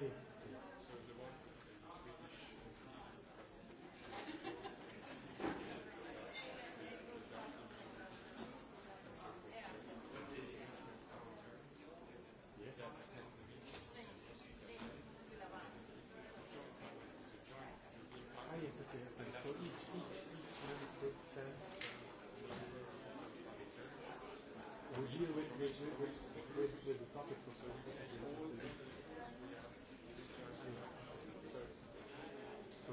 dalje. With, with, with, with the topic of the, the, the, the, the, the, the, the, the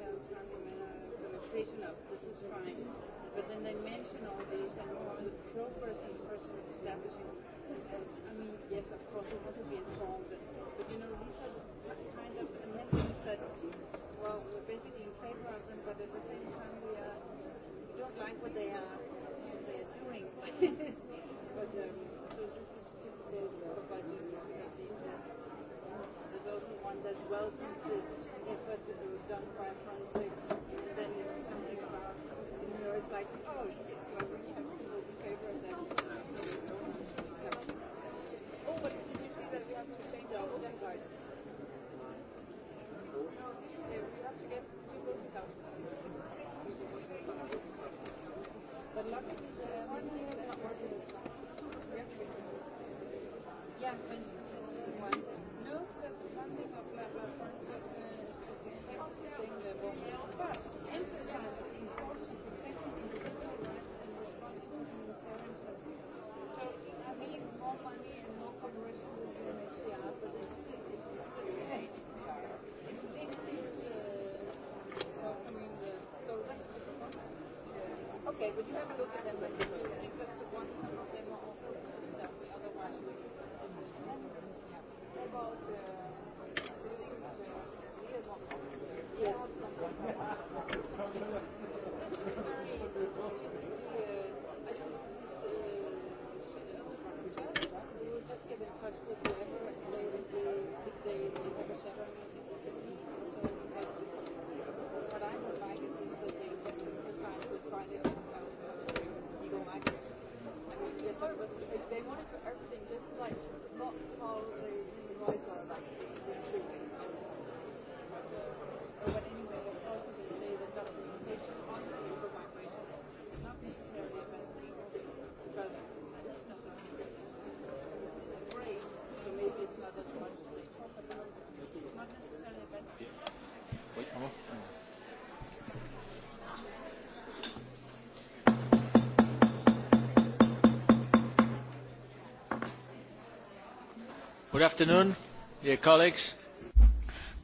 connotation uh, of this is fine, but then they mention all these and all the progress in person establishing. And, uh, I mean, yes, of course, we want to be informed, but, but you know, these are the t- kind of amendments that, well, we're basically in favor of them, but at the same time, we, are, we don't like what they are, what they are doing. but um, so this is typical of a budget. Uh, there's also one that welcomes it if it was uh, done by forensics, then something about the mirror is like, oh shit, well, we have to vote in favor of that. Oh, but did you see that we have to change our voting cards? We have to get new voting cards. But luckily, the uh, one is not working. Yeah, but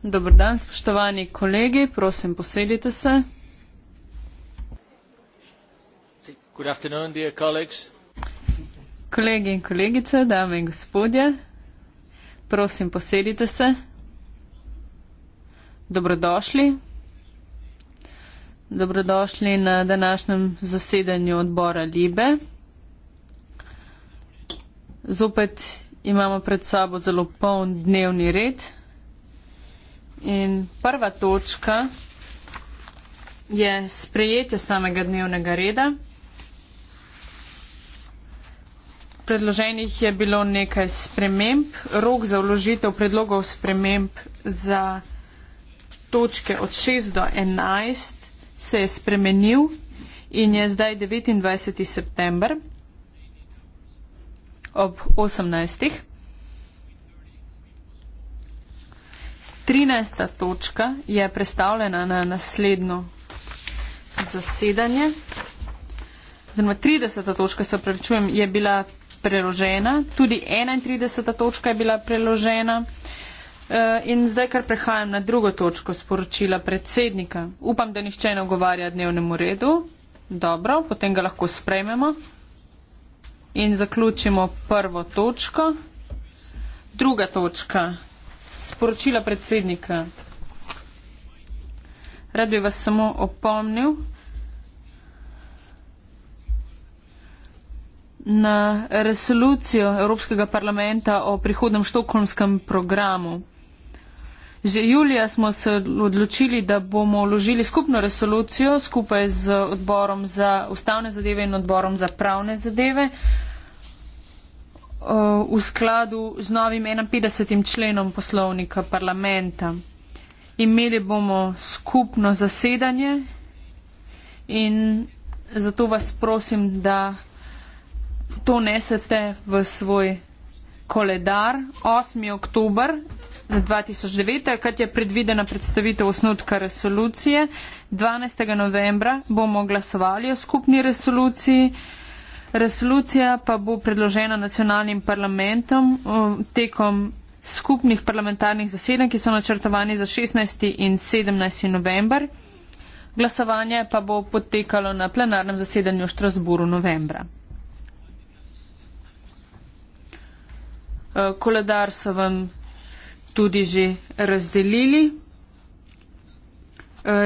Dober dan, spoštovani kolegi, prosim, posedite se. Good afternoon, dear colleagues. Kolegi in kolegice, dame in gospodje, prosim, posedite se. Dobrodošli. Dobrodošli na današnjem zasedanju odbora Libe. Zopet imamo pred sabo zelo poln dnevni red. In prva točka je sprejetje samega dnevnega reda. Predloženih je bilo nekaj sprememb. Rok za vložitev predlogov sprememb za točke od 6 do 11 se je spremenil in je zdaj 29. september ob osemnajstih. Trinajsta točka je predstavljena na naslednjo zasedanje. Zdajma, 30. točka se upravičujem, je bila preložena, tudi 31. točka je bila preložena. E, in zdaj, kar prehajam na drugo točko sporočila predsednika. Upam, da nihče ne ogovarja dnevnemu redu. Dobro, potem ga lahko sprejmemo in zaključimo prvo točko. Druga točka. Sporočila predsednika. Rad bi vas samo opomnil na resolucijo Evropskega parlamenta o prihodnem štokholmskem programu. Že julija smo se odločili, da bomo vložili skupno resolucijo skupaj z odborom za ustavne zadeve in odborom za pravne zadeve eh, v skladu z novim 51. členom poslovnika parlamenta. Imeli bomo skupno zasedanje in zato vas prosim, da to nesete v svoj koledar 8. oktober 2009, kad je predvidena predstavitev osnutka resolucije. 12. novembra bomo glasovali o skupni resoluciji. Resolucija pa bo predložena nacionalnim parlamentom tekom skupnih parlamentarnih zasedanj, ki so načrtovani za 16. in 17. november. Glasovanje pa bo potekalo na plenarnem zasedanju v Štrasburu novembra. E, koledar so vam tudi že razdelili. E,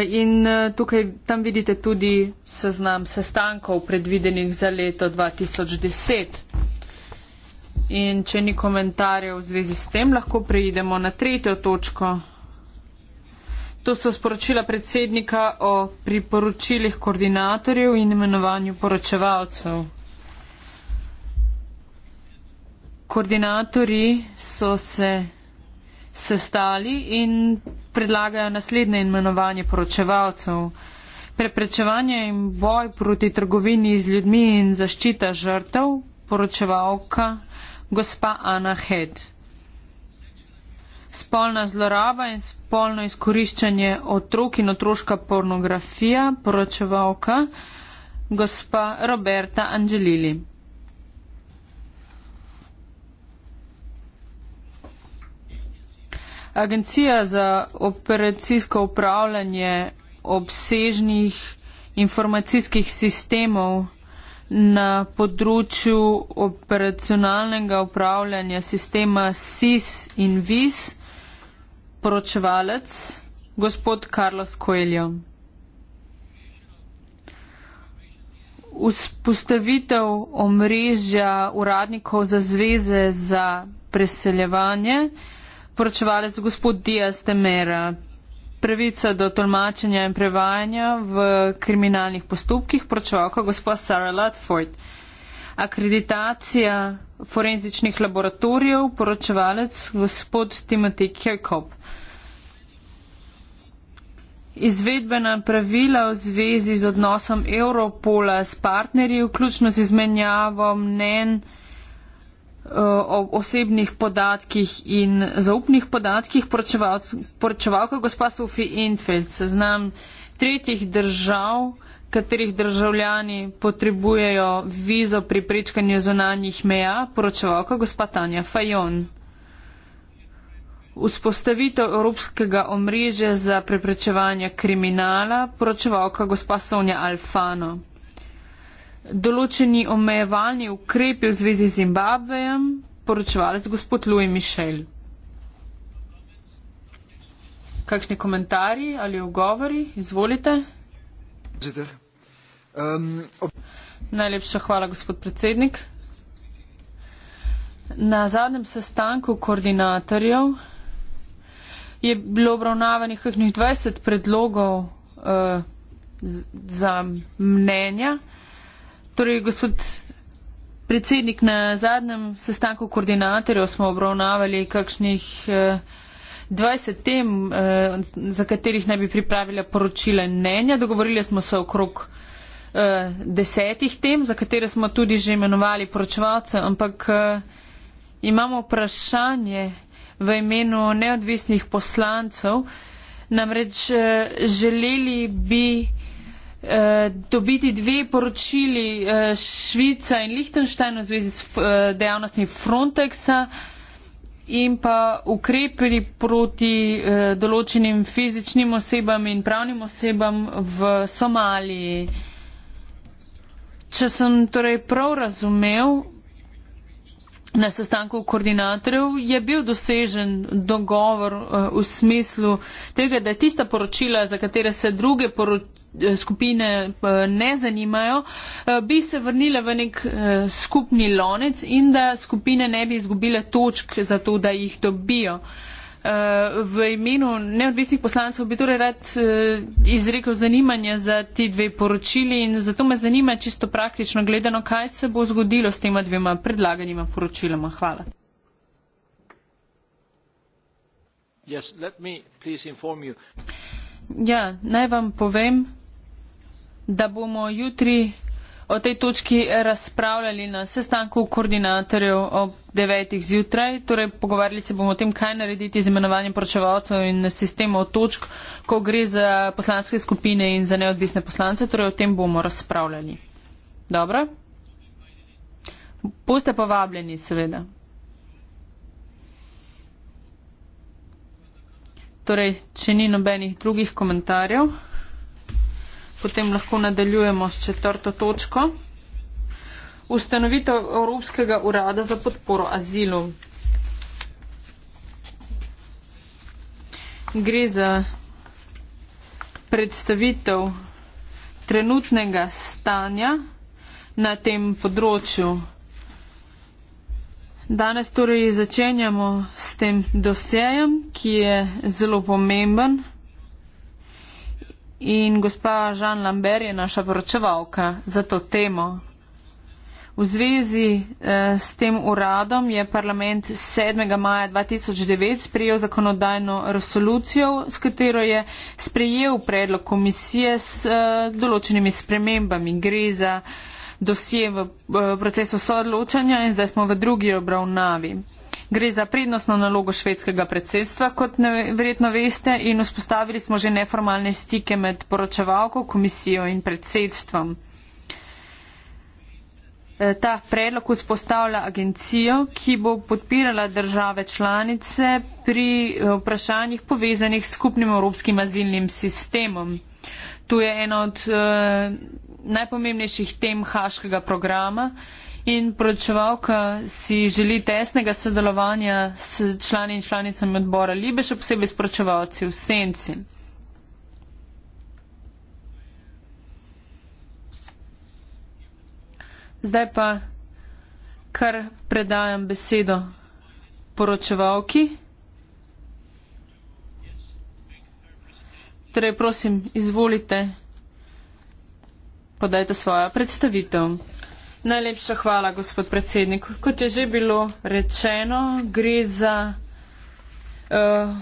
in e, tukaj tam vidite tudi seznam sestankov predvidenih za leto 2010. In če ni komentarjev v zvezi s tem, lahko preidemo na tretjo točko. To so sporočila predsednika o priporočilih koordinatorjev in imenovanju poročevalcev. Koordinatorji so se sestali in predlagajo naslednje imenovanje poročevalcev. Preprečevanje in boj proti trgovini z ljudmi in zaščita žrtev, poročevalka gospa Ana Head. Spolna zloraba in spolno izkoriščanje otrok in otroška pornografija, poročevalka gospa Roberta Angelili. Agencija za operacijsko upravljanje obsežnih informacijskih sistemov na področju operacionalnega upravljanja sistema SIS in VIS, poročevalec gospod Carlos Coelho. Vzpostavitev omrežja uradnikov za zveze za preseljevanje poročevalec gospod Dias Temera. Pravica do tolmačenja in prevajanja v kriminalnih postopkih, poročevalka gospod Sara Ludford. Akreditacija forenzičnih laboratorijev, poročevalec gospod Timothy Kirkop. Izvedbena pravila v zvezi z odnosom Europola s partnerji, vključno z izmenjavo mnen. Eh, o osebnih podatkih in zaupnih podatkih poročevalka gospa Sofi Enfeld, seznam tretjih držav, katerih državljani potrebujejo vizo pri prečkanju zonanjih meja, poročevalka gospa Tanja Fajon. Vzpostavitev evropskega omrežja za preprečevanje kriminala, poročevalka gospa Sonja Alfano določeni omejevalni ukrepi v zvezi z Zimbabvejem, poročevalec gospod Louis Michel. Kakšni komentarji ali ogovori? Izvolite. Um, ob... Najlepša hvala, gospod predsednik. Na zadnjem sestanku koordinatorjev je bilo obravnavanih 20 predlogov uh, za mnenja. Torej, gospod predsednik, na zadnjem sestanku koordinatorjev smo obravnavali kakšnih 20 eh, tem, eh, za katerih naj bi pripravila poročila mnenja. Dogovorili smo se okrog eh, desetih tem, za katere smo tudi že imenovali poročevalce, ampak imamo vprašanje v imenu neodvisnih poslancev. Namreč želeli bi Eh, dobiti dve poročili eh, Švica in Lihtenštajn v zvezi s eh, dejavnostmi Frontexa in pa ukrepili proti določenim fizičnim osebam in pravnim osebam v Somaliji. Če sem torej prav razumel, Na sestanku koordinatorjev je bil dosežen dogovor eh, v smislu tega, da je tista poročila, za katere se druge eh, skupine eh, ne zanimajo, bi se vrnile v nek skupni lonec in da skupine ne bi izgubile točk za to, da jih dobijo. Eh, v imenu neodvisnih poslancev bi torej rad eh, izrekel zanimanje za ti dve poročili in zato me zanima čisto praktično gledano, kaj se bo zgodilo s tema dvema predlaganima poročiloma. Hvala. Yes, let me please inform you. Ja, naj vam povem, da bomo jutri o tej točki razpravljali na sestanku koordinatorjev ob 9. zjutraj. Torej, pogovarjali se bomo o tem, kaj narediti z imenovanjem poročevalcev in sistemov točk, ko gre za poslanske skupine in za neodvisne poslance. Torej, o tem bomo razpravljali. Dobro? Poste povabljeni, seveda. Torej, če ni nobenih drugih komentarjev. Potem lahko nadaljujemo s četrto točko. Ustanovitev Evropskega urada za podporo azilu. Gre za predstavitev trenutnega stanja na tem področju. Danes torej začenjamo s tem dosejem, ki je zelo pomemben in gospa Žan Lambert je naša poročevalka za to temo. V zvezi eh, s tem uradom je parlament 7. maja 2009 sprejel zakonodajno resolucijo, s katero je sprejel predlog komisije s eh, določenimi spremembami. Gre za dosje v eh, procesu soodločanja in zdaj smo v drugi obravnavi. Gre za prednostno nalogo švedskega predsedstva, kot verjetno veste, in vzpostavili smo že neformalne stike med poročevalko, komisijo in predsedstvom. E, ta predlog vzpostavlja agencijo, ki bo podpirala države članice pri e, vprašanjih povezanih s skupnim evropskim azilnim sistemom. To je ena od eh, najpomembnejših tem haškega programa, eh, in poročevalka si želi tesnega sodelovanja s člani in članicami odbora Libe, še posebej s poročevalci v Senci. Zdaj pa kar predajam besedo poročevalki. Torej, prosim, izvolite, podajte svojo predstavitev. Najlepša hvala, gospod predsednik. Kot je že bilo rečeno, gre za uh,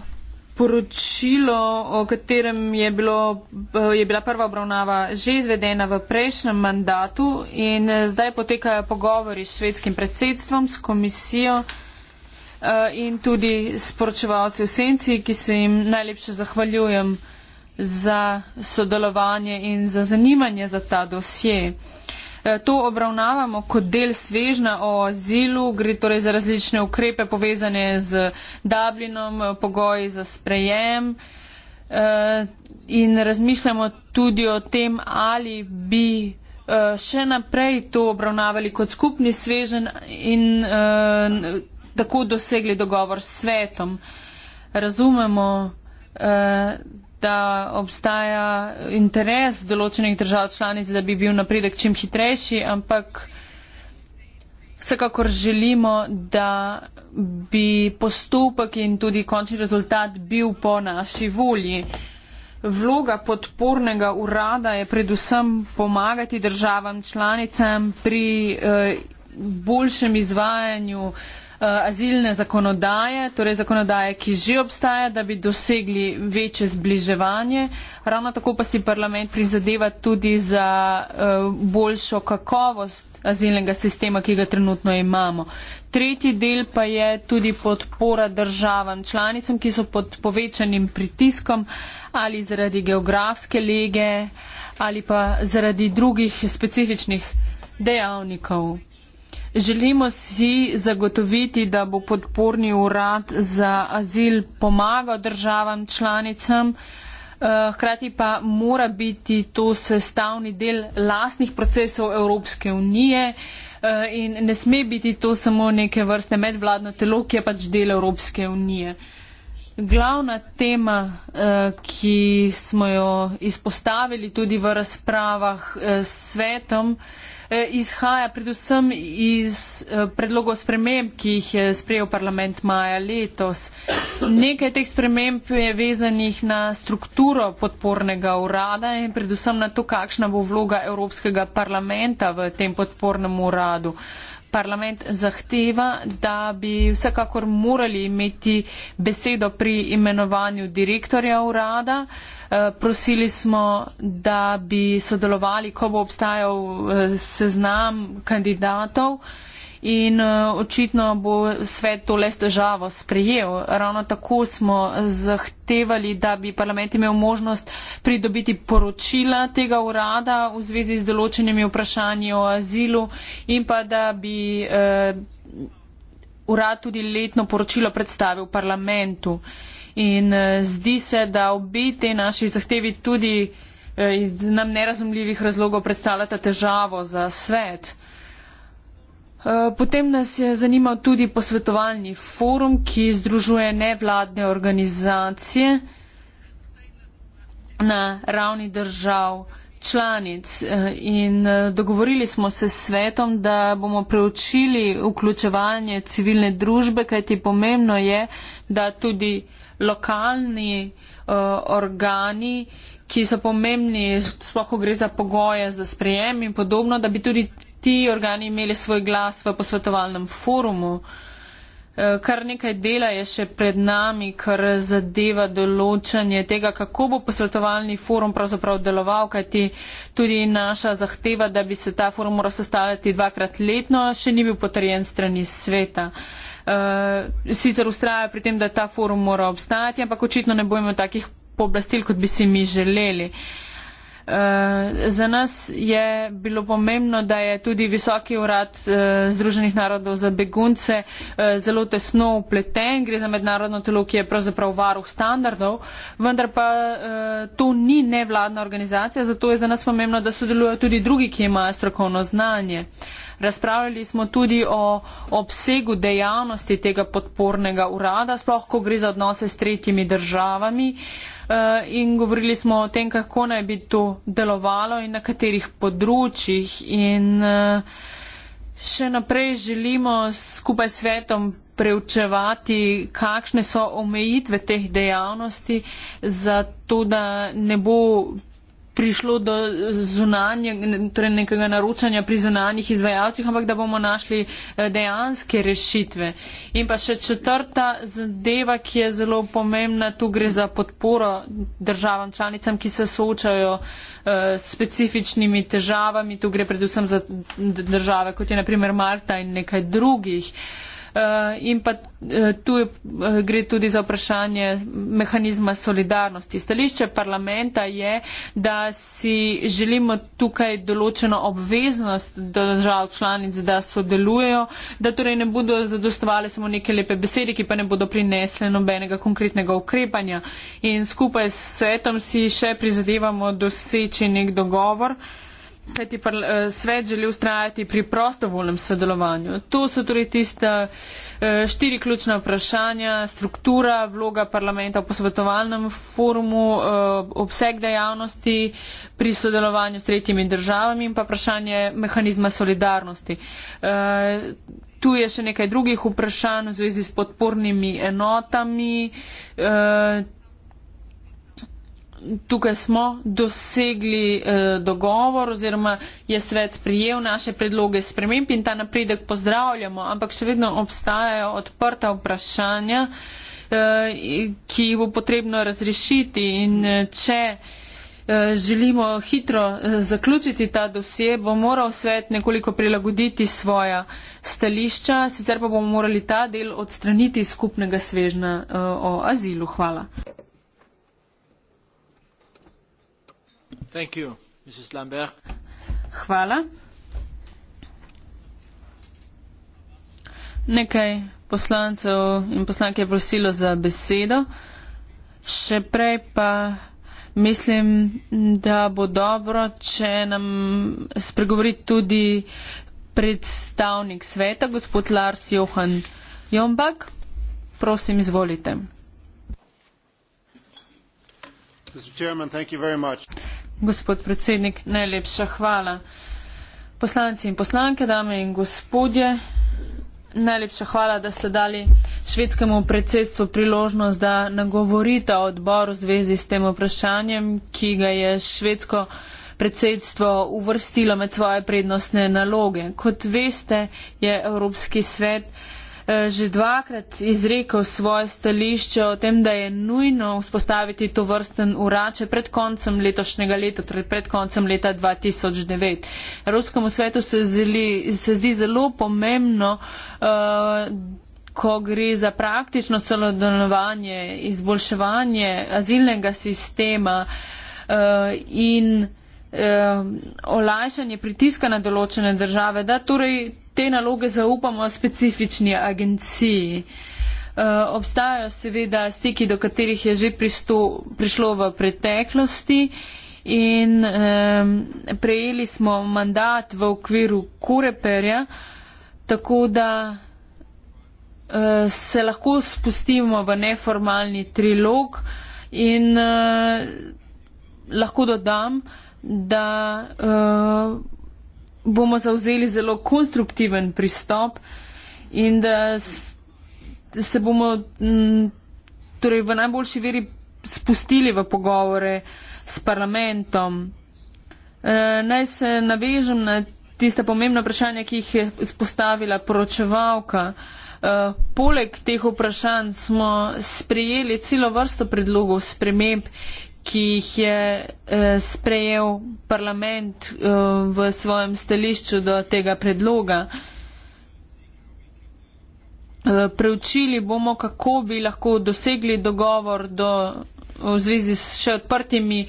poročilo, o katerem je, bilo, uh, je bila prva obravnava že izvedena v prejšnjem mandatu in eh, zdaj potekajo pogovori s švedskim predsedstvom, s komisijo uh, in tudi s poročevalci v senci, ki se jim najlepše zahvaljujem za sodelovanje in za zanimanje za ta dosje. Eh, to obravnavamo kot del svežna o azilu, gre torej za različne ukrepe povezane z Dublinom, eh, pogoji za sprejem eh, in razmišljamo tudi o tem, ali bi še naprej to obravnavali kot skupni svežen in tako dosegli dogovor s svetom. Razumemo, da obstaja interes določenih držav članic, da bi bil napredek čim hitrejši, ampak vsekakor želimo, da bi postopek in tudi končni rezultat bil po naši volji. Vloga podpornega urada je predvsem pomagati državam članicam pri eh, boljšem izvajanju eh, Eh, azilne zakonodaje, torej zakonodaje, ki že obstaja, da bi dosegli večje zbliževanje. Ravno tako pa si parlament prizadeva tudi za eh, boljšo kakovost azilnega sistema, ki ga trenutno imamo. Tretji del pa je tudi podpora državam članicam, ki so pod povečanim pritiskom ali zaradi geografske lege ali pa zaradi drugih specifičnih dejavnikov. Želimo si zagotoviti, da bo podporni urad za azil pomagal državam članicam, eh, hkrati pa mora biti to sestavni del lastnih procesov Evropske unije eh, in ne sme biti to samo neke vrste medvladno telo, ki je pač del Evropske unije glavna tema, eh, ki smo jo izpostavili tudi v razpravah eh, s svetom, eh, izhaja predvsem iz predlogov sprememb, ki jih je sprejel parlament maja letos. Nekaj teh sprememb je vezanih na strukturo podpornega urada in predvsem na to, kakšna bo vloga Evropskega parlamenta v tem podpornem uradu parlament zahteva, da bi vsekakor morali imeti besedo pri imenovanju direktorja urada. Eh, prosili smo, da bi sodelovali, ko bo obstajal eh, seznam kandidatov in uh, očitno bo svet to le zdržavo sprejel. Ravno tako smo zahtevali, da bi parlament imel možnost pridobiti poročila tega urada v zvezi z določenimi vprašanji o azilu in pa da bi. Uh, Urad tudi letno poročilo predstavil parlamentu in e, zdi se, da obi te naši zahtevi tudi e, iz nam nerazumljivih razlogov predstavljata težavo za svet. E, Eh, potem nas je zanimal tudi posvetovalni forum, ki združuje nevladne organizacije na ravni držav članic eh, in eh, dogovorili smo se s svetom, da bomo preučili vključevanje civilne družbe, kajti pomembno je, da tudi lokalni organi, ki so pomembni, sploh ko gre za pogoje, za sprejem in podobno, da bi tudi ti organi imeli svoj glas v posvetovalnem forumu. Eh, kar nekaj dela je še pred nami, kar zadeva določanje tega, kako bo posvetovalni forum pravzaprav deloval, kajti tudi naša zahteva, da bi se ta forum moral sestavljati dvakrat letno, še ni bil potrjen strani sveta. Eh, sicer ustraja pri tem, da ta forum mora obstajati, ampak očitno ne bo imel takih pooblastil, kot bi si mi želeli. Eh, za nas je bilo pomembno, da je tudi Visoki urad eh, Združenih narodov za begunce eh, zelo tesno upleten. Gre za mednarodno telo, ki je pravzaprav varuh standardov, vendar pa to ni nevladna organizacija, zato je za nas pomembno, da sodelujo tudi drugi, ki imajo strokovno znanje. Razpravljali smo tudi o obsegu dejavnosti tega podpornega urada, sploh ko gre za odnose s tretjimi državami. Uh, Eh, in govorili smo o tem, kako naj bi to delovalo in na katerih področjih. In eh, še naprej želimo skupaj s svetom preučevati, kakšne so omejitve teh dejavnosti, zato da ne bo prišlo do zunanje, torej nekega naročanja pri zunanjih izvajalcih, ampak da bomo našli eh, dejanske rešitve. In pa še četrta zadeva, ki je zelo pomembna, tu gre za podporo državam članicam, ki se soočajo eh, s uh, specifičnimi težavami, tu gre predvsem za države, kot je naprimer Malta in nekaj drugih. Uh, Eh, in pa eh, tu eh, gre tudi za vprašanje mehanizma solidarnosti. Stališče parlamenta je, da si želimo tukaj določeno obveznost držav članic, da sodelujejo, da torej ne bodo zadostovali samo neke lepe besede, ki pa ne bodo prinesle nobenega konkretnega ukrepanja. In skupaj s svetom si še prizadevamo doseči nek dogovor. Uh, Kajti pa eh, svet želi ustrajati pri prostovoljnem sodelovanju. To so torej tiste eh, štiri ključna vprašanja, struktura, vloga parlamenta v posvetovalnem forumu, eh, obseg dejavnosti pri sodelovanju s tretjimi državami in pa vprašanje mehanizma solidarnosti. Tu je še nekaj drugih vprašanj v zvezi s podpornimi enotami, tukaj smo dosegli eh, dogovor oziroma je svet sprijel naše predloge sprememb in ta napredek pozdravljamo, ampak še vedno obstajajo odprta vprašanja, eh, ki jih bo potrebno razrešiti in eh, če eh, želimo hitro eh, zaključiti ta dosje, bo moral svet nekoliko prilagoditi svoja stališča, sicer pa bomo morali ta del odstraniti skupnega svežna eh, o azilu. Hvala. Nekaj poslancev in poslank je prosilo za besedo. Še prej pa mislim, da bo dobro, če nam spregovori tudi predstavnik sveta, gospod Lars Johan Jombak. Prosim, izvolite. Gospod predsednik, najlepša hvala. Poslanci in poslanke, dame in gospodje, najlepša hvala, da ste dali švedskemu predsedstvu priložnost, da nagovorite odbor v zvezi s tem vprašanjem, ki ga je švedsko predsedstvo uvrstilo med svoje prednostne naloge. Kot veste, je Evropski svet Eh, že dvakrat izrekel svoje stališče o tem, da je nujno vzpostaviti to vrsten urače pred koncem letošnjega leta, torej pred koncem leta 2009. Evropskemu svetu se, zeli, se zdi zelo pomembno. Uh, ko gre za praktično celodelovanje, izboljševanje azilnega sistema uh, in uh, olajšanje pritiska na določene države, da torej te naloge zaupamo specifični agenciji. Eh, obstajajo seveda stiki, do katerih je že pristo, prišlo v preteklosti in um, prejeli smo mandat v okviru Kureperja, tako da uh, se lahko spustimo v neformalni trilog in uh, lahko dodam, da uh, bomo zauzeli zelo konstruktiven pristop in da se bomo mm, torej v najboljši veri spustili v pogovore s parlamentom. E, naj se navežem na tiste pomembne vprašanja, ki jih je spostavila poročevalka. E, poleg teh vprašanj smo sprejeli celo vrsto predlogov sprememb, ki jih je eh, sprejel parlament eh, v svojem stališču do tega predloga. Eh, preučili bomo, kako bi lahko dosegli dogovor do, v zvezi s še odprtimi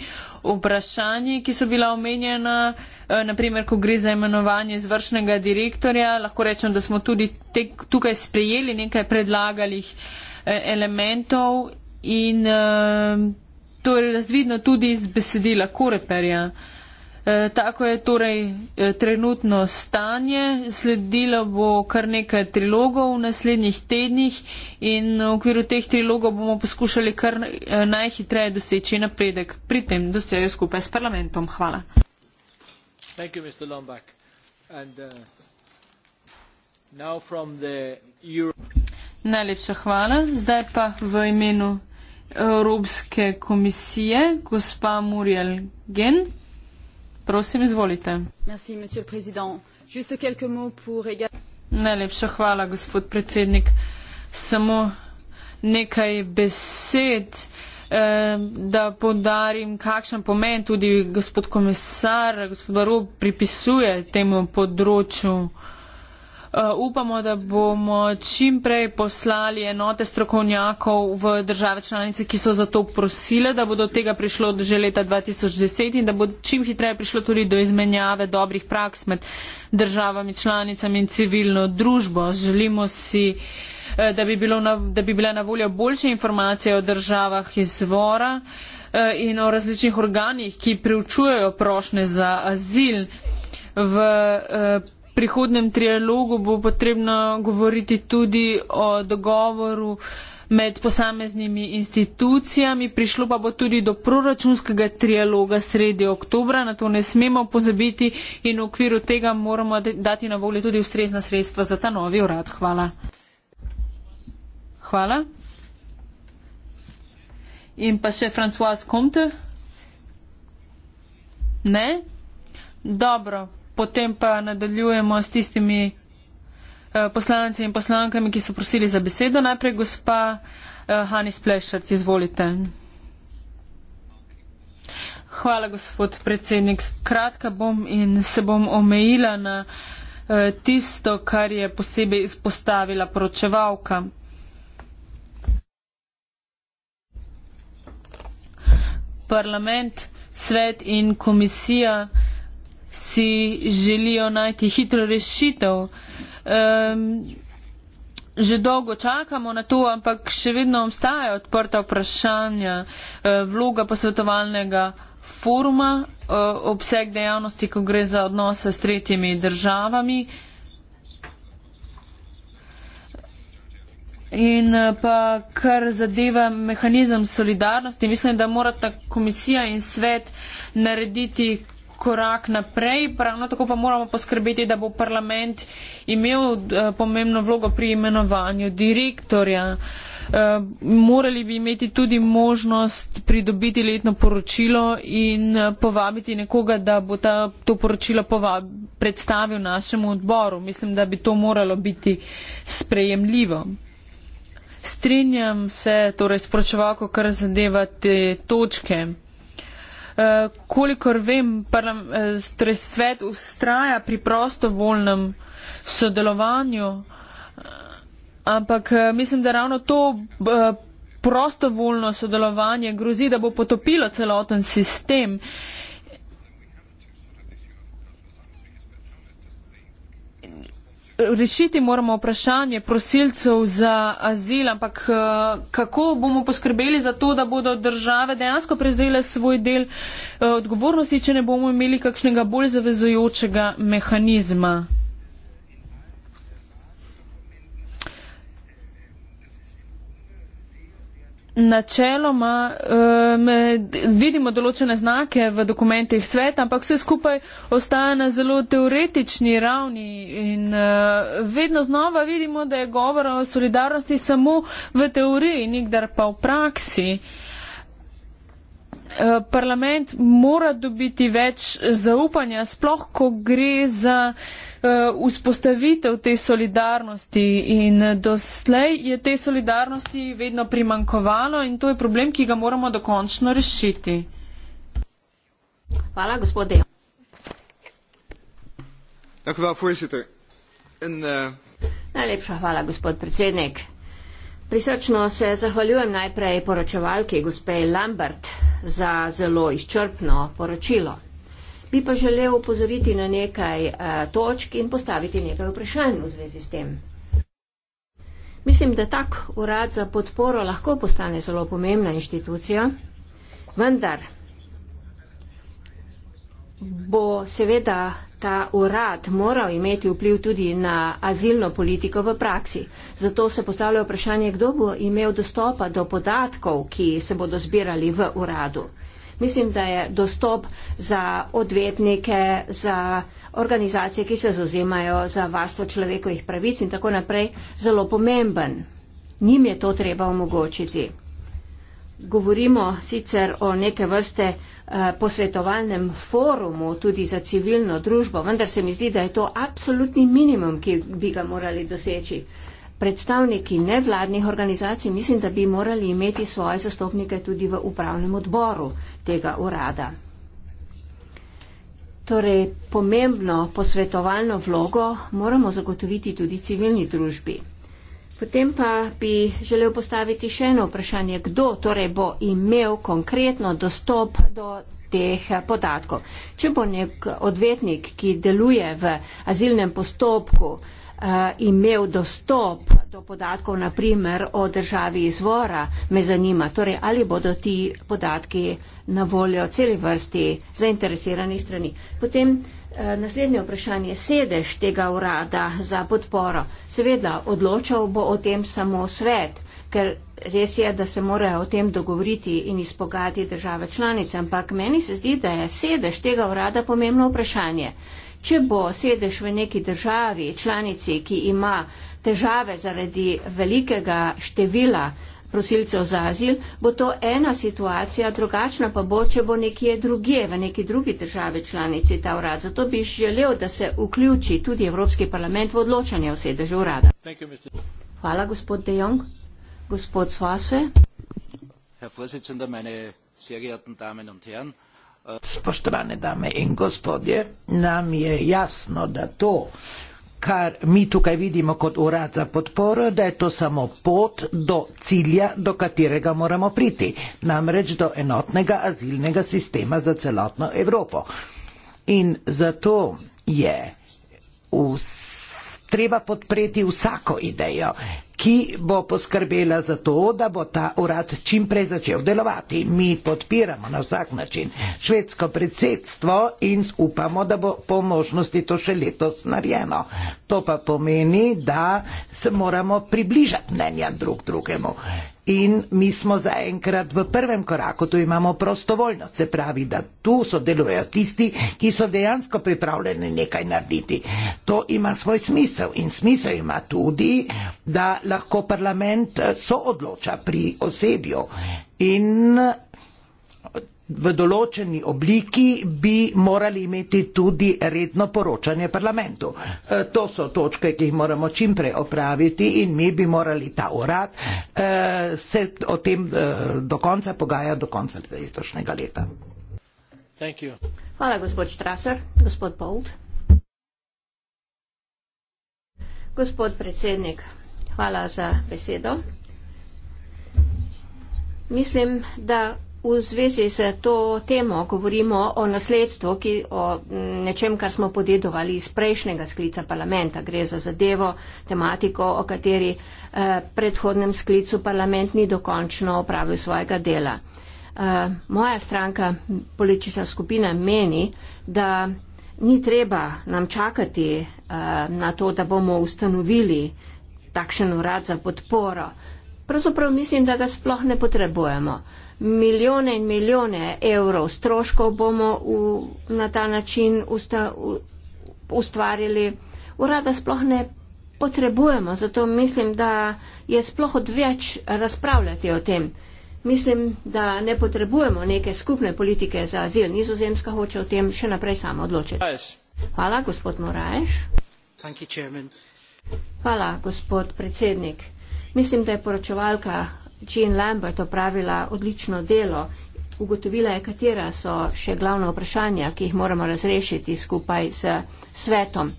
vprašanji, ki so bila omenjena, eh, naprimer, ko gre za imenovanje zvršnega direktorja. Lahko rečem, da smo tudi te, tukaj sprejeli nekaj predlagalih eh, elementov in eh, To je razvidno tudi iz besedila Koreperja. E, tako je torej e, trenutno stanje, sledilo bo kar nekaj trilogov v naslednjih tednih in v okviru teh trilogov bomo poskušali kar e, najhitreje doseči napredek pri tem dosežku skupaj s parlamentom. Hvala. Uh, Najlepša hvala. Zdaj pa v imenu Evropske komisije, gospa Muriel Gen. Prosim, izvolite. Merci, pour... Najlepša hvala, gospod predsednik. Samo nekaj besed, eh, da podarim, kakšen pomen tudi gospod komisar, gospod Barov, pripisuje temu področju. Uh, upamo, da bomo čim prej poslali enote strokovnjakov v države članice, ki so za to prosile, da bo do tega prišlo že leta 2010 in da bo čim hitreje prišlo tudi do izmenjave dobrih praks med državami članicami in civilno družbo. Želimo si, eh, da bi, bilo na, da bi bila na voljo boljše informacije o državah izvora eh, in o različnih organih, ki preučujejo prošne za azil. V eh, prihodnem trialogu bo potrebno govoriti tudi o dogovoru med posameznimi institucijami, prišlo pa bo tudi do proračunskega trialoga sredi oktobra, na to ne smemo pozabiti in v okviru tega moramo dati na voljo tudi ustrezna sredstva za ta novi urad. Hvala. Hvala. In pa še Françoise Comte? Ne? Dobro potem pa nadaljujemo s tistimi eh, poslanci in poslankami, ki so prosili za besedo. Najprej gospa eh, Hani Splešert, izvolite. Hvala, gospod predsednik. Kratka bom in se bom omejila na eh, tisto, kar je posebej izpostavila poročevalka. Parlament, svet in komisija vsi želijo najti hitro rešitev. Um, že dolgo čakamo na to, ampak še vedno obstajajo odprta vprašanja. E, vloga posvetovalnega foruma, e, obseg dejavnosti, ko gre za odnose s tretjimi državami. In e, pa kar zadeva mehanizem solidarnosti, mislim, da morata komisija in svet narediti korak naprej, pravno tako pa moramo poskrbeti, da bo parlament imel uh, pomembno vlogo pri imenovanju direktorja. Uh, morali bi imeti tudi možnost pridobiti letno poročilo in eh, povabiti nekoga, da bo ta, to poročilo povab, predstavil našemu odboru. Mislim, da bi to moralo biti sprejemljivo. Strenjam se torej s poročevalko, kar zadeva te točke. Eh, kolikor vem, parlam, eh, torej svet ustraja pri prostovoljnem sodelovanju, eh, ampak mislim, da ravno to prostovoljno sodelovanje grozi, da bo potopilo celoten sistem. rešiti moramo vprašanje prosilcev za azil, ampak eh, kako bomo poskrbeli za to, da bodo države dejansko prevzele svoj del eh, odgovornosti, če ne bomo imeli kakšnega bolj zavezujočega mehanizma? načeloma um, vidimo določene znake v dokumentih sveta, ampak vse skupaj ostaja na zelo teoretični ravni in uh, vedno znova vidimo, da je govora o solidarnosti samo v teoriji, nikdar pa v praksi. Uh, Eh, parlament mora dobiti več zaupanja, sploh ko gre za eh, vzpostavitev te solidarnosti in doslej je te solidarnosti vedno primankovalo in to je problem, ki ga moramo dokončno rešiti. Hvala, gospod Dejo. Dank u wel, voorzitter. En, uh... Najlepša hvala, gospod predsednik. Prisrčno se zahvaljujem najprej poročevalki gospe Lambert za zelo izčrpno poročilo. Bi pa želel upozoriti na nekaj eh, točk in postaviti nekaj vprašanj v zvezi s tem. Mislim, da tak urad za podporo lahko postane zelo pomembna inštitucija, vendar bo seveda ta urad moral imeti vpliv tudi na azilno politiko v praksi. Zato se postavlja vprašanje, kdo bo imel dostopa do podatkov, ki se bodo zbirali v uradu. Mislim, da je dostop za odvetnike, za organizacije, ki se zauzemajo za varstvo človekovih pravic in tako naprej, zelo pomemben. Njim je to treba omogočiti. Govorimo sicer o neke vrste eh, posvetovalnem forumu tudi za civilno družbo, vendar se mi zdi, da je to absolutni minimum, ki bi ga morali doseči. Predstavniki nevladnih organizacij mislim, da bi morali imeti svoje zastopnike tudi v upravnem odboru tega urada. Torej, pomembno posvetovalno vlogo moramo zagotoviti tudi civilni družbi. Potem pa bi želel postaviti še eno vprašanje, kdo torej bo imel konkretno dostop do teh podatkov. Če bo nek odvetnik, ki deluje v azilnem postopku, uh, imel dostop do podatkov, naprimer o državi izvora, me zanima, torej, ali bodo ti podatki na voljo celi vrsti zainteresiranih strani. Potem eh, naslednje vprašanje, sedež tega urada za podporo. Seveda, odločal bo o tem samo svet, ker res je, da se morajo o tem dogovoriti in izpogati države članice, ampak meni se zdi, da je sedež tega urada pomembno vprašanje. Če bo sedež v neki državi, članici, ki ima težave zaradi velikega števila prosilcev za azil, bo to ena situacija, drugačna pa bo, če bo nekje druge, v neki drugi državi članici ta urad. Zato bi želel, da se vključi tudi Evropski parlament v odločanje o sedežu urada. Hvala, gospod De Jong. Gospod Svase. Herr Vorsitzender, meine sehr geehrten Damen und Herren. Spoštovane dame in gospodje, nam je jasno, da to, kar mi tukaj vidimo kot urad za podporo, da je to samo pot do cilja, do katerega moramo priti, namreč do enotnega azilnega sistema za celotno Evropo. In zato je vse treba podpreti vsako idejo, ki bo poskrbela za to, da bo ta urad čim prej začel delovati. Mi podpiramo na vsak način švedsko predsedstvo in upamo, da bo po možnosti to še letos narejeno. To pa pomeni, da se moramo približati mnenja drug drugemu. In mi smo zaenkrat v prvem koraku, tu imamo prostovoljnost, se pravi, da tu sodelujejo tisti, ki so dejansko pripravljeni nekaj narediti. To ima svoj smisel in smisel ima tudi, da lahko parlament soodloča pri osebju. In v določeni obliki bi morali imeti tudi redno poročanje parlamentu. E, to so točke, ki jih moramo čimprej opraviti in mi bi morali ta urad e, se o tem e, do konca pogaja do konca letošnjega leta. Hvala, gospod Štraser. Gospod Pold. Gospod predsednik, hvala za besedo. Mislim, da V zvezi z to temo govorimo o nasledstvu, ki, o nečem, kar smo podedovali iz prejšnjega sklica parlamenta. Gre za zadevo, tematiko, o kateri eh, predhodnem sklicu parlament ni dokončno opravil svojega dela. Eh, moja stranka, politična skupina, meni, da ni treba nam čakati eh, na to, da bomo ustanovili takšen urad za podporo. Pravzaprav mislim, da ga sploh ne potrebujemo milijone in milijone evrov stroškov bomo v, na ta način usta, u, ustvarili. Urada sploh ne potrebujemo, zato mislim, da je sploh odveč razpravljati o tem. Mislim, da ne potrebujemo neke skupne politike za azil. Nizozemska hoče o tem še naprej samo odločiti. Hvala, gospod Moraješ. Hvala, gospod predsednik. Mislim, da je poročevalka Jean Lambert opravila odlično delo. Ugotovila je, katera so še glavna vprašanja, ki jih moramo razrešiti skupaj s svetom.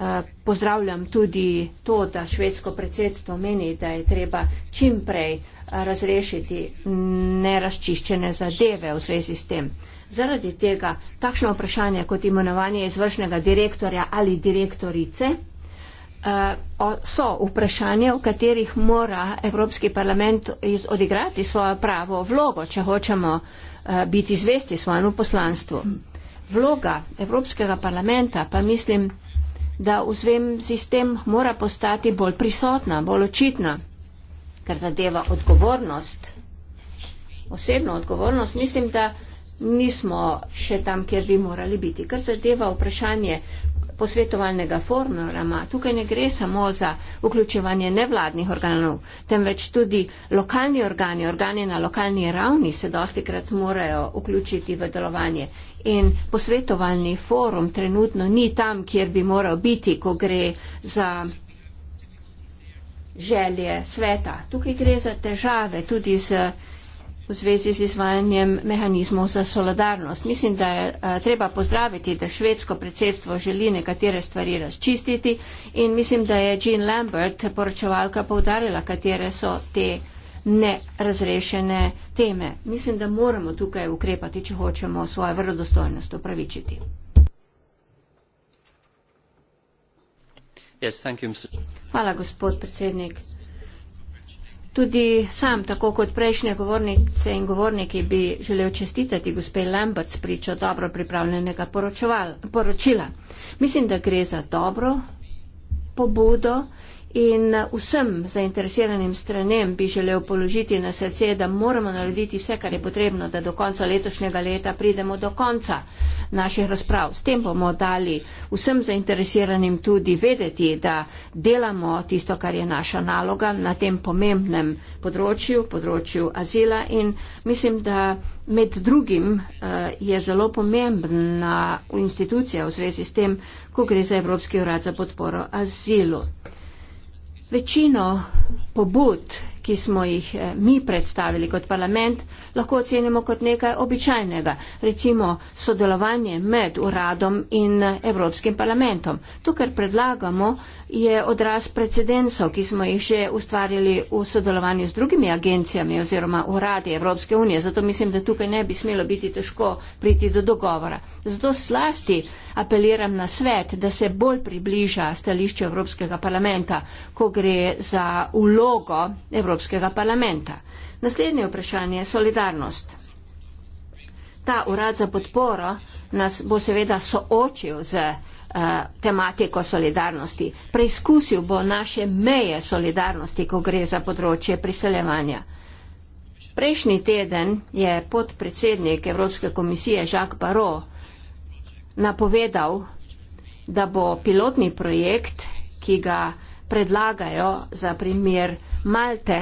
Eh, pozdravljam tudi to, da švedsko predsedstvo meni, da je treba čimprej eh, razrešiti neraščiščene zadeve v zvezi s tem. Zaradi tega takšno vprašanje kot imenovanje izvršnega direktorja ali direktorice Eh, so vprašanja, v katerih mora Evropski parlament odigrati svojo pravo vlogo, če hočemo eh, biti zvesti svojemu poslanstvu. Vloga Evropskega parlamenta pa mislim, da v zvem sistem mora postati bolj prisotna, bolj očitna, kar zadeva odgovornost, osebno odgovornost, mislim, da nismo še tam, kjer bi morali biti. Kar zadeva vprašanje posvetovalnega forma. Tukaj ne gre samo za vključevanje nevladnih organov, temveč tudi lokalni organi, organi na lokalni ravni se dosti krat morajo vključiti v delovanje. In posvetovalni forum trenutno ni tam, kjer bi moral biti, ko gre za želje sveta. Tukaj gre za težave tudi z v zvezi z izvajanjem mehanizmov za solidarnost. Mislim, da je a, treba pozdraviti, da švedsko predsedstvo želi nekatere stvari razčistiti in mislim, da je Jean Lambert, poročevalka, povdarjala, katere so te nerazrešene teme. Mislim, da moramo tukaj ukrepati, če hočemo svojo vrodostojnost upravičiti. Yes, you, Hvala, gospod predsednik. Tudi sam, tako kot prejšnje govornice in govorniki, bi želel čestitati gospe Lambert spričo dobro pripravljenega poročila. Mislim, da gre za dobro pobudo In vsem zainteresiranim stranem bi želel položiti na srce, da moramo narediti vse, kar je potrebno, da do konca letošnjega leta pridemo do konca naših razprav. S tem bomo dali vsem zainteresiranim tudi vedeti, da delamo tisto, kar je naša naloga na tem pomembnem področju, področju azila. In mislim, da med drugim eh, je zelo pomembna institucija v zvezi s tem, ko gre za Evropski urad za podporo azilu. Večino pobud, ki smo jih eh, mi predstavili kot parlament, lahko ocenimo kot nekaj običajnega, recimo sodelovanje med uradom in eh, Evropskim parlamentom. To, kar predlagamo, je odraz precedensov, ki smo jih že ustvarjali v sodelovanju z drugimi agencijami oziroma uradi Evropske unije. Zato mislim, da tukaj ne bi smelo biti težko priti do dogovora. Zato slasti apeliram na svet, da se bolj približa stališče Evropskega parlamenta, ko gre za ulogo Evropskega parlamenta. Naslednje vprašanje je solidarnost. Ta urad za podporo nas bo seveda soočil z uh, tematiko solidarnosti. Preizkusil bo naše meje solidarnosti, ko gre za področje priseljevanja. Prejšnji teden je podpredsednik Evropske komisije Jacques Barrault napovedal, da bo pilotni projekt, ki ga predlagajo za primer Malte,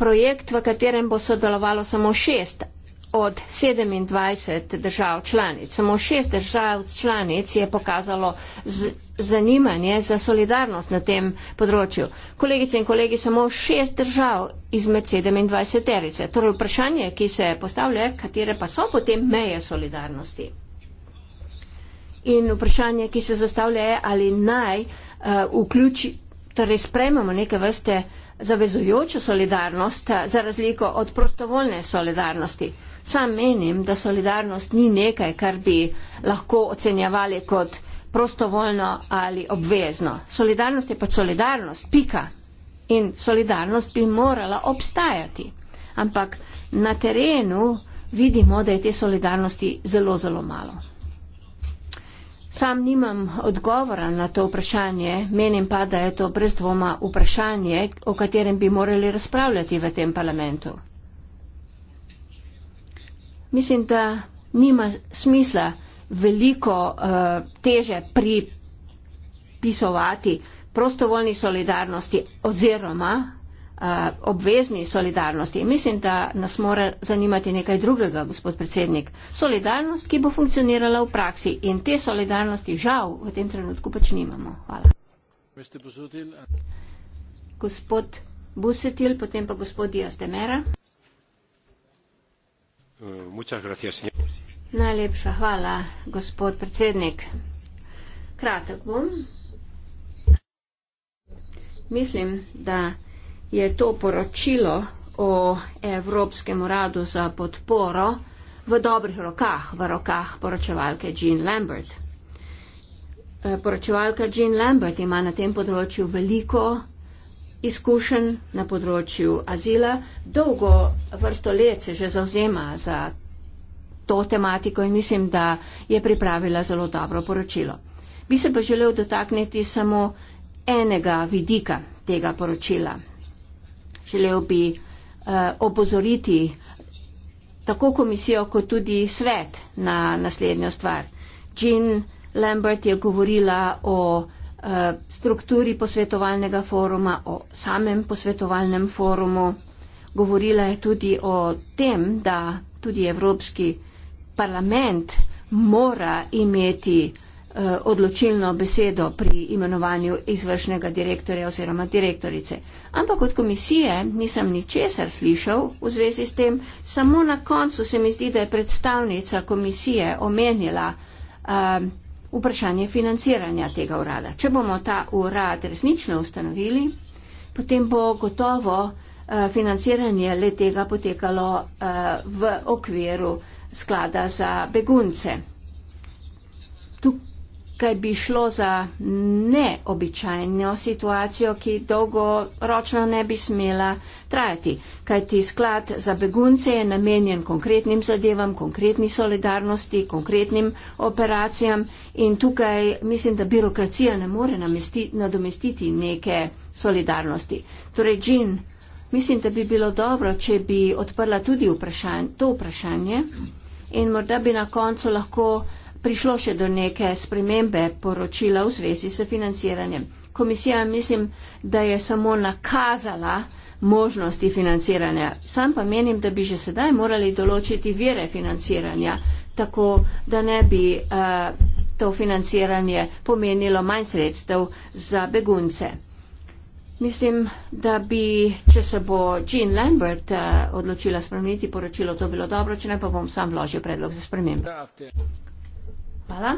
projekt, v katerem bo sodelovalo samo šest od 27 držav članic. Samo šest držav članic je pokazalo zanimanje za solidarnost na tem področju. Kolegice in kolegi, samo šest držav izmed 27 terice. Torej vprašanje, ki se postavlja, katere pa so potem meje solidarnosti in vprašanje, ki se zastavlja je, ali naj eh, vključi, torej sprejmemo neke vrste zavezujočo solidarnost eh, za razliko od prostovoljne solidarnosti. Sam menim, da solidarnost ni nekaj, kar bi lahko ocenjevali kot prostovoljno ali obvezno. Solidarnost je pa solidarnost, pika. In solidarnost bi morala obstajati. Ampak na terenu vidimo, da je te solidarnosti zelo, zelo malo. Sam nimam odgovora na to vprašanje, menim pa, da je to brez dvoma vprašanje, o katerem bi morali razpravljati v tem parlamentu. Mislim, da nima smisla veliko uh, teže pripisovati prostovoljni solidarnosti oziroma Eh, obvezni solidarnosti. Mislim, da nas mora zanimati nekaj drugega, gospod predsednik. Solidarnost, ki bo funkcionirala v praksi in te solidarnosti žal v tem trenutku pač nimamo. Hvala. Gospod Busetil, potem pa gospod Dias de Mera. Eh, Najlepša hvala, gospod predsednik. Kratek bom. Mislim, da je to poročilo o Evropskem uradu za podporo v dobrih rokah, v rokah poročevalke Jean Lambert. Eh, poročevalka Jean Lambert ima na tem področju veliko izkušenj na področju azila, dolgo vrsto let se že zauzema za to tematiko in mislim, da je pripravila zelo dobro poročilo. Bi se pa želel dotakniti samo enega vidika tega poročila, želel bi uh, opozoriti tako komisijo, kot tudi svet na naslednjo stvar. Jean Lambert je govorila o uh, strukturi posvetovalnega foruma, o samem posvetovalnem forumu. Govorila je tudi o tem, da tudi Evropski parlament mora imeti uh, Eh, odločilno besedo pri imenovanju izvršnega direktorja oziroma direktorice. Ampak od komisije nisem ničesar slišal v zvezi s tem, samo na koncu se mi zdi, da je predstavnica komisije omenila uh, vprašanje financiranja tega urada. Če bomo ta urad resnično ustanovili, potem bo gotovo uh, financiranje le tega potekalo uh, v okviru sklada za begunce. Tukaj kaj bi šlo za neobičajno situacijo, ki dolgoročno ne bi smela trajati. Kaj ti sklad za begunce je namenjen konkretnim zadevam, konkretni solidarnosti, konkretnim operacijam in tukaj mislim, da birokracija ne more nadomestiti neke solidarnosti. Torej, Jean, mislim, da bi bilo dobro, če bi odprla tudi vprašanje, to vprašanje in morda bi na koncu lahko prišlo še do neke spremembe poročila v zvezi s financiranjem. Komisija mislim, da je samo nakazala možnosti financiranja. Sam pa menim, da bi že sedaj morali določiti vire financiranja, tako da ne bi uh, to financiranje pomenilo manj sredstev za begunce. Mislim, da bi, če se bo Jean Lambert uh, odločila spremeniti poročilo, to bilo dobro, če ne pa bom sam vložil predlog za spremembe. Drafte. Hvala.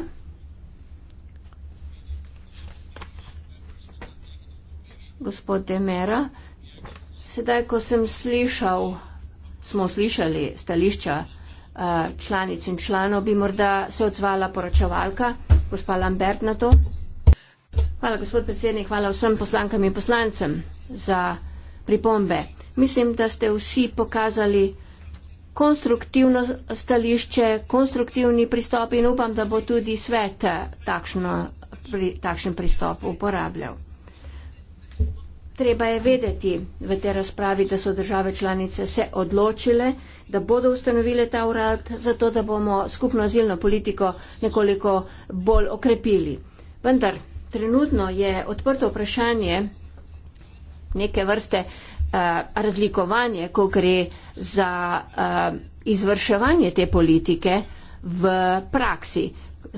Gospod Demera, sedaj, ko sem slišal, smo slišali stališča eh, članic in članov, bi morda se odzvala poročevalka, gospa Lambert na to. Hvala, gospod predsednik, hvala vsem poslankam in poslancem za pripombe. Mislim, da ste vsi pokazali, konstruktivno stališče, konstruktivni pristop in upam, da bo tudi svet takšno, pri, takšen pristop uporabljal. Treba je vedeti v tej razpravi, da so države članice se odločile, da bodo ustanovile ta urad, zato da bomo skupno azilno politiko nekoliko bolj okrepili. Vendar trenutno je odprto vprašanje neke vrste uh, Eh, razlikovanje, ko gre za uh, izvrševanje te politike v praksi,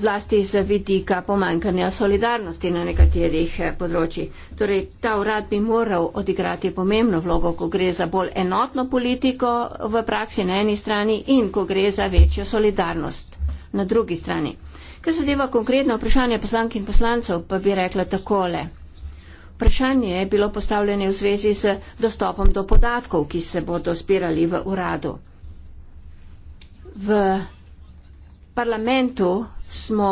zlasti z vidika pomankanja solidarnosti na nekaterih eh, področjih. Torej, ta urad bi moral odigrati pomembno vlogo, ko gre za bolj enotno politiko v praksi na eni strani in ko gre za večjo solidarnost na drugi strani. Ker zadeva konkretno vprašanje poslank in poslancev, pa bi rekla takole. Vprašanje je bilo postavljeno v zvezi s dostopom do podatkov, ki se bodo spirali v uradu. V parlamentu smo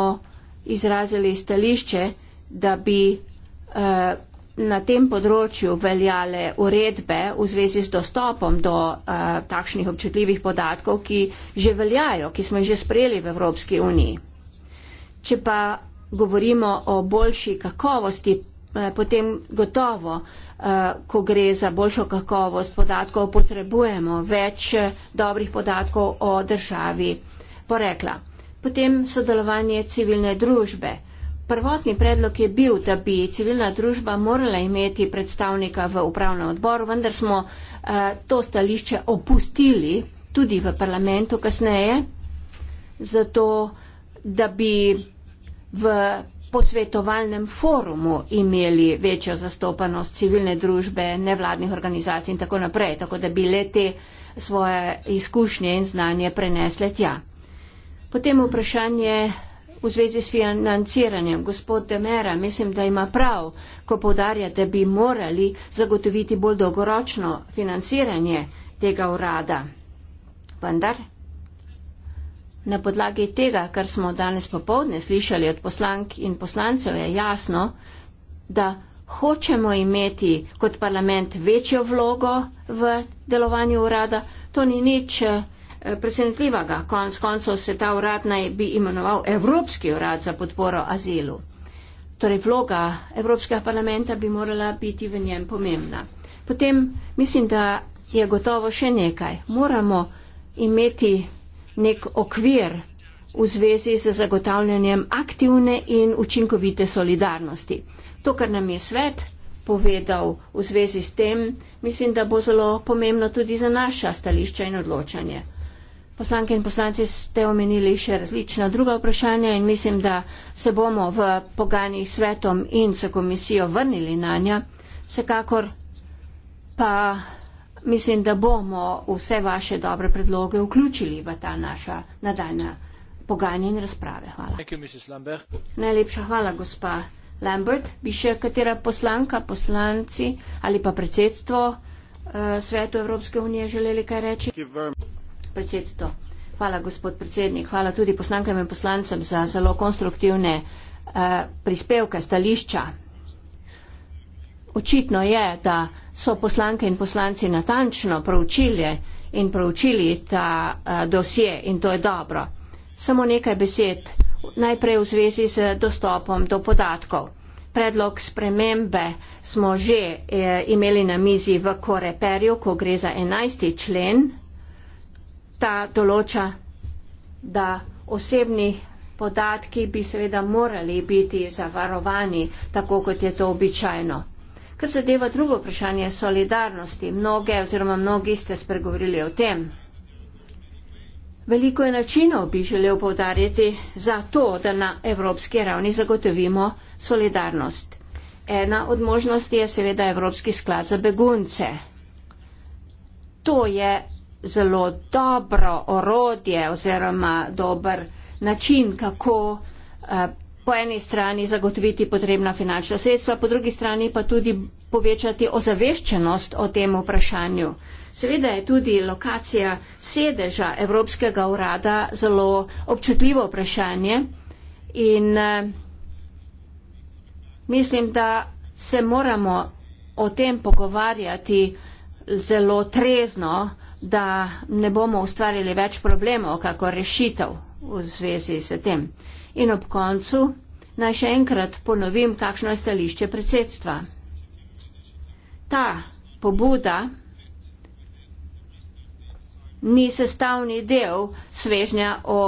izrazili stališče, da bi eh, na tem področju veljale uredbe v zvezi s dostopom do eh, takšnih občutljivih podatkov, ki že veljajo, ki smo jih že sprejeli v Evropski uniji. Če pa govorimo o boljši kakovosti Eh, potem gotovo, eh, ko gre za boljšo kakovost podatkov, potrebujemo več eh, dobrih podatkov o državi porekla. Potem sodelovanje civilne družbe. Prvotni predlog je bil, da bi civilna družba morala imeti predstavnika v upravnem odboru, vendar smo to stališče opustili tudi v parlamentu kasneje, zato da bi v posvetovalnem forumu imeli večjo zastopanost civilne družbe, nevladnih organizacij in tako naprej, tako da bi lete svoje izkušnje in znanje prenesle tja. Potem vprašanje v zvezi s financiranjem. Gospod Demera, mislim, da ima prav, ko povdarja, da bi morali zagotoviti bolj dolgoročno financiranje tega urada. Vendar Na podlagi tega, kar smo danes popovdne slišali od poslank in poslancev, je jasno, da hočemo imeti kot parlament večjo vlogo v delovanju urada. To ni nič eh, presenetljivega. Konec koncev se ta urad naj bi imenoval Evropski urad za podporo azilu. Torej vloga Evropskega parlamenta bi morala biti v njem pomembna. Potem mislim, da je gotovo še nekaj. Moramo imeti nek okvir v zvezi z zagotavljanjem aktivne in učinkovite solidarnosti. To, kar nam je svet povedal v zvezi s tem, mislim, da bo zelo pomembno tudi za naša stališča in odločanje. Poslanke in poslanci ste omenili še različna druga vprašanja in mislim, da se bomo v poganjih svetom in se komisijo vrnili na nja. Vsekakor pa mislim, da bomo vse vaše dobre predloge vključili v ta naša nadaljna pogajanja in razprave. Hvala. You, Najlepša hvala, gospa Lambert. Bi še katera poslanka, poslanci ali pa predsedstvo uh, Svetu Evropske unije želeli kaj reči? Predsedstvo. Hvala, gospod predsednik. Hvala tudi poslankam in poslancem za zelo konstruktivne uh, prispevke, stališča. Očitno je, da so poslanke in poslanci natančno proučili in proučili ta a, dosje in to je dobro. Samo nekaj besed najprej v zvezi z dostopom do podatkov. Predlog spremembe smo že e, imeli na mizi v Koreperju, ko gre za 11. člen. Ta določa, da osebni podatki bi seveda morali biti zavarovani, tako kot je to običajno. Kar zadeva drugo vprašanje solidarnosti, mnoge oziroma mnogi ste spregovorili o tem. Veliko je načinov, bi želel povdarjati, za to, da na evropski ravni zagotovimo solidarnost. Ena od možnosti je seveda Evropski sklad za begunce. To je zelo dobro orodje oziroma dober način, kako eh, po eni strani zagotoviti potrebna finančna sredstva, po drugi strani pa tudi povečati ozaveščenost o tem vprašanju. Seveda je tudi lokacija sedeža Evropskega urada zelo občutljivo vprašanje in eh, mislim, da se moramo o tem pogovarjati zelo trezno, da ne bomo ustvarili več problemov, kako rešitev v zvezi s tem. Uh, In ob koncu naj še enkrat ponovim, kakšno je stališče predsedstva. Ta pobuda ni sestavni del svežnja o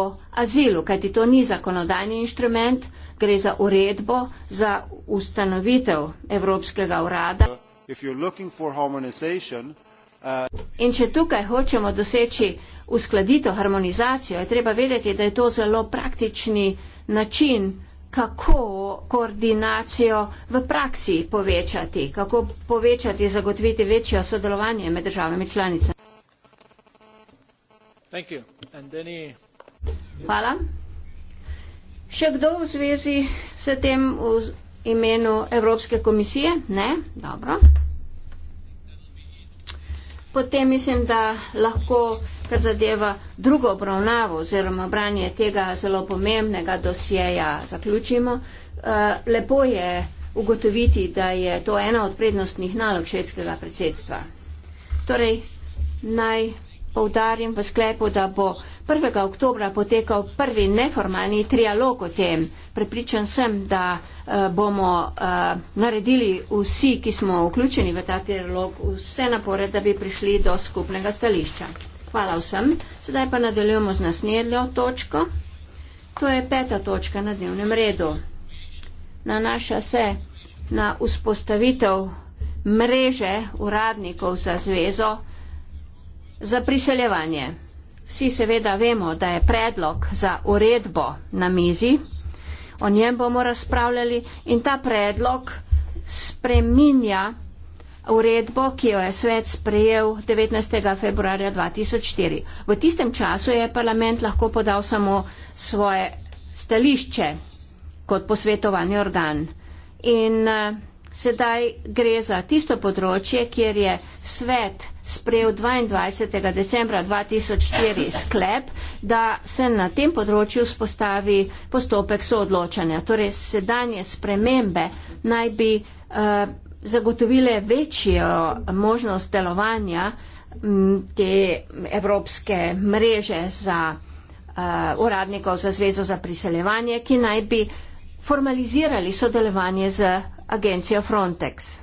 azilu, kajti to ni zakonodajni inštrument, gre za uredbo za ustanovitev Evropskega urada. Uh, In če tukaj hočemo doseči uskladitev, harmonizacijo, je treba vedeti, da je to zelo praktični način, kako koordinacijo v praksi povečati, kako povečati, zagotoviti večjo sodelovanje med državami članicami. Any... Hvala. Še kdo v zvezi s tem v imenu Evropske komisije? Ne? Dobro potem mislim, da lahko, kar zadeva drugo obravnavo oziroma branje tega zelo pomembnega dosjeja, zaključimo. Eh, lepo je ugotoviti, da je to ena od prednostnih nalog švedskega predsedstva. Torej, naj povdarim v sklepu, da bo 1. oktobra potekal prvi neformalni trialog o tem, prepričan sem, da eh, bomo eh, naredili vsi, ki smo vključeni v ta dialog, vse napore, da bi prišli do skupnega stališča. Hvala vsem. Sedaj pa nadaljujemo z naslednjo točko. To je peta točka na dnevnem redu. Nanaša se na vzpostavitev mreže uradnikov za zvezo za priseljevanje. Vsi seveda vemo, da je predlog za uredbo na mizi o njem bomo razpravljali in ta predlog spreminja uredbo, ki jo je svet sprejel 19. februarja 2004. V tistem času je parlament lahko podal samo svoje stališče kot posvetovalni organ. In uh, sedaj gre za tisto področje, kjer je svet sprejel 22. decembra 2004 sklep, da se na tem področju spostavi postopek soodločanja. Torej, sedanje spremembe naj bi eh, zagotovile večjo možnost delovanja m, te evropske mreže za eh, uradnikov za zvezo za priseljevanje, ki naj bi formalizirali sodelovanje z agencijo Frontex.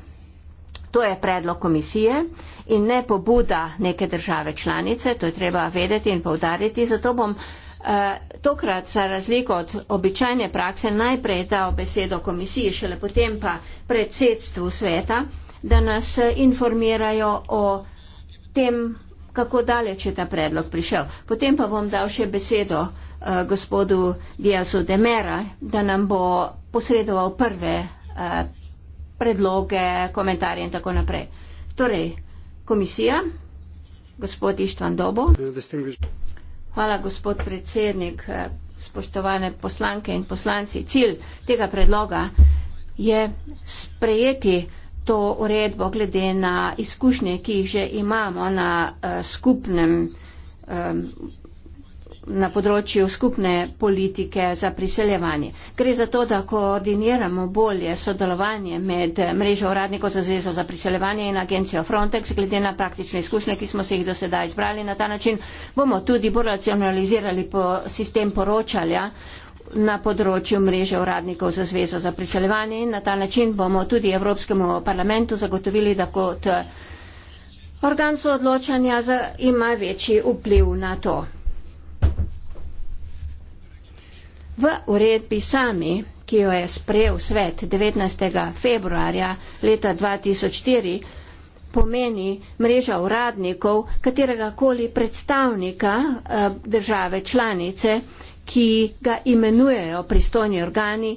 To je predlog komisije in ne pobuda neke države članice, to je treba vedeti in povdariti. Zato bom eh, tokrat, za razliko od običajne prakse, najprej dal besedo komisiji, šele potem pa predsedstvu sveta, da nas eh, informirajo o tem, kako daleč je ta predlog prišel. Potem pa bom dal še besedo eh, gospodu Diazu Demera, da nam bo posredoval prve. Eh, predloge, komentarje in tako naprej. Torej, komisija, gospod Ištvan Dobo. Hvala, gospod predsednik, spoštovane poslanke in poslanci. Cilj tega predloga je sprejeti to uredbo glede na izkušnje, ki jih že imamo na uh, skupnem um, na področju skupne politike za priseljevanje. Gre za to, da koordiniramo bolje sodelovanje med mrežo uradnikov za zvezo za priseljevanje in agencijo Frontex, glede na praktične izkušnje, ki smo se jih do sedaj izbrali na ta način, bomo tudi bolj racionalizirali po sistem poročanja na področju mreže uradnikov za zvezo za priseljevanje in na ta način bomo tudi Evropskemu parlamentu zagotovili, da kot organ soodločanja ima večji vpliv na to. V uredbi sami, ki jo je sprejel svet 19. februarja leta 2004, pomeni mreža uradnikov katerega koli predstavnika eh, države članice, ki ga imenujejo pristojni organi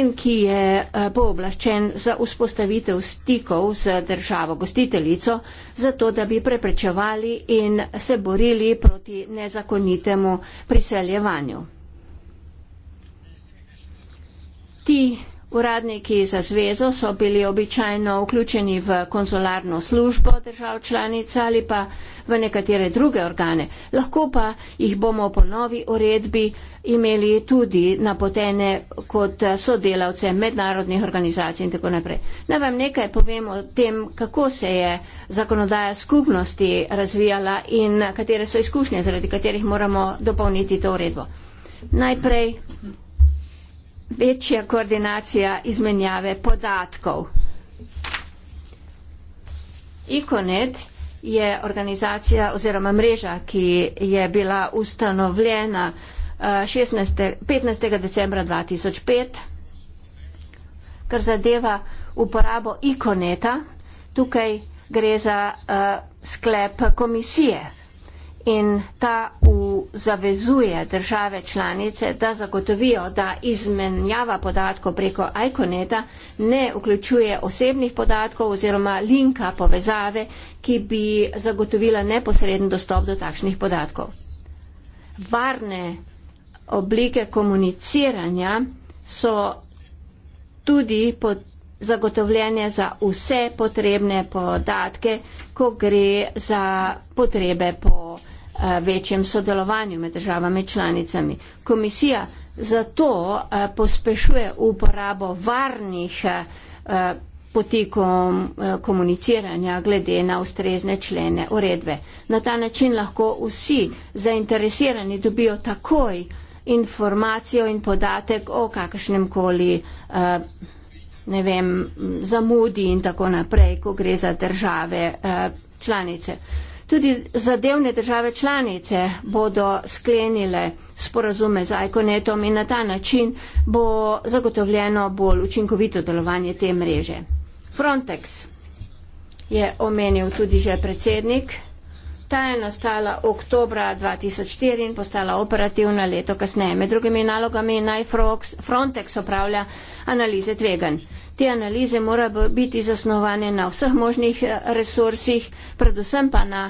in ki je eh, pooblaščen za vzpostavitev stikov z državo gostiteljico, zato da bi preprečevali in se borili proti nezakonitemu priseljevanju. Ti uradniki za zvezo so bili običajno vključeni v konzularno službo držav članica ali pa v nekatere druge organe. Lahko pa jih bomo po novi uredbi imeli tudi napotene kot sodelavce mednarodnih organizacij in tako naprej. Naj vam nekaj povem o tem, kako se je zakonodaja skupnosti razvijala in katere so izkušnje, zaradi katerih moramo dopolniti to uredbo. Najprej večja koordinacija izmenjave podatkov. ICONET je organizacija oziroma mreža, ki je bila ustanovljena 16, eh, 15. decembra 2005, kar zadeva uporabo ICONETA. Tukaj gre za uh, sklep komisije in ta zavezuje države članice, da zagotovijo, da izmenjava podatkov preko iKoneta ne vključuje osebnih podatkov oziroma linka povezave, ki bi zagotovila neposreden dostop do takšnih podatkov. Varne oblike komuniciranja so tudi pod zagotovljene za vse potrebne podatke, ko gre za potrebe po Eh, večjem sodelovanju med državami članicami. Komisija zato eh, pospešuje uporabo varnih eh, poti komuniciranja glede na ustrezne člene uredbe. Na ta način lahko vsi zainteresirani dobijo takoj informacijo in podatek o kakršnem koli ne vem, zamudi in tako naprej, ko gre za države članice. Tudi zadevne države članice bodo sklenile sporazume z Iconetom in na ta način bo zagotovljeno bolj učinkovito delovanje te mreže. Frontex je omenil tudi že predsednik. Ta je nastala oktobra 2004 in postala operativna leto kasneje. Med drugimi nalogami naj Frontex opravlja analize tveganj. Te analize morajo biti zasnovane na vseh možnih eh, resursih, predvsem pa na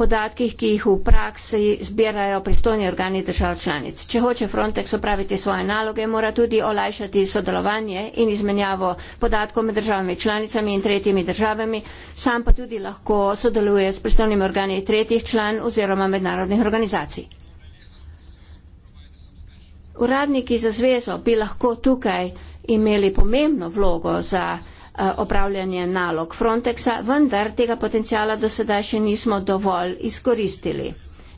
podatkih, ki jih v praksi zbirajo pristojni organi držav članic. Če hoče Frontex opraviti svoje naloge, mora tudi olajšati sodelovanje in izmenjavo podatkov med državami članicami in tretjimi državami, sam pa tudi lahko sodeluje s pristojnimi organi tretjih član oziroma mednarodnih organizacij. Uradniki za zvezo bi lahko tukaj imeli pomembno vlogo za eh, opravljanje nalog Frontexa, vendar tega potencijala do sedaj še nismo dovolj izkoristili.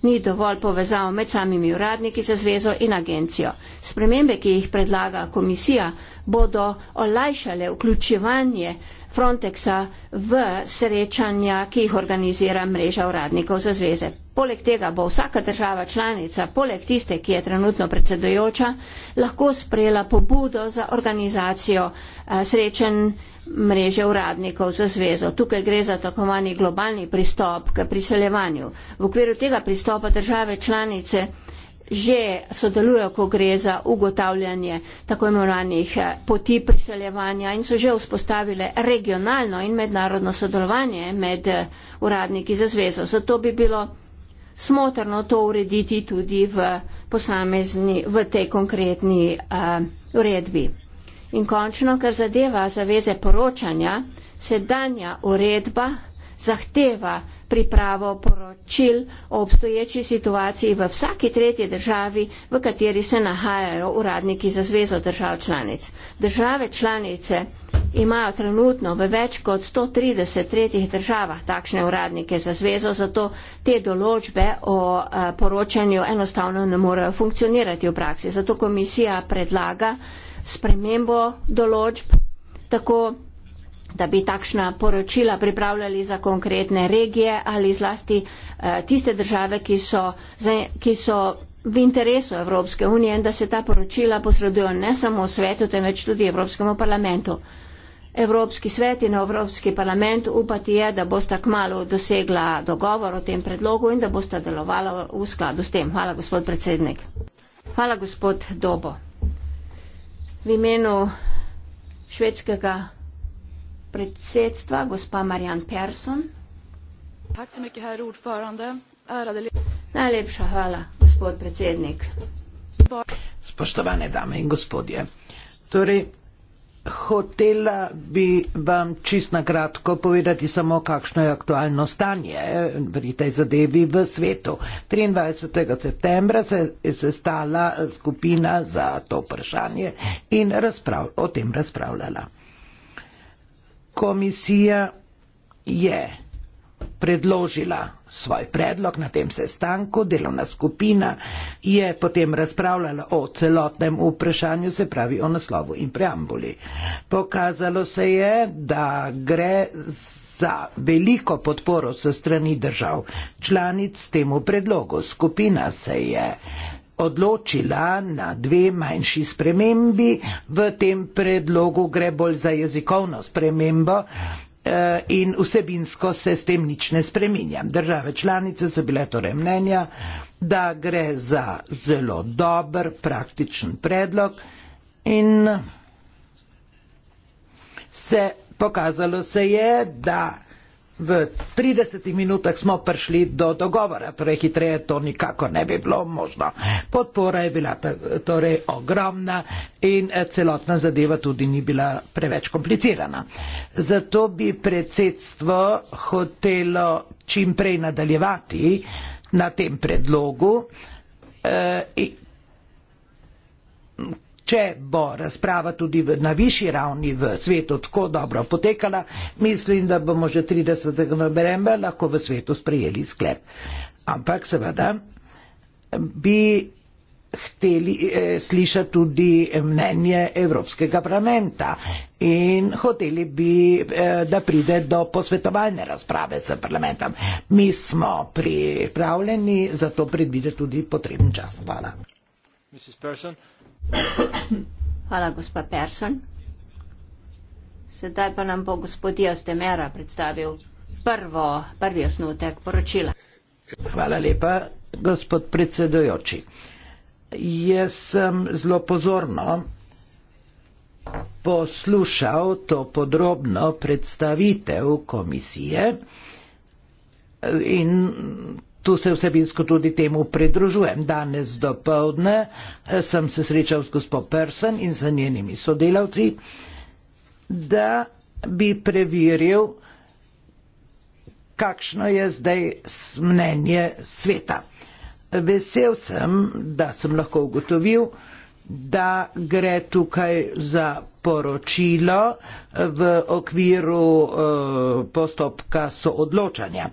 Ni dovolj povezav med samimi uradniki za zvezo in agencijo. Spremembe, ki jih predlaga komisija, bodo olajšale vključevanje Frontexa v srečanja, ki jih organizira mreža uradnikov za zveze. Poleg tega bo vsaka država članica, poleg tiste, ki je trenutno predsedujoča, lahko sprejela pobudo za organizacijo eh, srečen mreže uradnikov za zvezo. Tukaj gre za tako manj globalni pristop k priseljevanju. V okviru tega pristopa države članice že sodelujejo, ko gre za ugotavljanje tako imenovanih eh, poti priseljevanja in so že vzpostavile regionalno in mednarodno sodelovanje med eh, uradniki za zvezo. Zato bi bilo smotrno to urediti tudi v, v tej konkretni uh, uredbi. In končno, kar zadeva zaveze poročanja, sedanja uredba zahteva pripravo poročil o obstoječi situaciji v vsaki tretji državi, v kateri se nahajajo uradniki za zvezo držav članic. Države članice imajo trenutno v več kot 130 tretjih državah takšne uradnike za zvezo, zato te določbe o eh, poročanju enostavno ne morejo funkcionirati v praksi. Zato komisija predlaga spremembo določb tako, da bi takšna poročila pripravljali za konkretne regije ali zlasti eh, tiste države, ki so, ki so v interesu Evropske unije in da se ta poročila posredujo ne samo v svetu, temveč tudi Evropskemu parlamentu. Evropski svet in Evropski parlament upati je, da bosta kmalo dosegla dogovor o tem predlogu in da bosta delovala v skladu s tem. Hvala, gospod predsednik. Hvala, gospod Dobo. V imenu švedskega predsedstva, gospa Marjan Persson. Najlepša hvala, gospod predsednik. Spoštovane dame in gospodje, torej, hotela bi vam čist na kratko povedati samo, kakšno je aktualno stanje pri tej zadevi v svetu. 23. septembra se je sestala skupina za to vprašanje in razprav, o tem razpravljala komisija je predložila svoj predlog na tem sestanku, delovna skupina je potem razpravljala o celotnem vprašanju, se pravi o naslovu in preambuli. Pokazalo se je, da gre za veliko podporo so strani držav članic temu predlogu. Skupina se je odločila na dve manjši spremembi, v tem predlogu gre bolj za jezikovno spremembo eh, in vsebinsko se s tem nič ne spreminja. Države članice so bile torej mnenja, da gre za zelo dober praktičen predlog in se pokazalo se je, da V 30 minutah smo prišli do dogovora, torej hitreje to nikako ne bi bilo možno. Podpora je bila torej ogromna in eh, celotna zadeva tudi ni bila preveč komplicirana. Zato bi predsedstvo hotelo čim prej nadaljevati na tem predlogu. E, Če bo razprava tudi na višji ravni v svetu tako dobro potekala, mislim, da bomo že 30. novembra lahko v svetu sprejeli sklep. Ampak seveda bi hteli eh, slišati tudi mnenje Evropskega parlamenta in hoteli bi, eh, da pride do posvetovalne razprave s parlamentom. Mi smo pripravljeni, zato predvide tudi potreben čas. Hvala. Hvala, gospa Persson. Sedaj pa nam bo gospod Jaz Demera predstavil prvo, prvi osnutek poročila. Hvala lepa, gospod predsedojoči. Jaz sem zelo pozorno poslušal to podrobno predstavitev komisije in Tu se vsebinsko tudi temu pridružujem. Danes do povdne eh, sem se srečal s gospod Persen in z njenimi sodelavci, da bi preveril, kakšno je zdaj mnenje sveta. Vesel sem, da sem lahko ugotovil, da gre tukaj za poročilo eh, v okviru eh, postopka soodločanja.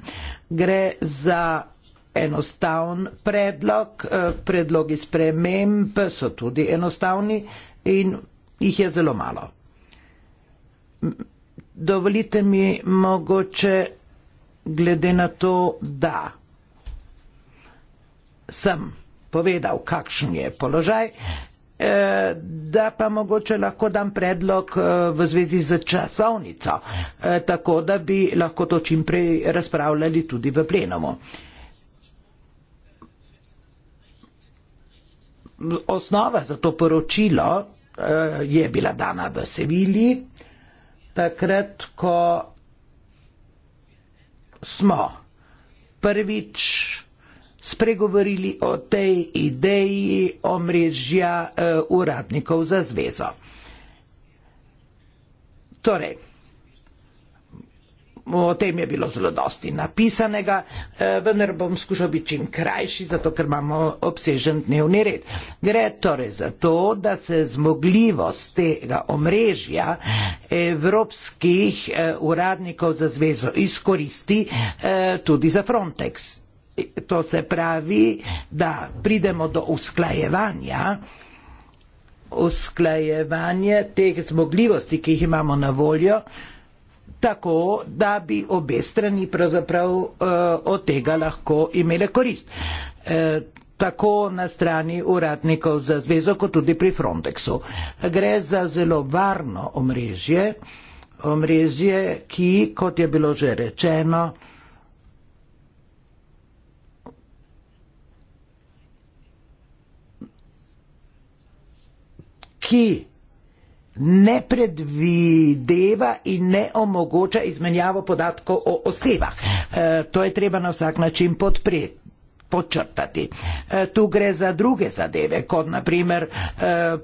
Gre za enostaven predlog, eh, predlogi sprememb so tudi enostavni in jih je zelo malo. Dovolite mi mogoče glede na to, da sem povedal, kakšen je položaj, eh, da pa mogoče lahko dam predlog eh, v zvezi z časovnico, tako da bi lahko to čimprej razpravljali tudi v plenomu. osnova za to poročilo eh, je bila dana v Sevilji, takrat, ko smo prvič spregovorili o tej ideji omrežja eh, uradnikov za zvezo. Torej, o tem je bilo zelo dosti napisanega, eh, vendar bom skušal biti čim krajši, zato ker imamo obsežen dnevni red. Gre torej za to, da se zmogljivost tega omrežja evropskih eh, uradnikov za zvezo izkoristi eh, tudi za Frontex. To se pravi, da pridemo do usklajevanja, usklajevanja teh zmogljivosti, ki jih imamo na voljo, tako, da bi obe strani pravzaprav uh, od tega lahko imele korist. Uh, tako na strani uradnikov za zvezo, kot tudi pri Frontexu. Gre za zelo varno omrežje, omrežje, ki, kot je bilo že rečeno, ki ne predvideva in ne omogoča izmenjavo podatkov o osebah. E, to je treba na vsak način podpreti. Počrtati. E, tu gre za druge zadeve, kot naprimer e,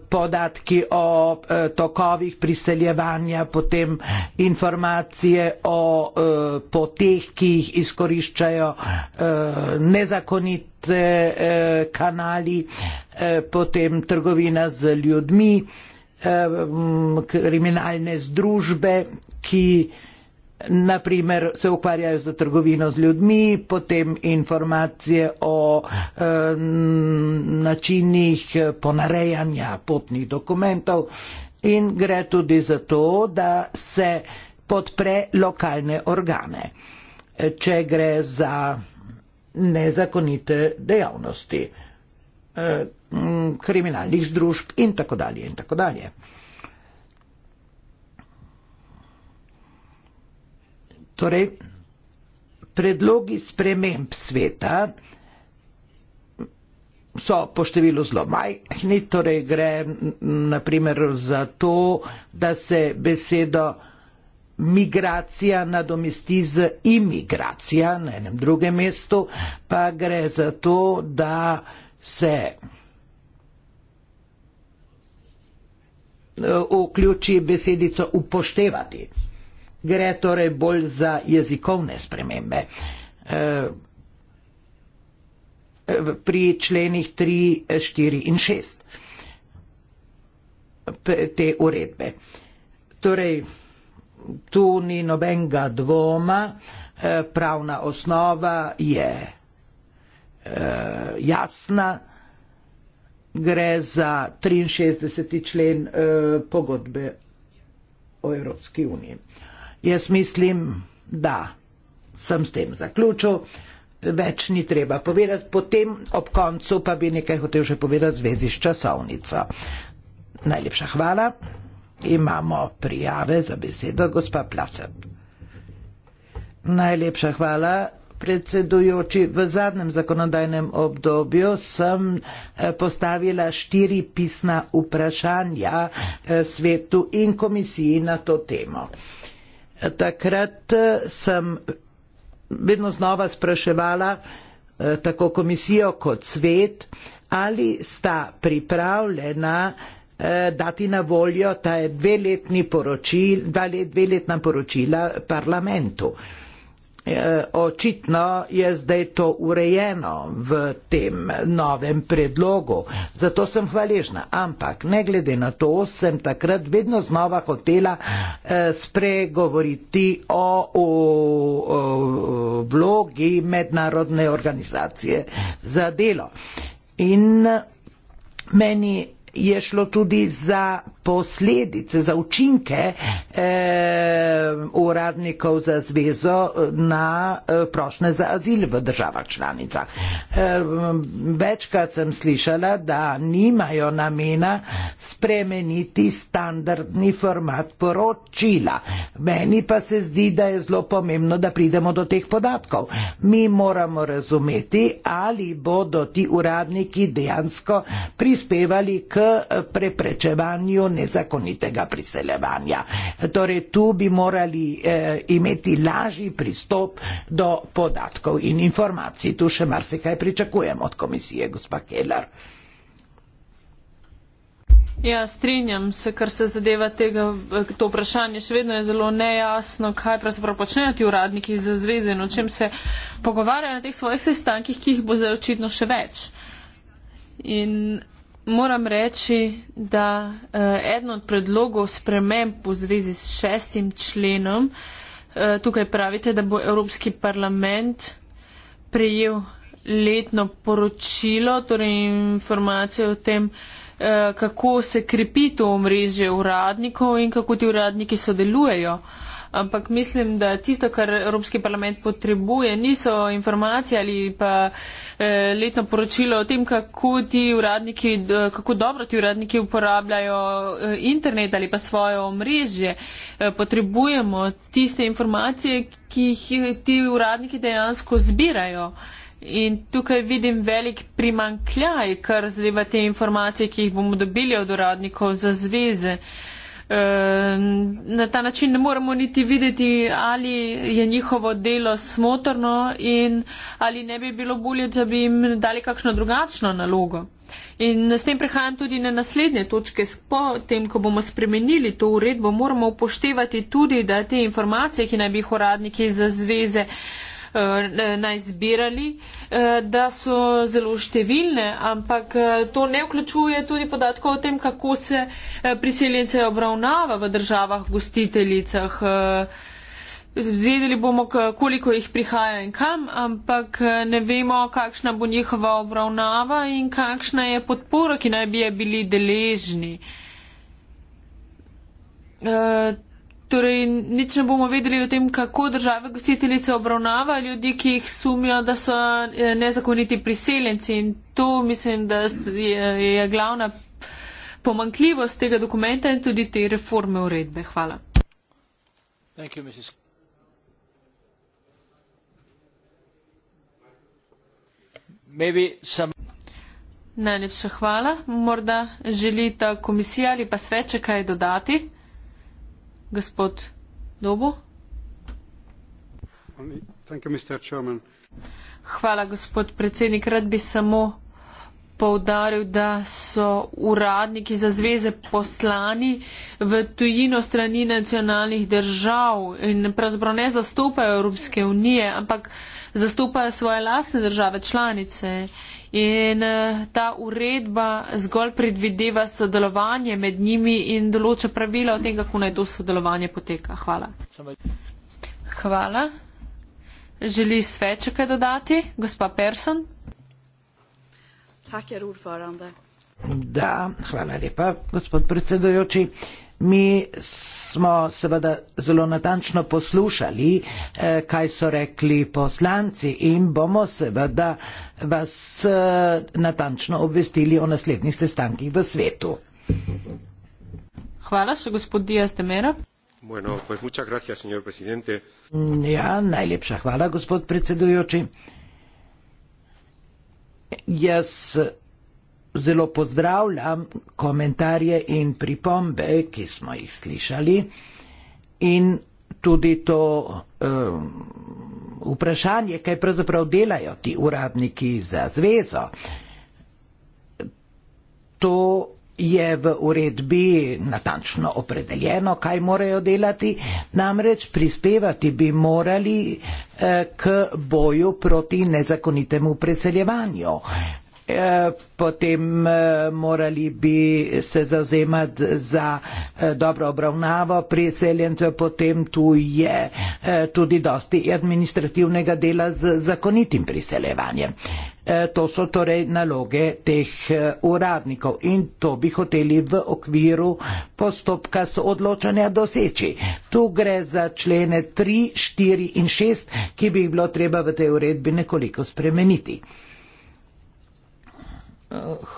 podatki o tokovih priseljevanja, potem informacije o poteh, ki jih izkoriščajo nezakonite kanali, potem trgovina z ljudmi, Eh, kriminalne združbe, ki naprimer se ukvarjajo za trgovino z ljudmi, potem informacije o eh, načinih eh, ponarejanja potnih dokumentov in gre tudi za to, da se podpre lokalne organe, če gre za nezakonite dejavnosti. Mm, kriminalnih združb in tako dalje in tako dalje. Torej, predlogi sprememb sveta so po številu zelo majhni, torej gre mm, naprimer za to, da se besedo migracija nadomesti z imigracija na enem drugem mestu, pa gre za to, da se Eh, vključi besedico upoštevati. Gre torej bolj za jezikovne spremembe. Eh, eh, pri členih 3, 4 in 6 te uredbe. Torej, tu ni nobenega dvoma, pravna osnova je jasna gre za 63. člen eh, pogodbe o Evropski uniji. Jaz mislim, da sem s tem zaključil, več ni treba povedati, potem ob koncu pa bi nekaj hotel še povedati zvezi s časovnico. Najlepša hvala. Imamo prijave za besedo, gospa Placer. Najlepša hvala predsedujoči, v zadnjem zakonodajnem obdobju sem eh, postavila štiri pisna vprašanja eh, svetu in komisiji na to temo. Eh, takrat sem vedno znova spraševala tako komisijo kot svet, ali sta pripravljena dati na voljo ta dve letna poročila parlamentu. Eh, očitno je zdaj to urejeno v tem novem predlogu, zato sem hvaležna. Ampak ne glede na to, sem takrat vedno znova hotela eh, spregovoriti o, o, o vlogi mednarodne organizacije za delo. In meni je šlo tudi za posledice, za učinke eh, uradnikov za zvezo eh, na eh, prošne za azil v državah članicah. Eh, večkrat sem slišala, da nimajo namena spremeniti standardni format poročila. Meni pa se zdi, da je zelo pomembno, da pridemo do teh podatkov. Mi moramo razumeti, ali bodo ti uradniki dejansko prispevali k preprečevanju nezakonitega priseljevanja. Torej, tu bi morali eh, imeti lažji pristop do podatkov in informacij. Tu še marsikaj pričakujem od komisije, gospa Keller. Ja, strinjam se, kar se zadeva tega, to vprašanje še vedno je zelo nejasno, kaj pravzaprav počnejo ti uradniki za zveze in o čem se pogovarjajo na teh svojih sestankih, ki jih bo zdaj očitno še več. In moram reči, da uh, eden od predlogov sprememb v zvezi s šestim členom, uh, tukaj pravite, da bo Evropski parlament prejel letno poročilo, torej informacijo o tem, eh, kako se krepi to omrežje uradnikov in kako ti uradniki sodelujejo uh, ampak mislim, da tisto, kar Evropski parlament potrebuje, niso informacije ali pa eh, letno poročilo o tem, kako, uradniki, eh, kako dobro ti uradniki uporabljajo eh, internet ali pa svoje omrežje. Potrebujemo tiste informacije, ki jih ti uradniki dejansko zbirajo. In tukaj vidim velik primankljaj, kar zadeva te informacije, ki jih bomo dobili od uradnikov za zveze. Uh, Eh, na ta način ne moremo niti videti, ali je njihovo delo smotrno in ali ne bi bilo bolje, da bi jim dali kakšno drugačno nalogo. In s tem prihajam tudi na naslednje točke. Po tem, ko bomo spremenili to uredbo, moramo upoštevati tudi, da te informacije, ki naj bi jih uradniki za zveze uh, Eh, najzbirali, eh, da so zelo številne, ampak eh, to ne vključuje tudi podatkov o tem, kako se priseljence obravnava v državah gostiteljicah. Zvedeli bomo, koliko jih prihaja in kam, ampak ne vemo, kakšna bo njihova obravnava in kakšna je podpora, ki naj bi je bili deležni. Torej, nič ne bomo vedeli o tem, kako države gostiteljice obravnava ljudi, ki jih sumijo, da so eh, nezakoniti priseljenci. In to mislim, da je, je glavna pomankljivost tega dokumenta in tudi te reforme uredbe. Hvala. Najlepša hvala. Morda želita komisija ali pa sveče kaj dodati gospod Dobo. Hvala, gospod predsednik. Rad bi samo povdaril, da so uradniki za zveze poslani v tujino strani nacionalnih držav in pravzaprav ne zastopajo Evropske unije, ampak zastopajo svoje lastne države članice. In eh, ta uredba zgolj predvideva sodelovanje med njimi in določa pravila o tem, kako naj to sodelovanje poteka. Hvala. Hvala. Želi sveče kaj dodati? Gospa Persson. Da, hvala lepa, gospod predsedojoči. Mi smo seveda zelo natančno poslušali, eh, kaj so rekli poslanci in bomo seveda vas eh, natančno obvestili o naslednjih sestankih v svetu. Hvala še gospod Dias de Mera. Bueno, pues muchas gracias, señor presidente. Ja, najlepša hvala, gospod predsedujoči. Jaz zelo pozdravljam komentarje in pripombe, ki smo jih slišali in tudi to um, vprašanje, kaj pravzaprav delajo ti uradniki za zvezo. To je v uredbi natančno opredeljeno, kaj morajo delati, namreč prispevati bi morali eh, k boju proti nezakonitemu preseljevanju. Eh, potem eh, morali bi se zauzemati za eh, dobro obravnavo priseljencev, potem tu je tudi dosti administrativnega dela z zakonitim priseljevanjem. To so torej naloge teh uradnikov in to bi hoteli v okviru postopka soodločanja doseči. Tu gre za člene 3, 4 in 6, ki bi jih bilo treba v tej uredbi nekoliko spremeniti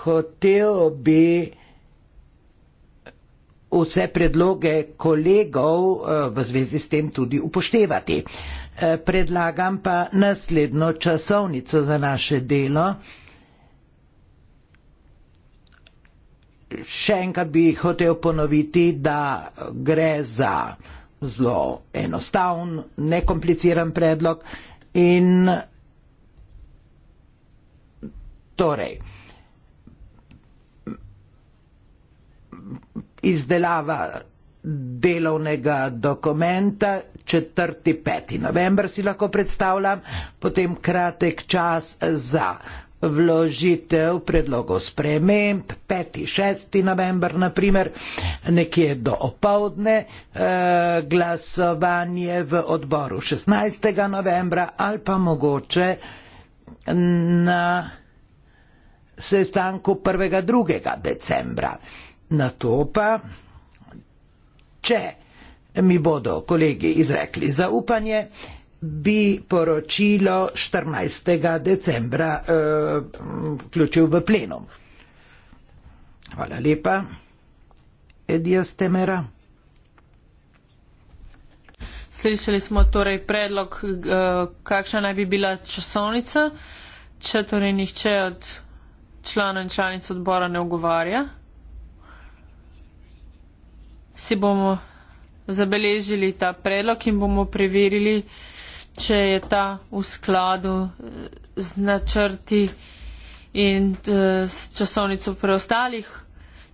hotel bi vse predloge kolegov eh, v zvezi s tem tudi upoštevati. Eh, predlagam pa naslednjo časovnico za naše delo. Še enkrat bi hotel ponoviti, da gre za zelo enostavn, nekompliciran predlog in torej. izdelava delovnega dokumenta 4.5. november si lahko predstavljam, potem kratek čas za vložitev predlogov sprememb 5.6. november naprimer, nekje do opovdne eh, glasovanje v odboru 16. novembra ali pa mogoče na sestanku 1.2. decembra. Na to pa, če mi bodo kolegi izrekli zaupanje, bi poročilo 14. decembra eh, vključil v plenum. Hvala lepa, Edija Stemera. Slišali smo torej predlog, eh, kakšna naj bi bila časovnica, če torej nihče od članov in članic odbora ne ogovarja si bomo zabeležili ta predlog in bomo preverili, če je ta v skladu eh, z načrti in z eh, časovnico preostalih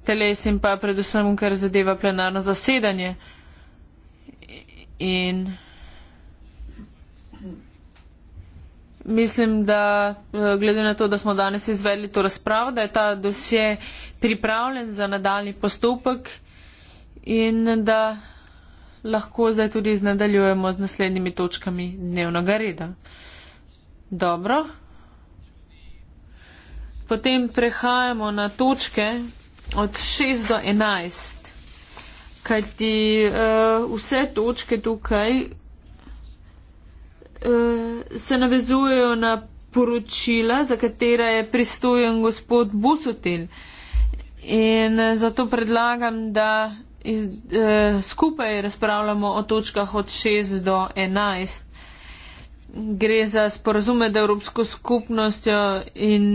teles in pa predvsem, kar zadeva plenarno zasedanje. In mislim, da eh, glede na to, da smo danes izvedli to razpravo, da je ta dosje pripravljen za nadaljni postopek in da lahko zdaj tudi nadaljujemo z naslednjimi točkami dnevnega reda. Dobro. Potem prehajamo na točke od 6 do 11, kajti uh, vse točke tukaj uh, se navezujejo na poročila, za katera je pristojen gospod Busutil. In eh, zato predlagam, da iz, eh, skupaj razpravljamo o točkah od 6 do 11. Gre za sporazume z Evropsko skupnostjo in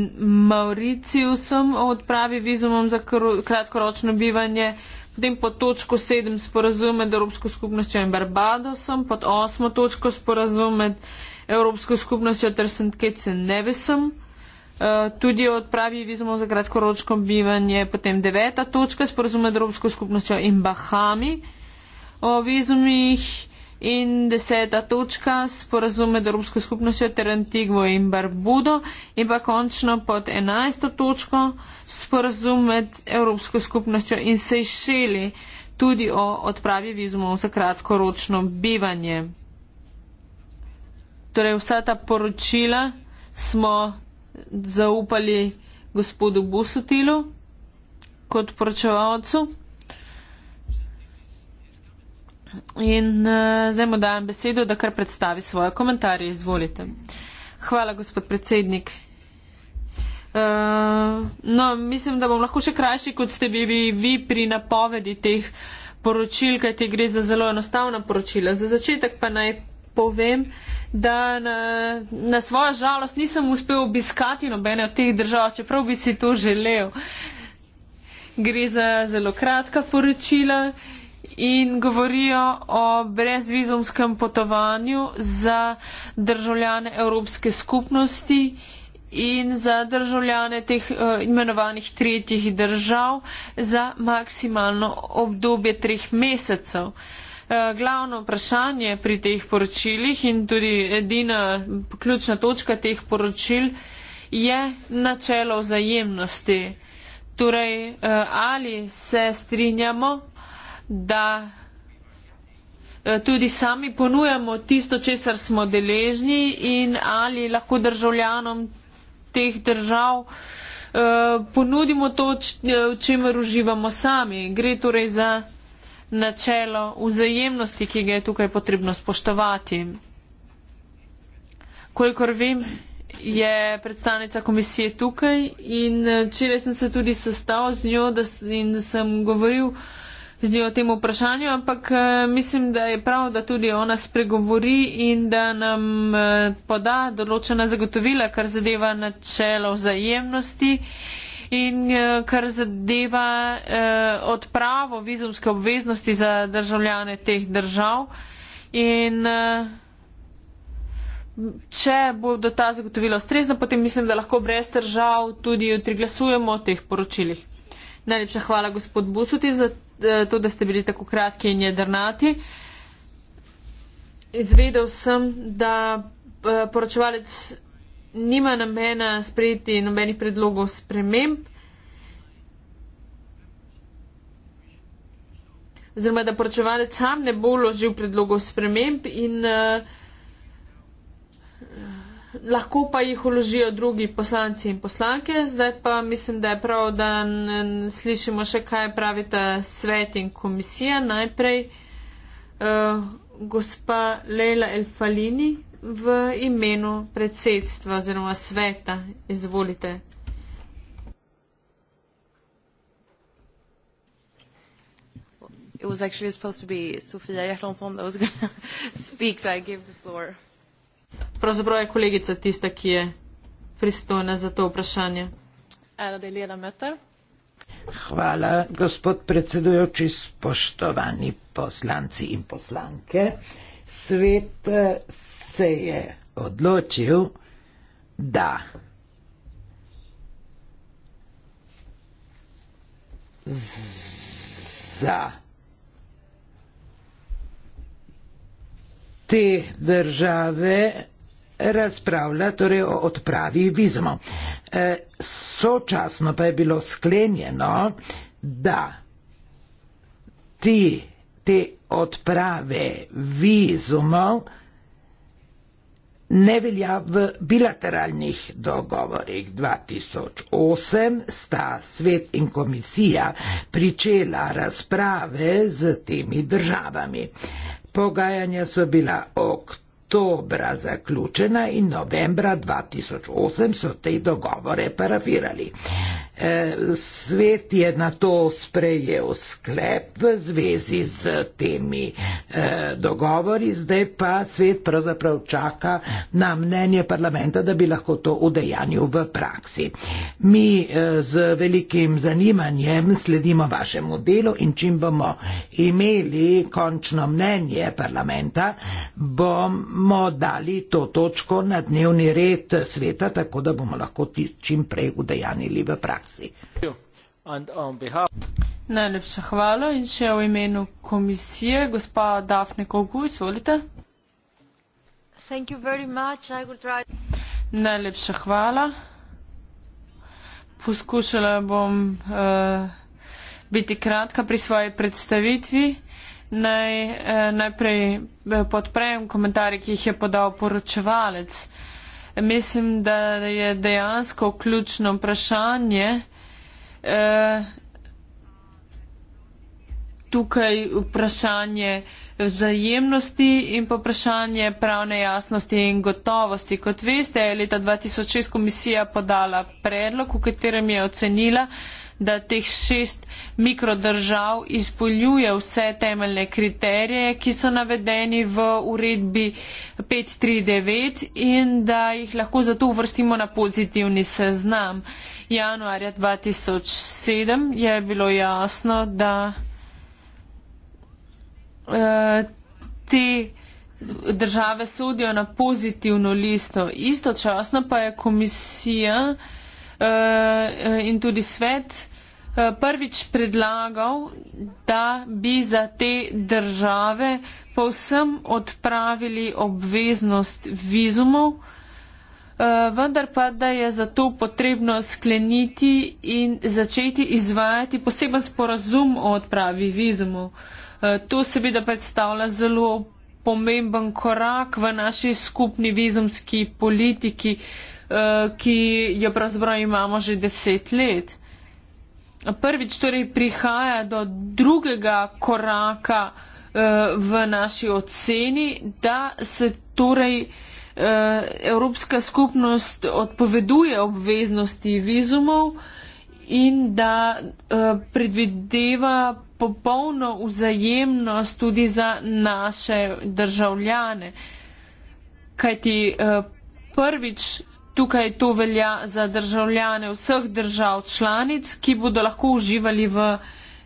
Mauricijusom o odpravi vizumom za kratkoročno bivanje, potem pod točko 7 sporazume z Evropsko skupnostjo in Barbadosom, pod 8 točko sporazume z Evropsko skupnostjo ter St. Kitts in Nevisom. Eh, tudi odpravi vizmo za kratkoročno bivanje, potem deveta točka sporozum med Evropsko skupnostjo in Bahami o vizumih in deseta točka sporozum med Evropsko skupnostjo ter Antigvo in Barbudo in pa končno pod enajsto točko sporozum med Evropsko skupnostjo in Sejšeli tudi o odpravi vizmo za kratkoročno bivanje. Torej vsa ta poročila smo zaupali gospodu Busutilu kot poročevalcu. In uh, zdaj mu dajem besedo, da kar predstavi svoje komentarje. Izvolite. Hvala, gospod predsednik. Uh, no, mislim, da bom lahko še krajši, kot ste bili vi pri napovedi teh poročil, kaj ti gre za zelo enostavna poročila. Za začetek pa naj povem, da na, na svojo žalost nisem uspel obiskati nobene od teh držav, čeprav bi si to želel. Gre za zelo kratka poročila in govorijo o brezvizumskem potovanju za državljane Evropske skupnosti in za državljane teh uh, imenovanih tretjih držav za maksimalno obdobje treh mesecev. Uh, Eh, glavno vprašanje pri teh poročilih in tudi edina ključna točka teh poročil je načelo vzajemnosti. Torej, eh, ali se strinjamo, da eh, tudi sami ponujamo tisto, česar smo deležni in ali lahko državljanom teh držav ponudimo to, čemer uživamo sami. Gre torej za načelo vzajemnosti, ki ga je tukaj potrebno spoštovati. Kolikor vem, je predstavnica komisije tukaj in eh, včeraj sem se tudi sestal z njo in sem govoril z njo o tem vprašanju, ampak eh, mislim, da je prav, da tudi ona spregovori in da nam eh, poda določena zagotovila, kar zadeva načelo vzajemnosti. In eh, kar zadeva eh, odpravo vizumske obveznosti za državljane teh držav. In eh, če bodo ta zagotovila ustrezna, potem mislim, da lahko brez držav tudi jutri glasujemo o teh poročilih. Najlepša hvala, gospod Busuti, za to, da ste bili tako kratki in jedrnati. Izvedel sem, da poročevalec nima namena sprejeti nobenih predlogov sprememb. Oziroma, da poročevalec sam ne bo ložil predlogov sprememb in uh, lahko pa jih uložijo drugi poslanci in poslanke. Zdaj pa mislim, da je prav, da slišimo še kaj pravita svet in komisija. Najprej uh, gospa Leila Elfalini v imenu predsedstva oziroma sveta. Izvolite. It was actually supposed to be Sofia Jertonsson that was going to speak, so I gave the floor. Pravzaprav je kolegica tista, ki je pristojna za to vprašanje. Hvala, gospod predsedujoči, spoštovani poslanci in poslanke. Svet eh, se je odločil, da. Za te države razpravlja torej o odpravi vizumov. E, sočasno pa je bilo sklenjeno, da ti, te odprave vizumov ne velja v bilateralnih dogovorih. 2008 sta svet in komisija pričela razprave z temi državami. Pogajanja so bila oktober oktobra zaključena in novembra 2008 so te dogovore parafirali. E, svet je na to sprejel sklep v zvezi z temi e, dogovori, zdaj pa svet pravzaprav čaka na mnenje parlamenta, da bi lahko to udejanil v praksi. Mi e, z velikim zanimanjem sledimo vašemu delu in čim bomo imeli končno mnenje parlamenta, bom, bomo dali to točko na dnevni red sveta, tako da bomo lahko čim prej udejanili v praksi. Najlepša hvala in še v imenu komisije, gospa Dafne Kogu, izvolite. Najlepša hvala. Poskušala bom uh, biti kratka pri svoji predstavitvi naj eh, najprej eh, podprem komentarje, ki jih je podal poročevalec. Mislim, da je dejansko ključno vprašanje eh, tukaj vprašanje vzajemnosti in pa vprašanje pravne jasnosti in gotovosti. Kot veste, je leta 2006 komisija podala predlog, v katerem je ocenila, da teh šest mikrodržav izpolnjuje vse temeljne kriterije, ki so navedeni v uredbi 539 in da jih lahko zato uvrstimo na pozitivni seznam. Januarja 2007 je bilo jasno, da eh, te države sodijo na pozitivno listo. Istočasno pa je komisija uh, in tudi svet eh, prvič predlagal, da bi za te države povsem odpravili obveznost vizumov, eh, vendar pa, da je zato potrebno skleniti in začeti izvajati poseben sporazum o odpravi vizumov. To seveda predstavlja zelo pomemben korak v naši skupni vizumski politiki, Eh, ki jo pravzaprav imamo že deset let. Prvič torej prihaja do drugega koraka eh, v naši oceni, da se torej eh, Evropska skupnost odpoveduje obveznosti vizumov in da predvideva popolno vzajemnost tudi za naše državljane. Kajti prvič tukaj to velja za državljane vseh držav članic, ki bodo lahko uživali v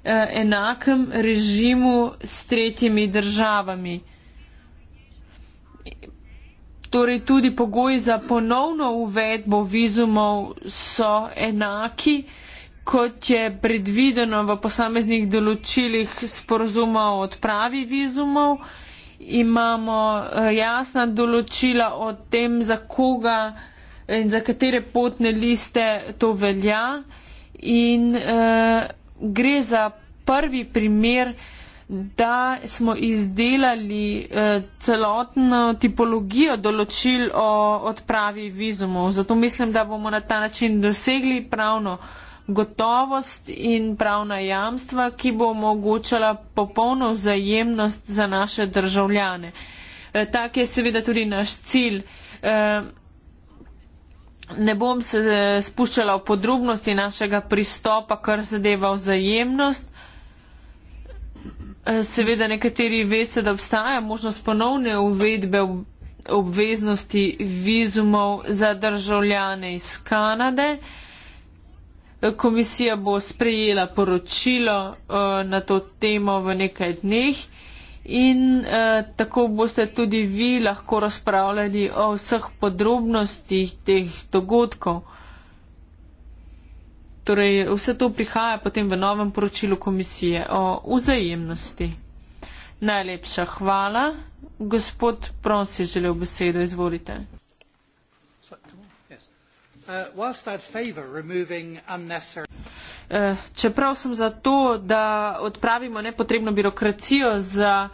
eh, enakem režimu s tretjimi državami. Torej tudi pogoji za ponovno uvedbo vizumov so enaki, kot je predvideno v posameznih določilih sporozuma o odpravi vizumov. Imamo eh, jasna določila o tem, za koga in za katere potne liste to velja. In uh, gre za prvi primer, da smo izdelali uh, celotno tipologijo določil o odpravi vizumov. Zato mislim, da bomo na ta način dosegli pravno gotovost in pravna jamstva, ki bo omogočala popolno vzajemnost za naše državljane. Eh, tak je seveda tudi naš cilj. Ne bom se eh, spuščala v podrobnosti našega pristopa, kar zadeva vzajemnost. Eh, seveda nekateri veste, da obstaja možnost ponovne uvedbe obveznosti vizumov za državljane iz Kanade. Eh, komisija bo sprejela poročilo na to temo v nekaj dneh in eh, tako boste tudi vi lahko razpravljali o vseh podrobnostih teh dogodkov. Torej, vse to prihaja potem v novem poročilu komisije o vzajemnosti. Najlepša hvala. Gospod Prons je želel besedo, izvolite. So, Eh, čeprav sem za to, da odpravimo nepotrebno birokracijo za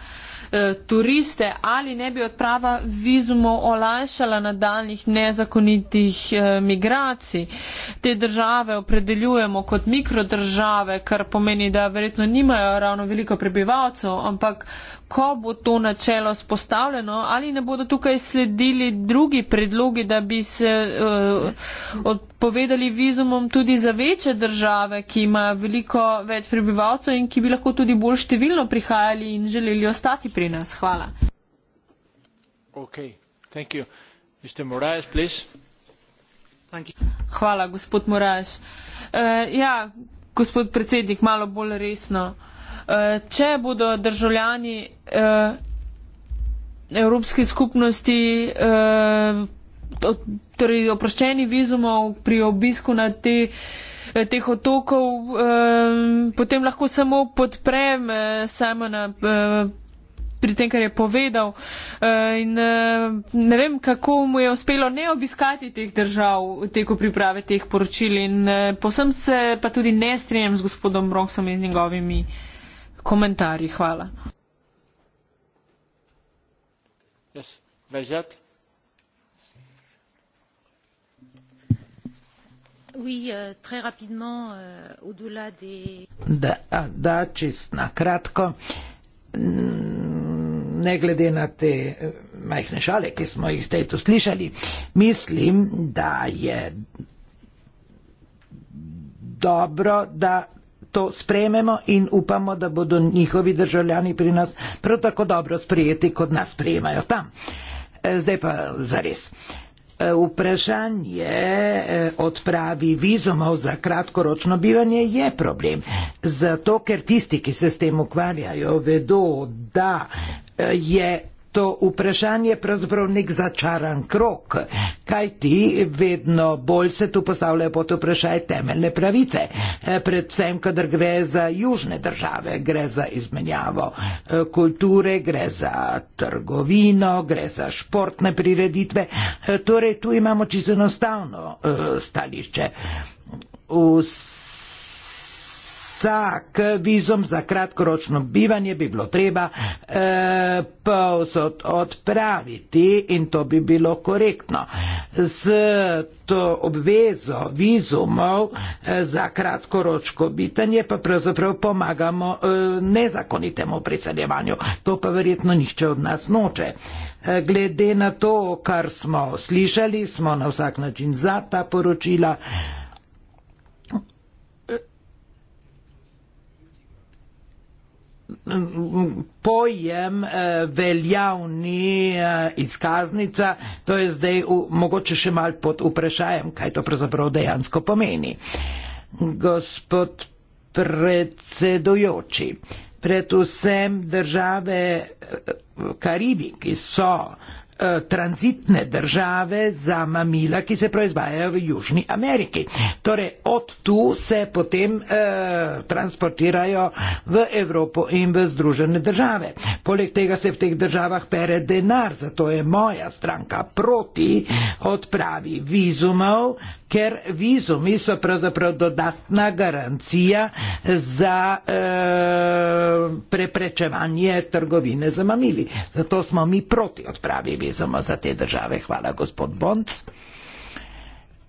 eh, turiste, ali ne bi odprava vizumov olajšala nadaljnih nezakonitih eh, migracij. Te države opredeljujemo kot mikrodržave, kar pomeni, da verjetno nimajo ravno veliko prebivalcev, ampak ko bo to načelo spostavljeno, ali ne bodo tukaj sledili drugi predlogi, da bi se uh, odpovedali vizumom tudi za večje države, ki imajo veliko več prebivalcev in ki bi lahko tudi bolj številno prihajali in želeli ostati pri nas. Hvala. Okay, Hvala, gospod Moraš. Uh, eh, ja, gospod predsednik, malo bolj resno. Uh, Eh, če bodo državljani eh, Evropske skupnosti eh, torej oproščeni vizumov pri obisku na te, teh otokov, potem lahko samo podprem samo na pri tem, kar je povedal. In ne vem, kako mu je uspelo ne obiskati teh držav v teku priprave teh poročil. In posem se pa tudi ne strinjam z gospodom Bronxom in z njegovimi komentarji. Hvala. Yes. Bežat. Euh, euh, da, da čist na kratko, mm, ne glede na te eh, majhne šale, ki smo jih zdaj tu slišali, mislim, da je dobro, da to sprejmemo in upamo, da bodo njihovi državljani pri nas prav tako dobro sprejeti, kot nas sprejemajo tam. E, zdaj pa zares. E, vprašanje e, odpravi vizumov za kratkoročno bivanje je problem, zato ker tisti, ki se s tem ukvarjajo, vedo, da je To vprašanje je pravzaprav nek začaran krok, kaj ti vedno bolj se tu postavljajo pod vprašanje temeljne pravice, eh, predvsem, kadar gre za južne države, gre za izmenjavo eh, kulture, gre za trgovino, gre za športne prireditve. Eh, torej, tu imamo čisto enostavno stališče. Vse Sa k vizom za kratkoročno bivanje bi bilo treba eh, povsod odpraviti in to bi bilo korektno. Z to obvezo vizumov eh, za kratkoročko bitanje pa pravzaprav pomagamo eh, nezakonitemu priseljevanju. To pa verjetno nihče od nas noče. Eh, glede na to, kar smo slišali, smo na vsak način za ta poročila. pojem eh, veljavni eh, izkaznica, to je zdaj v, mogoče še mal pod vprašajem, kaj to pravzaprav dejansko pomeni. Gospod predsedujoči, predvsem države eh, Karibi, ki so Eh, tranzitne države za mamila, ki se proizvajajo v Južni Ameriki. Torej, od tu se potem eh, transportirajo v Evropo in v Združene države. Poleg tega se v teh državah pere denar, zato je moja stranka proti odpravi vizumov, ker vizumi so pravzaprav dodatna garancija za e, preprečevanje trgovine za mamili. Zato smo mi proti odpravi vizuma za te države. Hvala, gospod Bonc.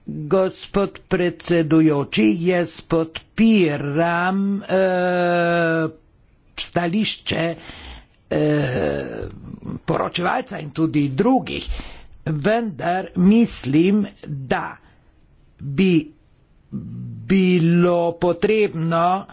Gospod predsedujoči, jaz podpiram e, stališče e, poročevalca in tudi drugih, vendar mislim, da bi bilo potrebno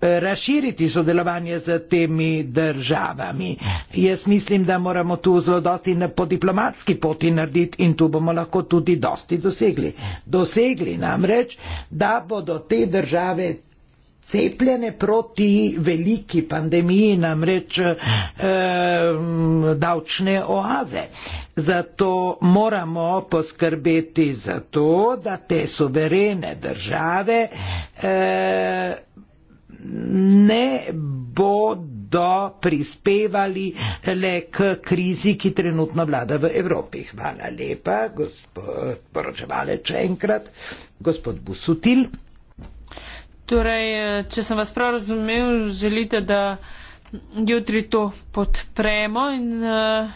eh, razširiti sodelovanje z temi državami. Jaz mislim, da moramo tu zelo dosti po diplomatski poti narediti in tu bomo lahko tudi dosti dosegli. Dosegli namreč, da bodo te države cepljene proti veliki pandemiji, namreč eh, davčne oaze. Zato moramo poskrbeti za to, da te soverene države eh, ne bodo prispevali le k krizi, ki trenutno vlada v Evropi. Hvala lepa, gospod poročevalec, še enkrat, gospod Busutil. Torej, eh, če sem vas prav razumel, želite, da jutri to podpremo in uh,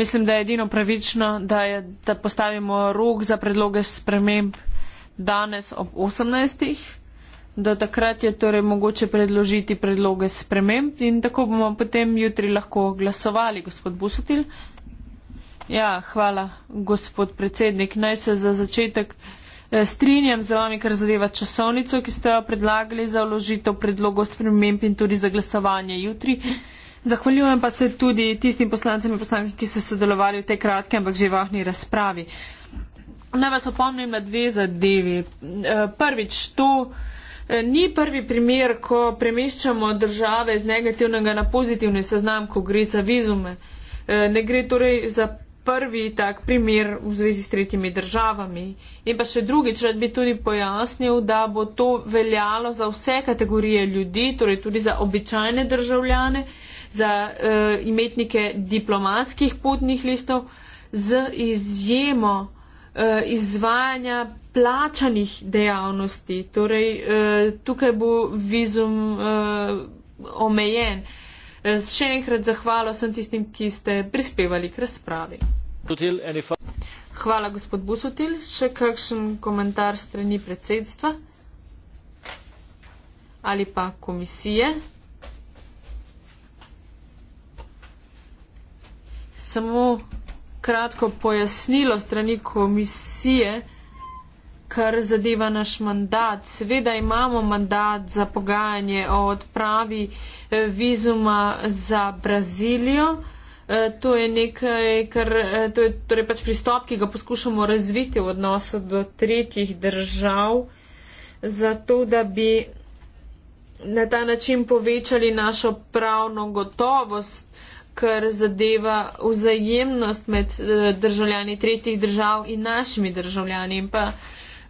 mislim, da je edino pravično, da, je, da postavimo rok za predloge sprememb danes ob 18. Do takrat je torej mogoče predložiti predloge sprememb in tako bomo potem jutri lahko glasovali, gospod Busutil. Ja, hvala, gospod predsednik. Naj se za začetek. Eh, strinjam z vami, kar zadeva časovnico, ki ste jo predlagali za vložitev predlogov sprememb in tudi za glasovanje jutri. Zahvaljujem pa se tudi tistim poslancem in poslankam, ki so sodelovali v tej kratki, ampak že vahni razpravi. Naj vas opomnim na dve zadevi. Eh, prvič, to eh, ni prvi primer, ko premeščamo države iz negativnega na pozitivni seznam, ko gre za vizume. Ne gre torej za prvi tak primer v zvezi s tretjimi državami. In pa še drugič, rad bi tudi pojasnil, da bo to veljalo za vse kategorije ljudi, torej tudi za običajne državljane, za uh, imetnike diplomatskih potnih listov, z izjemo uh, izvajanja plačanih dejavnosti. Torej, uh, tukaj bo vizum uh, omejen. Uh, Eh, še enkrat zahvalo sem tistim, ki ste prispevali k razpravi. Hvala, gospod Busutil. Še kakšen komentar strani predsedstva ali pa komisije? Samo kratko pojasnilo strani komisije kar zadeva naš mandat. Seveda imamo mandat za pogajanje o odpravi eh, vizuma za Brazilijo. Eh, to je nekaj, kar eh, to je torej pač pristop, ki ga poskušamo razviti v odnosu do tretjih držav, zato da bi na ta način povečali našo pravno gotovost, kar zadeva vzajemnost med državljani tretjih držav in našimi državljani. In pa, eh,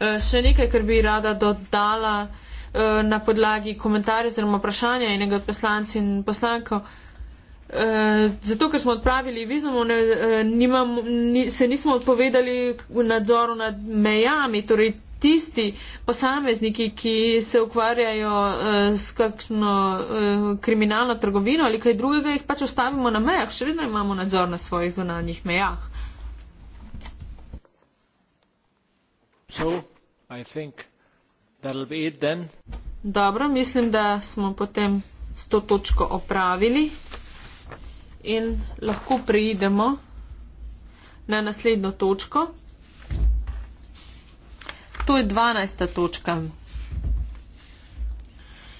Eh, še nekaj, kar bi rada dodala eh, na podlagi komentarja oziroma vprašanja enega od poslancev in poslankov. Eh, zato, ker smo odpravili vizum, ni, se nismo odpovedali nadzoru nad mejami, torej tisti posamezniki, ki se ukvarjajo s kakšno kriminalno trgovino ali kaj drugega, jih pač ostavimo na mejah, še vedno imamo nadzor na svojih zunanjih mejah. So, I think that'll be it then. Dobro, mislim, da smo potem s to točko opravili in lahko preidemo na naslednjo točko. To je 12. točka.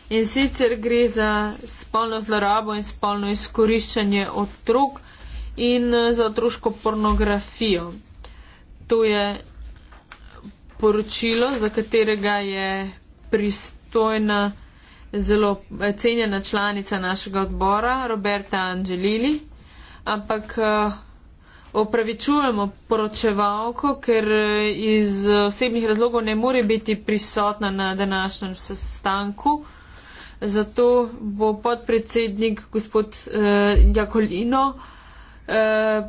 In sicer gre za spolno zlorabo in spolno izkoriščanje otrok in eh, za otroško pornografijo. To je poročilo, za katerega je pristojna, zelo eh, cenjena članica našega odbora, Roberta Angelili. Ampak eh, opravičujemo poročevalko, ker eh, iz osebnih razlogov ne more biti prisotna na današnjem sestanku. Zato bo podpredsednik gospod eh, Jakolino eh,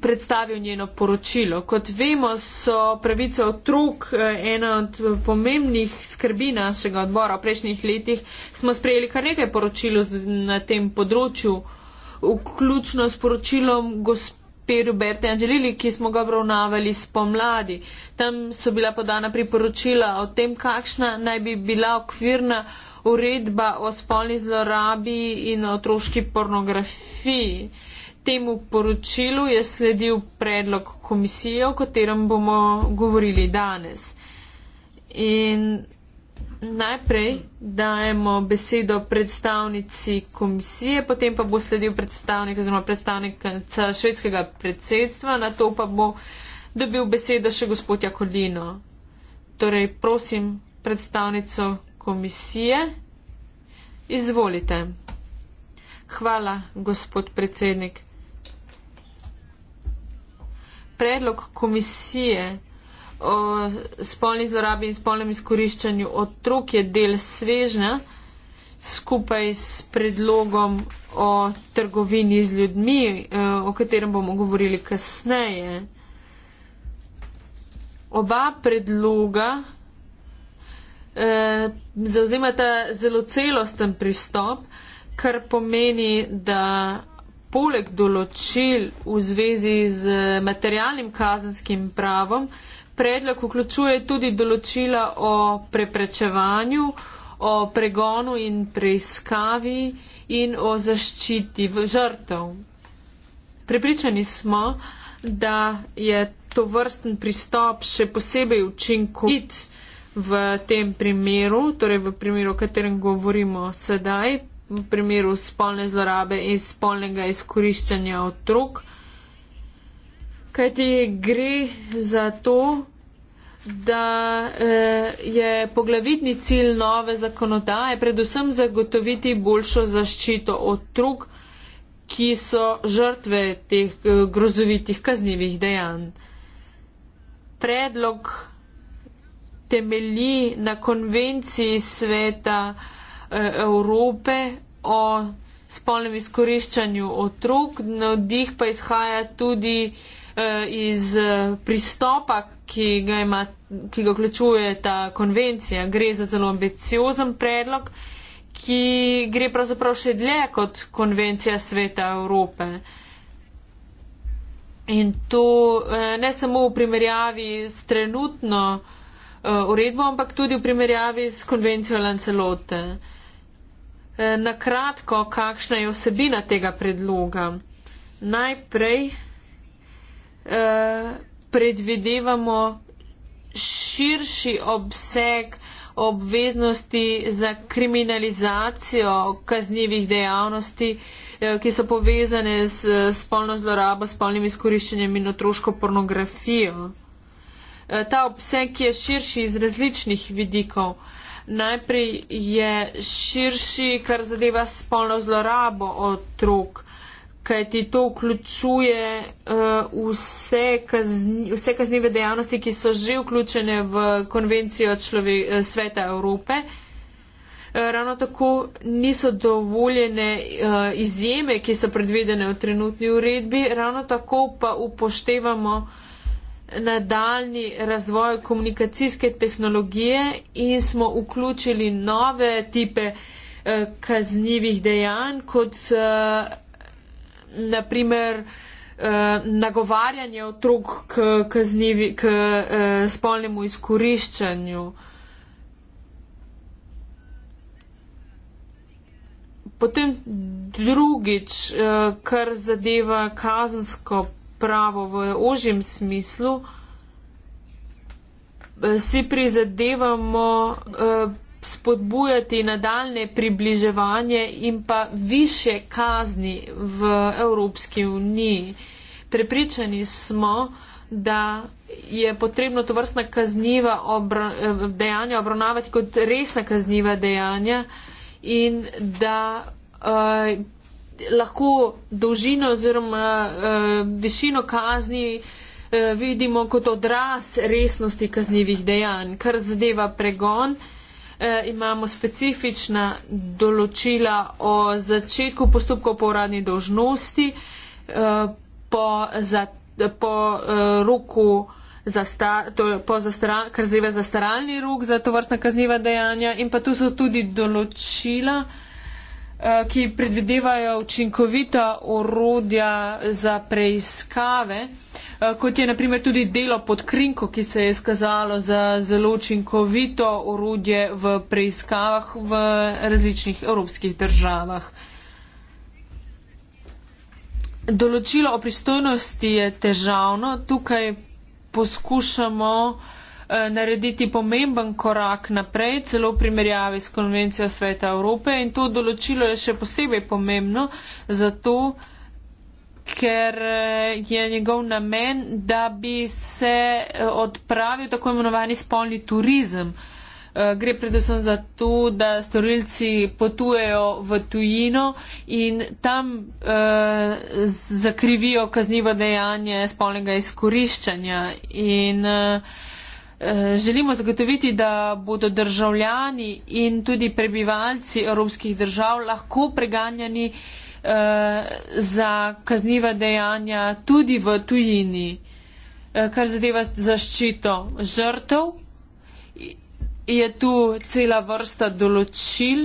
predstavil njeno poročilo. Kot vemo, so pravice otrok eh, ena od eh, pomembnih skrbi našega odbora. V prejšnjih letih smo sprejeli kar nekaj poročil na tem področju, vključno s poročilom gospe Roberte Angelili, ki smo ga obravnavali spomladi. Tam so bila podana priporočila o tem, kakšna naj bi bila okvirna uredba o spolni zlorabi in otroški pornografiji temu poročilu je sledil predlog komisije, o katerem bomo govorili danes. In najprej dajemo besedo predstavnici komisije, potem pa bo sledil predstavnik oziroma predstavnik švedskega predsedstva, na to pa bo dobil besedo še gospod Jakolino. Torej, prosim predstavnico komisije. Izvolite. Hvala, gospod predsednik predlog komisije o spolni zlorabi in spolnem izkoriščanju otrok je del svežnja skupaj s predlogom o trgovini z ljudmi, eh, o katerem bomo govorili kasneje. Oba predloga eh, zauzemata zelo celosten pristop, kar pomeni, da poleg določil v zvezi z materialnim kazenskim pravom, predlog vključuje tudi določila o preprečevanju, o pregonu in preiskavi in o zaščiti žrtev. Pripričani smo, da je to vrsten pristop še posebej učinkovit v tem primeru, torej v primeru, o katerem govorimo sedaj, v primeru spolne zlorabe in spolnega izkoriščanja otrok. Kajti gre za to, da eh, je poglavitni cilj nove zakonodaje predvsem zagotoviti boljšo zaščito otrok, ki so žrtve teh eh, grozovitih kaznjivih dejanj. Predlog temelji na konvenciji sveta eh, Eh, Evrope o spolnem izkoriščanju otrok. Navdih pa izhaja tudi eh, iz pristopa, ki ga, ima, ki ga vključuje ta konvencija. Gre za zelo ambiciozen predlog, ki gre pravzaprav še dlje kot konvencija sveta Evrope. In to eh, ne samo v primerjavi s trenutno uredbo, ampak tudi v primerjavi s konvencijo Lancelote. Eh, na kratko, kakšna je osebina tega predloga. Najprej eh, predvidevamo širši obseg obveznosti za kriminalizacijo kaznjivih dejavnosti, eh, ki so povezane s spolno zlorabo, spolnim izkoriščenjem in otroško pornografijo. Ta obseg je širši iz različnih vidikov. Najprej je širši, kar zadeva spolno zlorabo otrok, kajti to vključuje uh, vse, kazni, vse kaznive dejavnosti, ki so že vključene v konvencijo člove, eh, sveta Evrope. Eh, ravno tako niso dovoljene uh, izjeme, ki so predvidene v trenutni uredbi, ravno tako pa upoštevamo uh, nadaljni razvoj komunikacijske tehnologije in smo vključili nove tipe eh, kaznjivih dejanj, kot eh, naprimer eh, nagovarjanje otrok k, kaznivi, k spolnemu izkoriščanju. Potem drugič, kar zadeva kazensko pravo v ožjem smislu, eh, si prizadevamo eh, spodbujati nadaljne približevanje in pa više kazni v Evropski uniji. Prepričani smo, da je potrebno to vrstna kazniva obra, eh, dejanja obravnavati kot resna kazniva dejanja in da uh, lahko dolžino oziroma uh, višino kazni uh, vidimo kot odraz resnosti kaznjivih dejanj. Kar zadeva pregon, uh, imamo specifična določila o začetku postopkov po uradni dožnosti, uh, po, za, po uh, roku. Za sta, to, po zastara, kar zdaj je zastaralni rok za to vrstna kazniva dejanja in pa tu so tudi določila, uh, Eh, ki predvidevajo učinkovita orodja za preiskave, eh, kot je naprimer tudi delo pod krinko, ki se je skazalo za zelo učinkovito orodje v preiskavah v različnih evropskih državah. Določilo o pristojnosti je težavno. Tukaj poskušamo uh, Eh, narediti pomemben korak naprej, celo v primerjavi s konvencijo Sveta Evrope in to določilo je še posebej pomembno zato, ker eh, je njegov namen, da bi se eh, odpravil tako imenovani spolni turizem. Gre predvsem za to, da storilci potujejo v tujino in tam eh, zakrivijo kaznivo dejanje spolnega izkoriščanja. In, eh, Eh, želimo zagotoviti, da bodo državljani in tudi prebivalci evropskih držav lahko preganjani eh, za kazniva dejanja tudi v tujini, eh, kar zadeva zaščito žrtev. Je tu cela vrsta določil,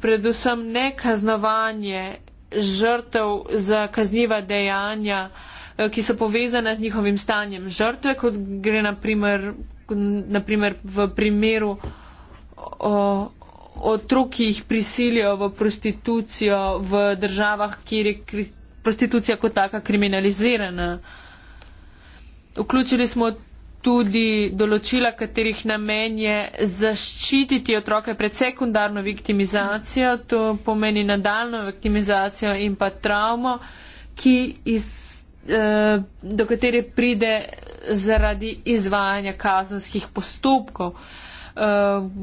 predvsem ne kaznovanje žrtev za kazniva dejanja Eh, ki so povezane z njihovim stanjem žrtve, kot gre naprimer, naprimer v primeru o, otrok, ki jih prisilijo v prostitucijo v državah, kjer je kri, prostitucija kot taka kriminalizirana. Vključili smo tudi določila, katerih namen je zaščititi otroke pred sekundarno viktimizacijo, to pomeni nadaljno viktimizacijo in pa travmo, ki iz Eh, do katere pride zaradi izvajanja kazanskih postopkov. Eh,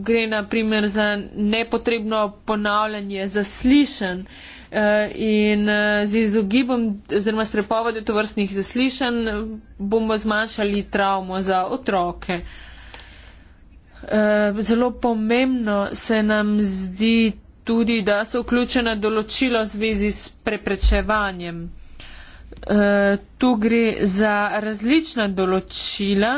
gre naprimer za nepotrebno ponavljanje zaslišen eh, in z izogibom oziroma s prepovedjo to vrstnih zaslišen bomo zmanjšali travmo za otroke. Zelo pomembno se nam zdi tudi, da so vključena določila v zvezi s preprečevanjem. Eh, tu gre za različna določila.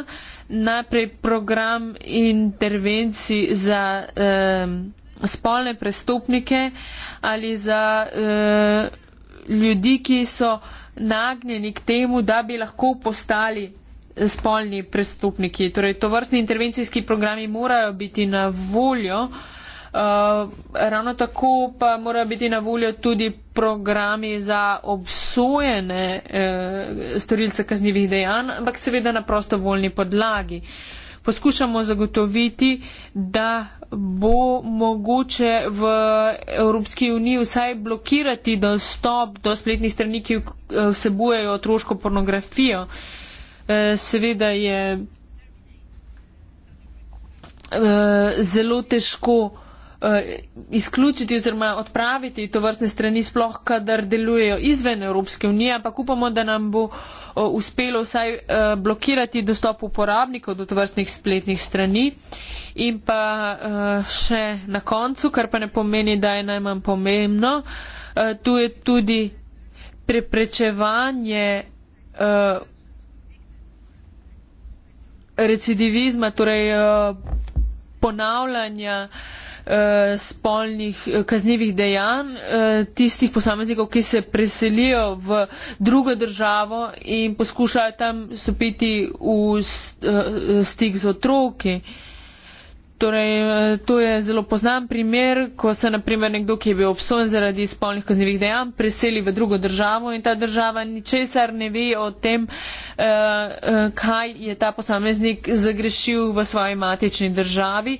Najprej program intervencij za uh, spolne prestopnike ali za uh, ljudi, ki so nagnjeni k temu, da bi lahko postali spolni prestopniki. Torej, to vrstni intervencijski programi morajo biti na voljo uh, Eh, ravno tako pa mora biti na voljo tudi programi za obsojene uh, storilce kaznjivih dejanj, ampak seveda na prosto voljni podlagi. Poskušamo zagotoviti, da bo mogoče v Evropski uniji vsaj blokirati dostop do spletnih strani, ki eh, vsebujejo otroško pornografijo. Seveda je zelo težko Eh, izključiti oziroma odpraviti to vrstne strani, sploh kadar delujejo izven Evropske unije, ampak upamo, da nam bo eh, uspelo vsaj eh, blokirati dostop uporabnikov do to vrstnih spletnih strani. In pa še na koncu, kar pa ne pomeni, da je najmanj pomembno, tu je tudi preprečevanje recidivizma, torej ponavljanja Eh, spolnih eh, kaznjivih dejanj eh, tistih posameznikov, ki se preselijo v drugo državo in poskušajo tam stopiti v stik z otroki. Uh, Torej, eh, to je zelo poznan primer, ko se naprimer nekdo, ki je bil obsojen zaradi spolnih kaznjivih dejanj, preseli v drugo državo in ta država ničesar ne ve o tem, eh, eh, kaj je ta posameznik zagrešil v svoji matični državi.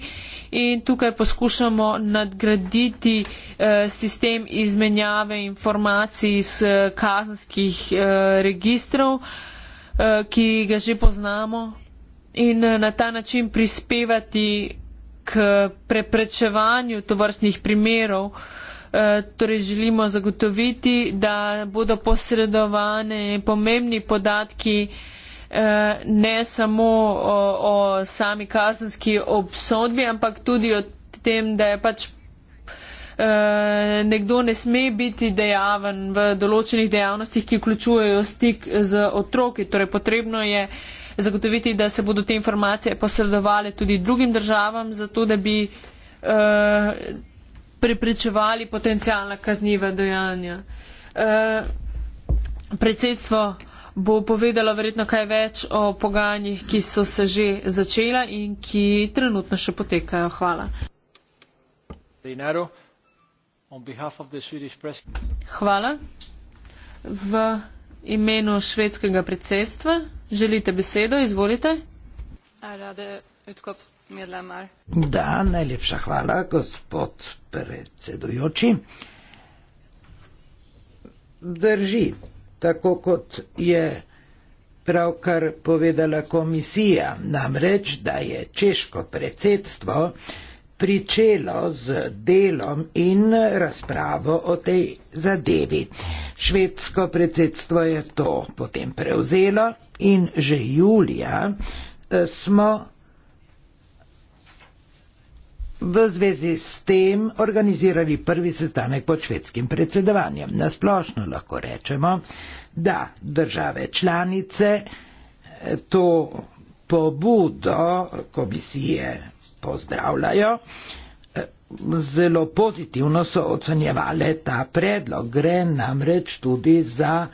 In tukaj poskušamo nadgraditi sistem izmenjave informacij iz kazanskih registrov, ki ga že poznamo. In na ta način prispevati k preprečevanju tovrstnih primerov. E, torej želimo zagotoviti, da bodo posredovane pomembni podatki e, ne samo o, o sami kazenski obsodbi, ampak tudi o tem, da je pač e, nekdo ne sme biti dejaven v določenih dejavnostih, ki vključujejo stik z otroki. Torej potrebno je zagotoviti, da se bodo te informacije posredovali tudi drugim državam, zato da bi eh, preprečevali potencijalna kazniva dojanja. Eh, predsedstvo bo povedalo verjetno kaj več o pogajanjih, ki so se že začela in ki trenutno še potekajo. Hvala. Hvala. V imenu švedskega predsedstva. Želite besedo? Izvolite. Da, najlepša hvala, gospod predsedujoči. Drži, tako kot je pravkar povedala komisija, namreč, da je češko predsedstvo pričelo z delom in razpravo o tej zadevi. Švedsko predsedstvo je to potem prevzelo In že julija eh, smo v zvezi s tem organizirali prvi sestanek pod švedskim predsedovanjem. Nasplošno lahko rečemo, da države članice eh, to pobudo komisije pozdravljajo. Eh, zelo pozitivno so ocenjevale ta predlog. Gre namreč tudi za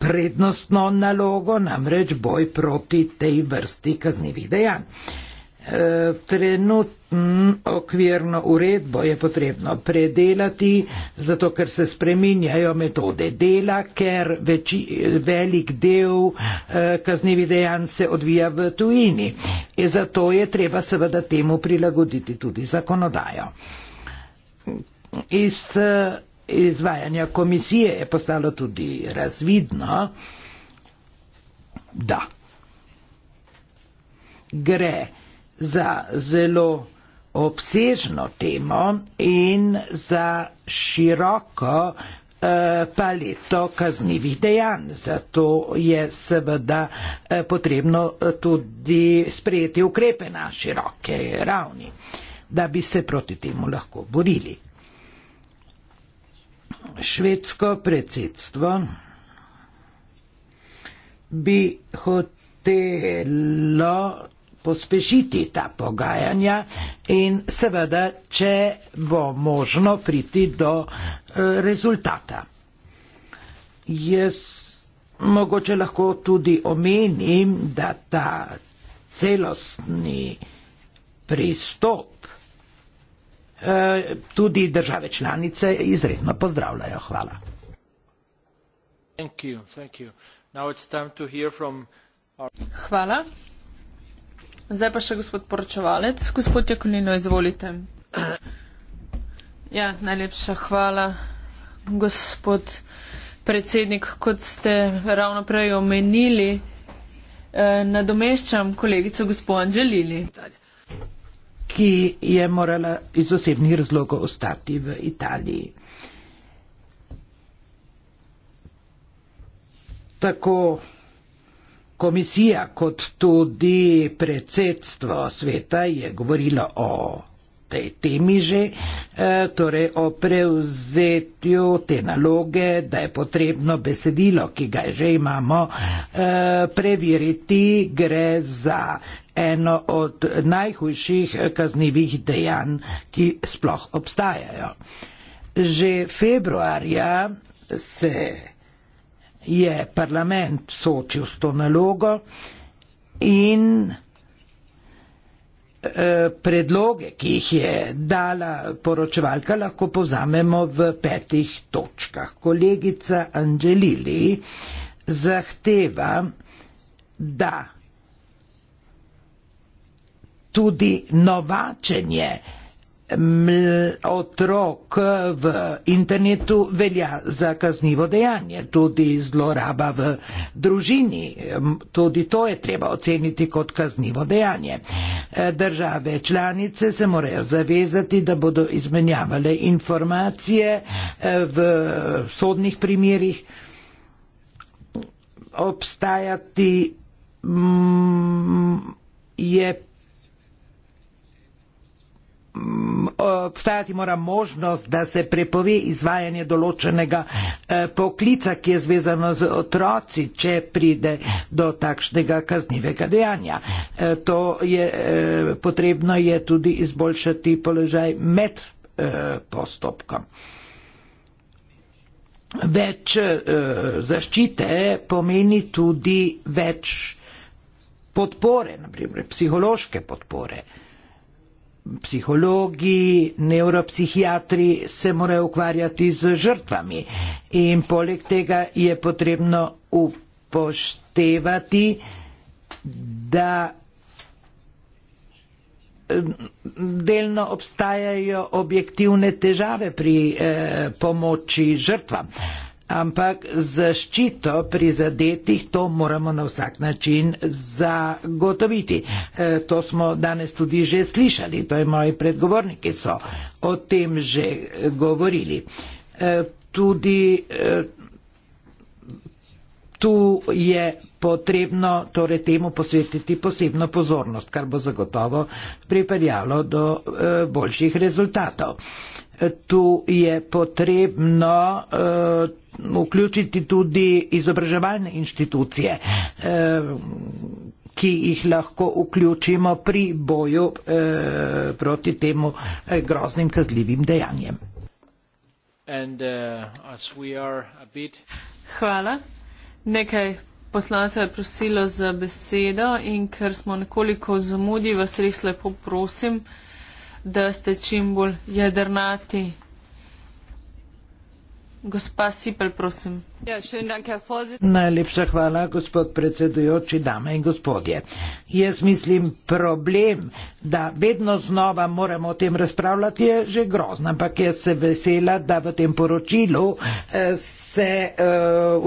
prednostno nalogo, namreč boj proti tej vrsti kaznevih dejanj. E, Trenutno okvirno uredbo je potrebno predelati, zato ker se spreminjajo metode dela, ker veči, velik del e, kaznevih dejanj se odvija v tujini. In e, zato je treba seveda temu prilagoditi tudi zakonodajo. Iz izvajanja komisije je postalo tudi razvidno, da gre za zelo obsežno temo in za široko eh, paleto kaznjivih dejanj. Zato je seveda eh, potrebno eh, tudi sprejeti ukrepe na široke ravni, da bi se proti temu lahko borili švedsko predsedstvo, bi hotelo pospešiti ta pogajanja in seveda, če bo možno priti do eh, rezultata. Jaz mogoče lahko tudi omenim, da ta celostni pristop Eh, tudi države članice izredno pozdravljajo. Hvala. Hvala. Zdaj pa še gospod poročevalec. Gospod Jakolino, izvolite. Ja, najlepša hvala, gospod predsednik. Kot ste ravno prej omenili, eh, nadomeščam kolegico gospod Anželili. Italija ki je morala iz osebnih razlogov ostati v Italiji. Tako komisija kot tudi predsedstvo sveta je govorilo o tej temi že, eh, torej o prevzetju te naloge, da je potrebno besedilo, ki ga že imamo, eh, preveriti, gre za eno od najhujših kaznivih dejanj, ki sploh obstajajo. Že februarja se je parlament soočil s to nalogo in eh, predloge, ki jih je dala poročevalka, lahko povzamemo v petih točkah. Kolegica Angelili zahteva, da tudi novačenje. Ml otrok v internetu velja za kaznivo dejanje, tudi zloraba v družini, tudi to je treba oceniti kot kaznivo dejanje. E, države članice se morajo zavezati, da bodo izmenjavale informacije e, v sodnih primerjih. Obstajati je Eh, obstajati mora možnost, da se prepove izvajanje določenega eh, poklica, ki je zvezano z otroci, če pride do takšnega kaznivega dejanja. Eh, to je potrebno je tudi izboljšati položaj med postopkom. Več zaščite pomeni tudi več podpore, naprimer psihološke podpore psihologi, nevropsihiatri se morajo ukvarjati z žrtvami in poleg tega je potrebno upoštevati, da eh, delno obstajajo objektivne težave pri eh, pomoči žrtvam. Eh, ampak zaščito prizadetih, to moramo na vsak način zagotoviti. E, to smo danes tudi že slišali, to je moji predgovorniki so o tem že govorili. E, tudi e, tu je potrebno torej temu posvetiti posebno pozornost, kar bo zagotovo pripeljalo do e, boljših rezultatov. E, tu je potrebno uh, vključiti tudi izobraževalne inštitucije, uh, ki jih lahko vključimo pri boju uh, proti temu uh, groznim kazljivim dejanjem. And, uh, bit... Hvala. Nekaj poslancev je prosilo za besedo in ker smo nekoliko zamudili, vas res lepo prosim da ste čim bolj jedrnati. Gospa Sipel, prosim. Ja, Najlepša hvala, gospod predsedujoči, dame in gospodje. Jaz mislim, problem, da vedno znova moramo o tem razpravljati, je že grozno, ampak jaz se vesela, da v tem poročilu eh, se eh,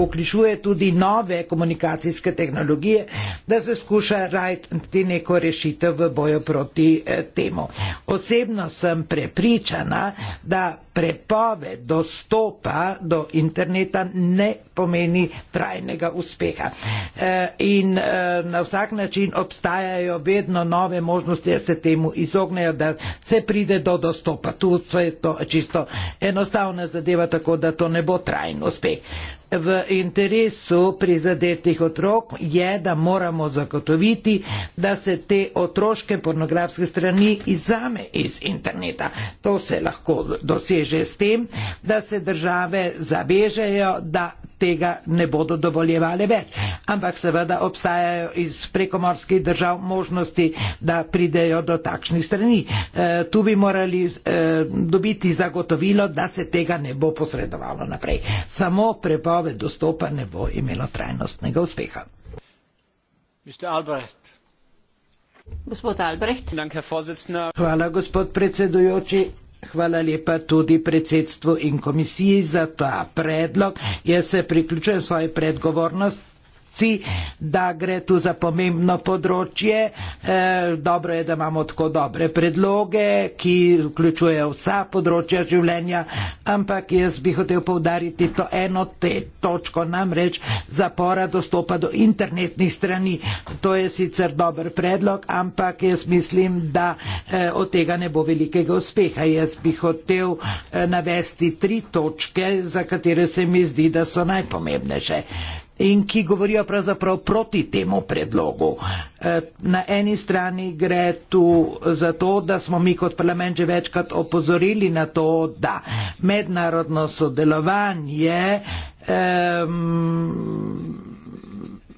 vključuje tudi nove komunikacijske tehnologije, da se skuša rajti neko rešitev v boju proti eh, temu. Osebno sem prepričana, da prepoved dostopa do interneta ne ne pomeni trajnega uspeha. E, in e, na vsak način obstajajo vedno nove možnosti, da se temu izognejo, da se pride do dostopa. Tu je to čisto enostavna zadeva, tako da to ne bo trajen uspeh v interesu prizadetih otrok je, da moramo zagotoviti, da se te otroške pornografske strani izame iz interneta. To se lahko doseže s tem, da se države zavežejo, da tega ne bodo dovoljevale več. Ja. Ampak seveda obstajajo iz prekomorskih držav možnosti, da pridejo do takšnih strani. Ja. E, tu bi morali e, dobiti zagotovilo, da se tega ne bo posredovalo naprej. Ja. Samo prepoved dostopa ne bo imelo trajnostnega uspeha. Hvala, gospod predsedujoči. Hvala lepa tudi predsedstvu in komisiji za ta predlog. Jaz se priključujem svoji predgovornosti. Korci, da gre tu za pomembno področje. E, dobro je, da imamo tako dobre predloge, ki vključujejo vsa področja življenja, ampak jaz bi hotel povdariti to eno te točko, namreč zapora dostopa do internetnih strani. To je sicer dober predlog, ampak jaz mislim, da e, od tega ne bo velikega uspeha. Jaz bi hotel e, navesti tri točke, za katere se mi zdi, da so najpomembnejše in ki govorijo pravzaprav proti temu predlogu. E, na eni strani gre tu za to, da smo mi kot parlament že večkrat opozorili na to, da mednarodno sodelovanje um,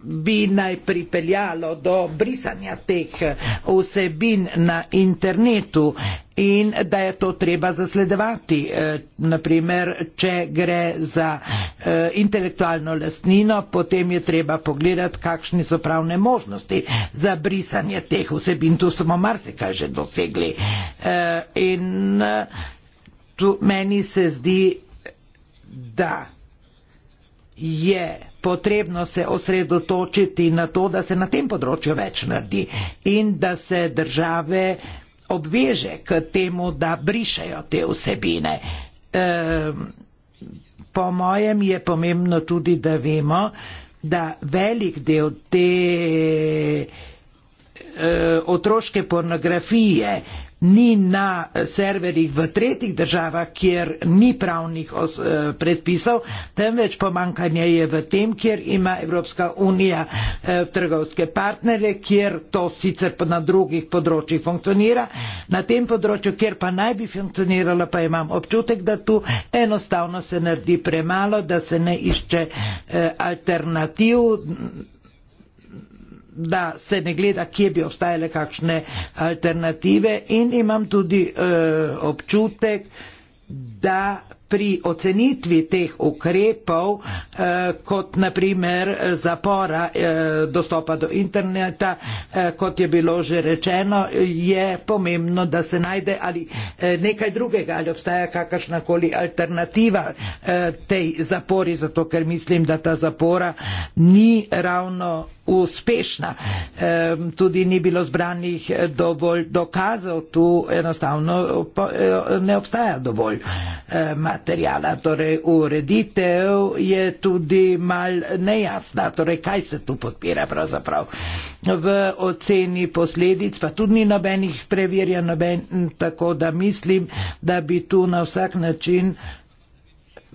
bi naj pripeljalo do brisanja teh vsebin na internetu in da je to treba zasledovati. E, Naprimer, če gre za e, intelektualno lastnino, potem je treba pogledati, kakšne so pravne možnosti za brisanje teh vsebin. Tu smo marsikaj že dosegli. E, in tu meni se zdi, da je potrebno se osredotočiti na to, da se na tem področju več naredi in da se države obveže k temu, da brišajo te vsebine. E, po mojem je pomembno tudi, da vemo, da velik del te e, otroške pornografije, ni na eh, serverjih v tretjih državah, kjer ni pravnih eh, predpisov, temveč pomankanje je v tem, kjer ima Evropska unija eh, trgovske partnere, kjer to sicer na drugih področjih funkcionira. Na tem področju, kjer pa naj bi funkcionirala, pa imam občutek, da tu enostavno se naredi premalo, da se ne išče alternativ da se ne gleda, kje bi obstajale kakšne alternative in imam tudi e, občutek, da pri ocenitvi teh ukrepov, eh, kot naprimer eh, zapora eh, dostopa do interneta, eh, kot je bilo že rečeno, je pomembno, da se najde ali eh, nekaj drugega, ali obstaja kakršnakoli alternativa eh, tej zapori, zato ker mislim, da ta zapora ni ravno uspešna. E, tudi ni bilo zbranih eh, dovolj dokazov, tu enostavno po, eh, ne obstaja dovolj e, eh, materijala. Torej, ureditev je tudi mal nejasna, torej, kaj se tu podpira pravzaprav. V oceni posledic pa tudi ni nobenih preverja, noben, tako da mislim, da bi tu na vsak način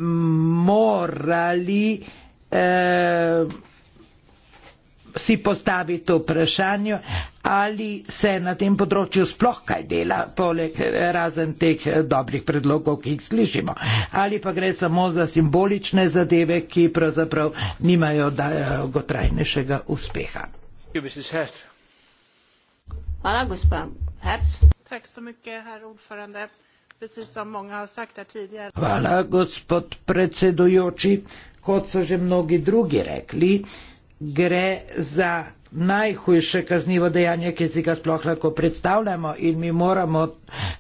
morali eh, si postaviti to vprašanje, ali se na tem področju sploh kaj dela, poleg eh, razen teh eh, dobrih predlogov, ki jih slišimo, ali pa gre samo za simbolične zadeve, ki pravzaprav nimajo eh, dolgotrajnejšega uspeha. Hvala, gospa Herc. Hvala, gospod predsedujoči. Kot so že mnogi drugi rekli, gre za najhujše kaznivo dejanje, ki si ga sploh lahko predstavljamo in mi moramo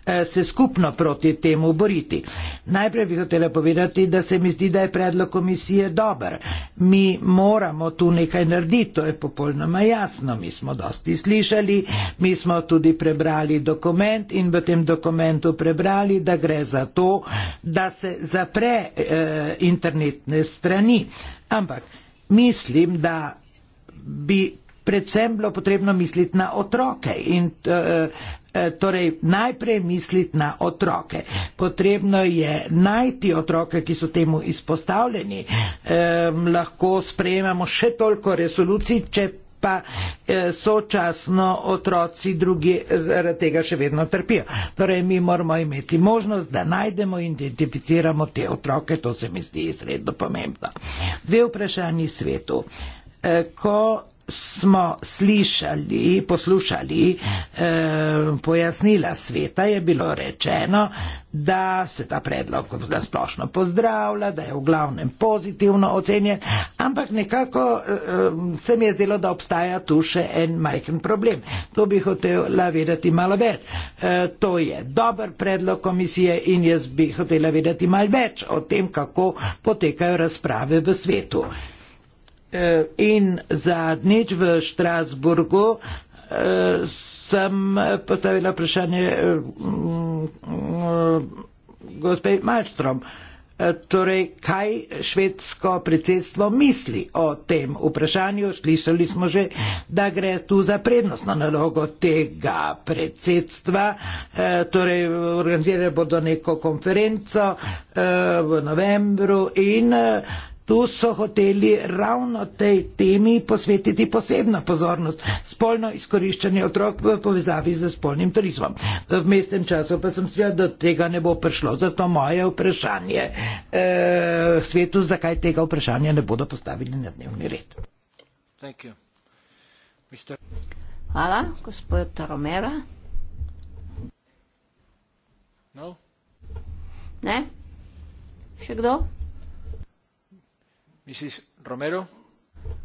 eh, se skupno proti temu boriti. Najprej bi hotela povedati, da se mi zdi, da je predlog komisije dober. Mi moramo tu nekaj narediti, to je popolnoma jasno. Mi smo dosti slišali, mi smo tudi prebrali dokument in v tem dokumentu prebrali, da gre za to, da se zapre eh, internetne strani. Ampak mislim, da bi predvsem bilo potrebno misliti na otroke in eh, eh, torej najprej misliti na otroke. Potrebno je najti otroke, ki so temu izpostavljeni. Eh, lahko sprejemamo še toliko resolucij, če pa eh, sočasno otroci drugi zaradi tega še vedno trpijo. Torej, mi moramo imeti možnost, da najdemo in identificiramo te otroke, to se mi zdi izredno pomembno. Dve vprašanji svetu. Eh, ko smo slišali, poslušali eh, pojasnila sveta, je bilo rečeno, da se ta predlog na splošno pozdravlja, da je v glavnem pozitivno ocenjen, ampak nekako eh, se mi je zdelo, da obstaja tu še en majhen problem. To bi hotela vedeti malo več. Eh, to je dober predlog komisije in jaz bi hotela vedeti malo več o tem, kako potekajo razprave v svetu. Eh, Eh, in zadnjič v Štrasburgu eh, sem postavila vprašanje eh, mm, gospej Malstrom. Torej, kaj švedsko predsedstvo misli o tem vprašanju? Slišali smo že, da gre tu za prednostno nalogo tega predsedstva. E, torej, organizirali bodo neko konferenco e, v novembru in e, tu so hoteli ravno tej temi posvetiti posebno pozornost - spolno izkoriščanje otrok v povezavi z spolnim turizmom. V mestnem času pa sem svet, da tega ne bo prišlo, zato moje vprašanje e, svetu, zakaj tega vprašanja ne bodo postavili na dnevni red. Mister... Hvala, gospod Romero. No. Ne? Še kdo?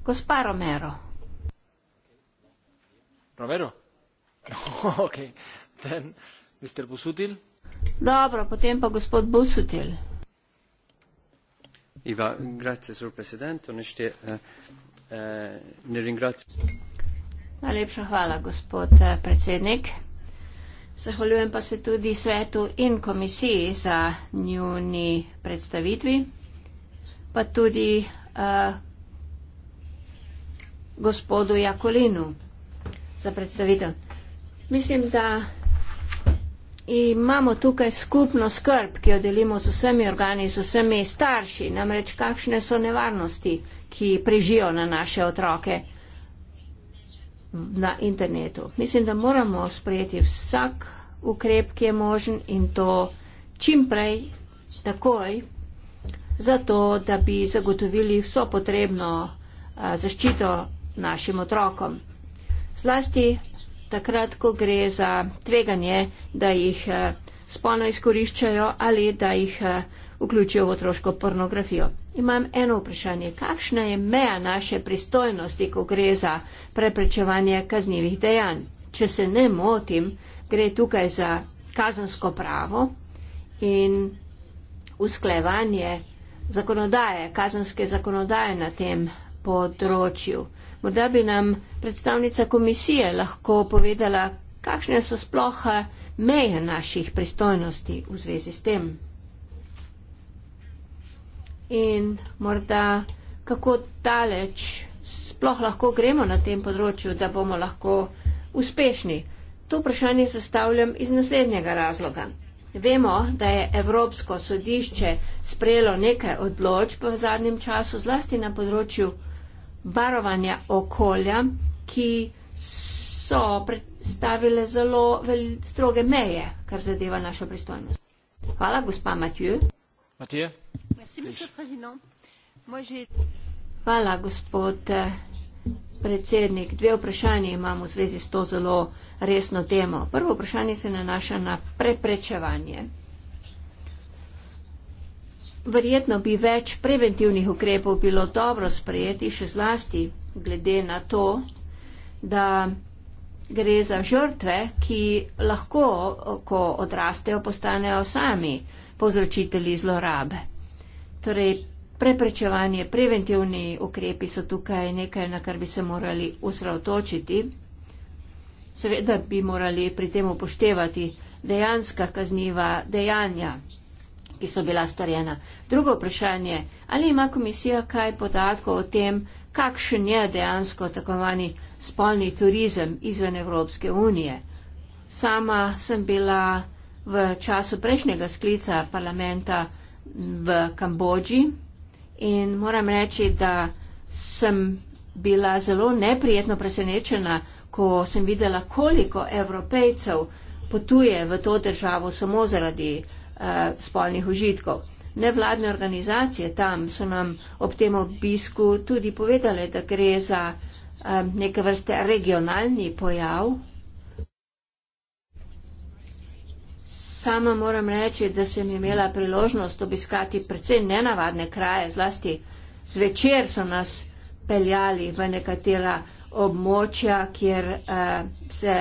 gospa romero romero no, okay then mister busuttil dobro potem pa gospod busuttil iva grazie sul presidente onesti eh, eh, ne ringrazio Najlepša hvala, gospod eh, predsednik. Zahvaljujem pa se tudi svetu in komisiji za njuni predstavitvi pa tudi uh, gospodu Jakolinu za predstavitev. Mislim, da imamo tukaj skupno skrb, ki jo delimo z vsemi organi, z vsemi starši, namreč kakšne so nevarnosti, ki prežijo na naše otroke na internetu. Mislim, da moramo sprejeti vsak ukrep, ki je možen in to čim prej, takoj, zato da bi zagotovili vso potrebno zaščito našim otrokom. Zlasti takrat, ko gre za tveganje, da jih spolno izkoriščajo ali da jih vključijo v otroško pornografijo. Imam eno vprašanje. Kakšna je meja naše pristojnosti, ko gre za preprečevanje kaznjivih dejanj? Če se ne motim, gre tukaj za kazansko pravo in usklevanje zakonodaje, kazenske zakonodaje na tem področju. Morda bi nam predstavnica komisije lahko povedala, kakšne so sploh eh, meje naših pristojnosti v zvezi s tem. In morda, kako daleč sploh lahko gremo na tem področju, da bomo lahko uspešni. To vprašanje zastavljam iz naslednjega razloga. Vemo, da je Evropsko sodišče sprejelo nekaj odločb v zadnjem času, zlasti na področju varovanja okolja, ki so predstavile zelo stroge meje, kar zadeva našo pristojnost. Hvala, gospa Matiju. Hvala, gospod eh, predsednik. Dve vprašanje imam v zvezi s to zelo resno temo. Prvo vprašanje se nanaša na preprečevanje. Verjetno bi več preventivnih ukrepov bilo dobro sprejeti, še zlasti glede na to, da gre za žrtve, ki lahko, ko odrastejo, postanejo sami povzročitelji zlorabe. Torej, preprečevanje, preventivni ukrepi so tukaj nekaj, na kar bi se morali usravtočiti. Seveda bi morali pri tem upoštevati dejanska kazniva dejanja, ki so bila storjena. Drugo vprašanje, ali ima komisija kaj podatkov o tem, kakšen je dejansko tako vani spolni turizem izven Evropske unije? Sama sem bila v času prejšnjega sklica parlamenta v Kambodži in moram reči, da sem bila zelo neprijetno presenečena, ko sem videla, koliko evropejcev potuje v to državo samo zaradi eh, spolnih užitkov. Nevladne organizacije tam so nam ob tem obisku tudi povedale, da gre za eh, neke vrste regionalni pojav. Sama moram reči, da sem imela priložnost obiskati predvsej nenavadne kraje, zlasti zvečer so nas peljali v nekatera območja, kjer uh, se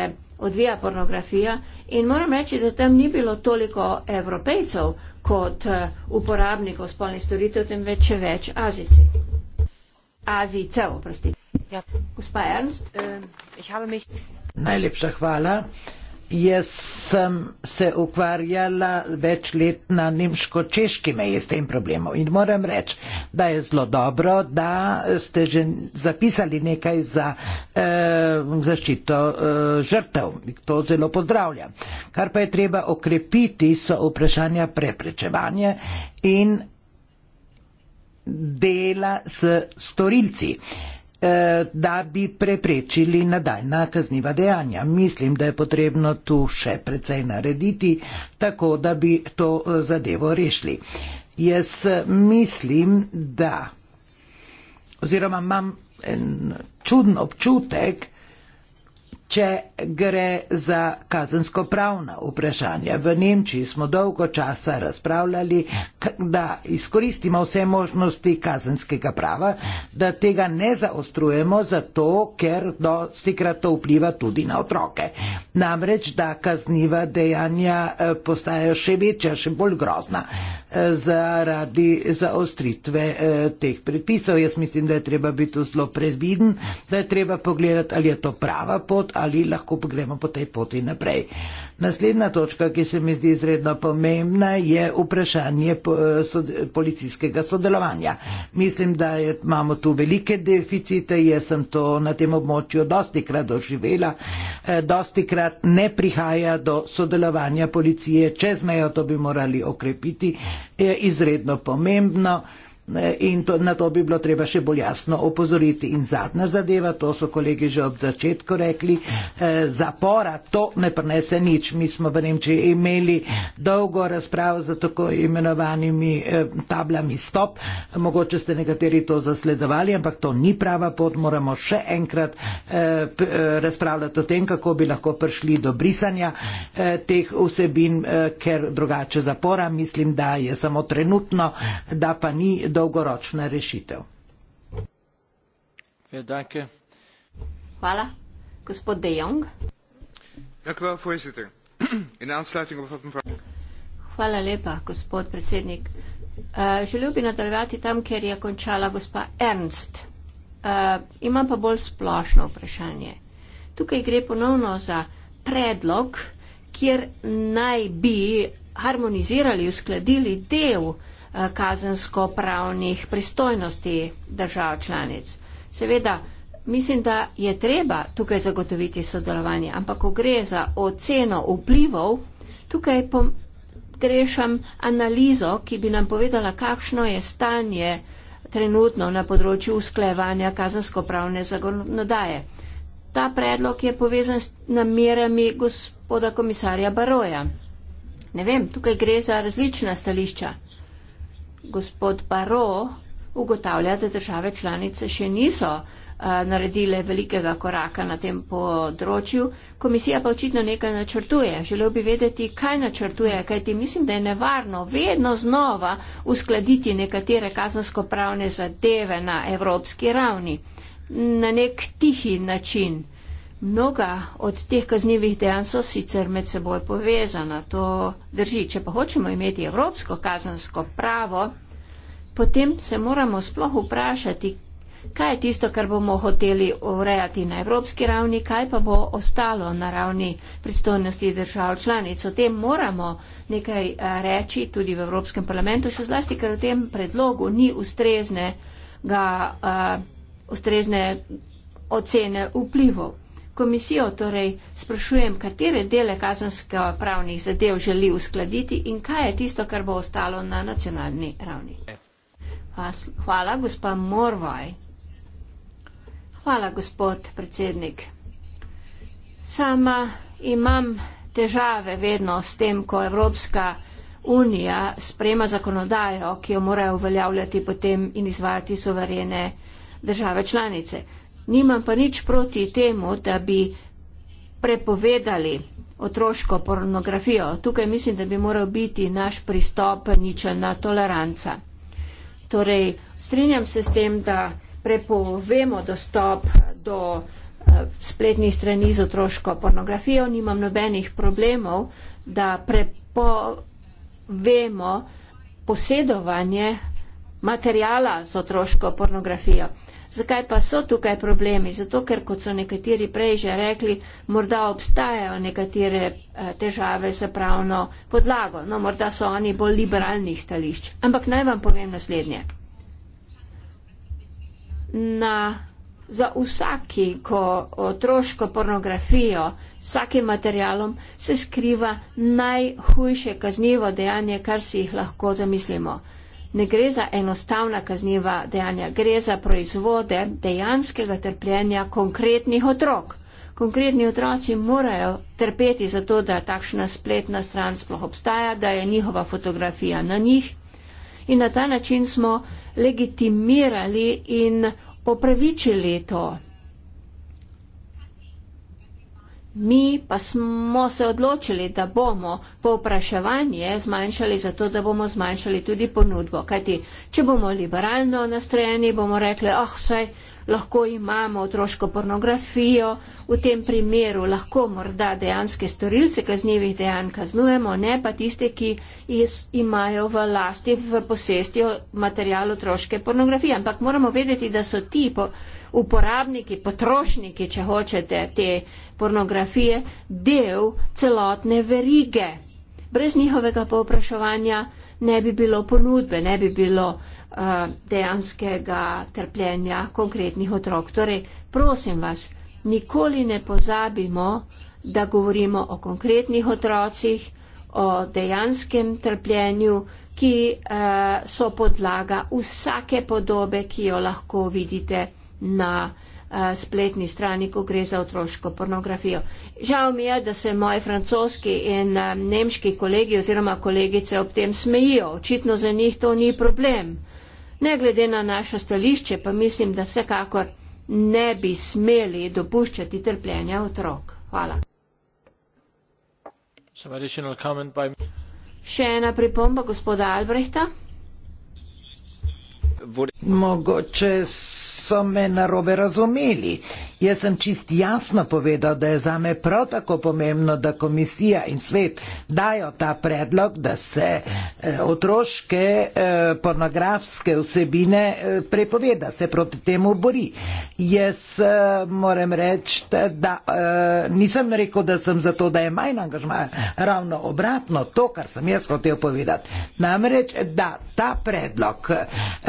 odvija pornografija in moram reči, da tam ni bilo toliko evropejcev kot uh, uporabnikov spolnih storitev, temveč še več Azici. Azicev, prosti. Ja. Gospa Ernst. Uh, mich... Najlepša hvala. Uh, Jaz sem se ukvarjala več let na nemško-češki meji s tem problemom in moram reči, da je zelo dobro, da ste že zapisali nekaj za eh, zaščito eh, žrtev. To zelo pozdravljam. Kar pa je treba okrepiti, so vprašanja preprečevanja in dela s storilci. Eh, Eh, da bi preprečili nadaljna kazniva dejanja. Mislim, da je potrebno tu še precej narediti, tako da bi to eh, zadevo rešili. Jaz eh, mislim, da oziroma imam en čuden občutek, če gre za kazensko pravna vprašanja. V Nemčiji smo dolgo časa razpravljali, da izkoristimo vse možnosti kazenskega prava, da tega ne zaostrujemo zato, ker dosti krat to vpliva tudi na otroke. Namreč, da kazniva dejanja eh, postajajo še večja, še bolj grozna eh, zaradi zaostritve eh, teh predpisov. Jaz mislim, da je treba biti zelo predviden, da je treba pogledati, ali je to prava pot ali lahko lahko gremo po tej poti naprej. Naslednja točka, ki se mi zdi izredno pomembna, je vprašanje eh, policijskega sodelovanja. Mislim, da imamo tu velike deficite, jaz sem to na tem območju dosti krat doživela. Eh, dosti krat ne prihaja do sodelovanja policije čez mejo, to bi morali okrepiti, je izredno pomembno. In to, na to bi bilo treba še bolj jasno opozoriti. In zadnja zadeva, to so kolegi že ob začetku rekli, eh, zapora to ne prenese nič. Mi smo v Nemčiji imeli dolgo razpravo za tako imenovanimi eh, tablami stop. Mogoče ste nekateri to zasledovali, ampak to ni prava pot. Moramo še enkrat eh, eh razpravljati o tem, kako bi lahko prišli do brisanja eh, teh vsebin, eh, ker drugače zapora mislim, da je samo trenutno, da pa ni dolgoročna rešitev. Ja, Hvala. Gospod De Jong. Hvala lepa, gospod predsednik. Uh, želel bi nadaljevati tam, kjer je končala gospa Ernst. Uh, imam pa bolj splošno vprašanje. Tukaj gre ponovno za predlog, kjer naj bi harmonizirali, uskladili del uh, kazensko-pravnih pristojnosti držav članic. Seveda, mislim, da je treba tukaj zagotoviti sodelovanje, ampak ko gre za oceno vplivov, tukaj grešam analizo, ki bi nam povedala, kakšno je stanje trenutno na področju usklejevanja kazensko-pravne zagonodaje. Ta predlog je povezan s namerami gospoda komisarja Baroja. Ne vem, tukaj gre za različna stališča gospod Baro ugotavlja, da države članice še niso naredile velikega koraka na tem področju. Komisija pa očitno nekaj načrtuje. Želel bi vedeti, kaj načrtuje, kajti mislim, da je nevarno vedno znova uskladiti nekatere kazensko-pravne zadeve na evropski ravni na nek tihi način. Mnoga od teh kaznjivih dejanj so sicer med seboj povezana, to drži. Če pa hočemo imeti evropsko kazansko pravo, potem se moramo sploh vprašati, kaj je tisto, kar bomo hoteli urejati na evropski ravni, kaj pa bo ostalo na ravni pristojnosti držav članic. O tem moramo nekaj eh, reči tudi v Evropskem parlamentu, še zlasti, ker v tem predlogu ni ustreznega, uh, ustrezne ocene vplivov komisijo torej sprašujem, katere dele kazenskega pravnih zadev želi uskladiti in kaj je tisto, kar bo ostalo na nacionalni ravni. Hvala, gospa Morvaj. Hvala, gospod predsednik. Sama imam težave vedno s tem, ko Evropska unija sprema zakonodajo, ki jo morajo uveljavljati potem in izvajati suverene države članice. Nimam pa nič proti temu, da bi prepovedali otroško pornografijo. Tukaj mislim, da bi moral biti naš pristop ničelna toleranca. Torej, strinjam se s tem, da prepovemo dostop do uh, spletnih strani z otroško pornografijo, nimam nobenih problemov, da prepovemo posedovanje materijala z otroško pornografijo. Zakaj pa so tukaj problemi? Zato, ker, kot so nekateri prej že rekli, morda obstajajo nekatere eh, težave z pravno podlago. No, morda so oni bolj liberalnih stališč. Ampak naj vam povem naslednje. Na, za vsaki, ko otroško pornografijo, vsakim materialom se skriva najhujše kaznivo dejanje, kar si jih lahko zamislimo ne gre za enostavna kazniva dejanja, gre za proizvode dejanskega trpljenja konkretnih otrok. Konkretni otroci morajo trpeti za to, da takšna spletna stran sploh obstaja, da je njihova fotografija na njih. In na ta način smo legitimirali in opravičili to. Mi pa smo se odločili, da bomo povpraševanje zmanjšali, zato da bomo zmanjšali tudi ponudbo. Kajti, če bomo liberalno nastrojeni, bomo rekli, ah, oh, vsaj lahko imamo otroško pornografijo, v tem primeru lahko morda dejanske storilce kaznjivih dejanj kaznujemo, ne pa tiste, ki imajo v lasti, v posesti material otroške pornografije. Ampak moramo vedeti, da so ti po uporabniki, potrošniki, če hočete, te pornografije, del celotne verige. Brez njihovega povpraševanja ne bi bilo ponudbe, ne bi bilo uh, dejanskega trpljenja konkretnih otrok. Torej, prosim vas, nikoli ne pozabimo, da govorimo o konkretnih otrocih, o dejanskem trpljenju, ki uh, so podlaga vsake podobe, ki jo lahko vidite na eh, spletni strani, ko gre za otroško pornografijo. Žal mi je, da se moji francoski in eh, nemški kolegi oziroma kolegice ob tem smejijo. Očitno za njih to ni problem. Ne glede na naše stališče, pa mislim, da vsekakor ne bi smeli dopuščati trpljenja otrok. Hvala. Še ena pripomba gospoda Albrehta. Mogoče so me narobe razumeli. Jaz sem čist jasno povedal, da je za me prav tako pomembno, da komisija in svet dajo ta predlog, da se eh, otroške eh, pornografske vsebine eh, prepove, da se proti temu bori. Jaz moram reči, da nisem rekel, da sem za to, da je manj angažma, ravno obratno to, kar sem jaz hotel povedati. Namreč, da ta predlog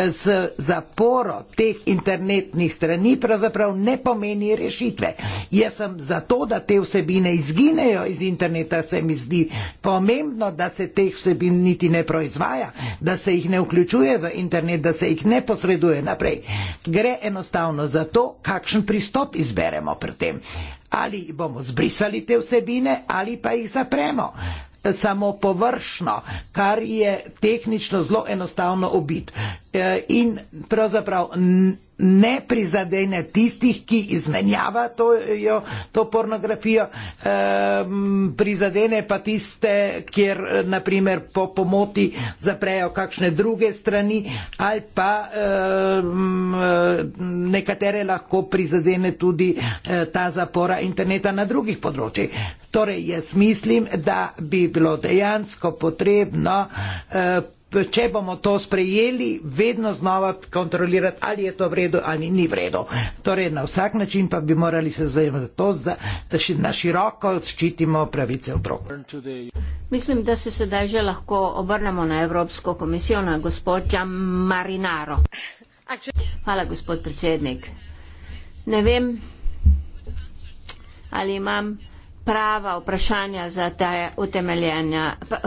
z zaporo teh internetov internetnih strani pravzaprav ne pomeni rešitve. Jaz sem zato, da te vsebine izginejo iz interneta, se mi zdi pomembno, da se teh vsebin niti ne proizvaja, da se jih ne vključuje v internet, da se jih ne posreduje naprej. Gre enostavno za to, kakšen pristop izberemo pri tem. Ali bomo zbrisali te vsebine ali pa jih zapremo samo površno, kar je tehnično zelo enostavno obit. E, in pravzaprav ne prizadene tistih, ki izmenjava to, jo, to pornografijo, prizadene pa tiste, kjer naprimer po pomoti zaprejo kakšne druge strani ali pa nekatere lahko prizadene tudi e, ta zapora interneta na drugih področjih. Torej, jaz mislim, da bi bilo dejansko potrebno eh, če bomo to sprejeli, vedno znova kontrolirati, ali je to v redu ali ni v redu. Torej, na vsak način pa bi morali se zavedati za to, da, da še na široko ščitimo pravice otrok. Mislim, da se sedaj že lahko obrnemo na Evropsko komisijo, na gospodja Marinaro. Hvala, gospod predsednik. Ne vem, ali imam prava vprašanja za ta utemeljena,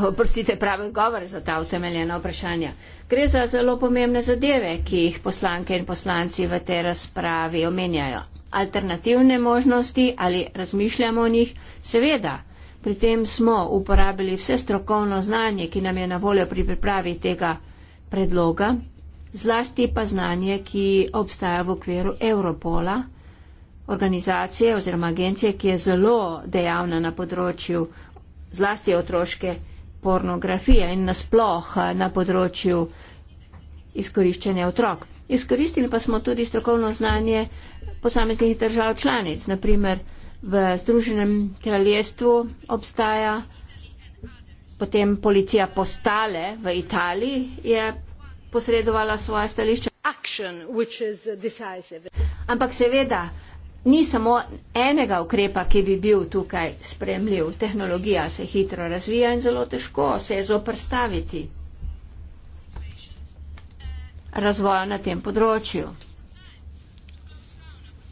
oprostite, prave govore za ta utemeljena vprašanja. Gre za zelo pomembne zadeve, ki jih poslanke in poslanci v tej razpravi omenjajo. Alternativne možnosti ali razmišljamo o njih? Seveda. Pri tem smo uporabili vse strokovno znanje, ki nam je na voljo pri pripravi tega predloga, zlasti pa znanje, ki obstaja v okviru Europola, organizacije oziroma agencije, ki je zelo dejavna na področju zlasti otroške pornografije in nasploh eh, na področju izkoriščanja otrok. Izkoristili pa smo tudi strokovno znanje posameznih držav članic. Naprimer, v Združenem kraljestvu obstaja potem policija postale v Italiji je posredovala svoje stališče. Ampak seveda, ni samo enega ukrepa, ki bi bil tukaj spremljiv. Tehnologija se hitro razvija in zelo težko se je zoprstaviti razvoju na tem področju.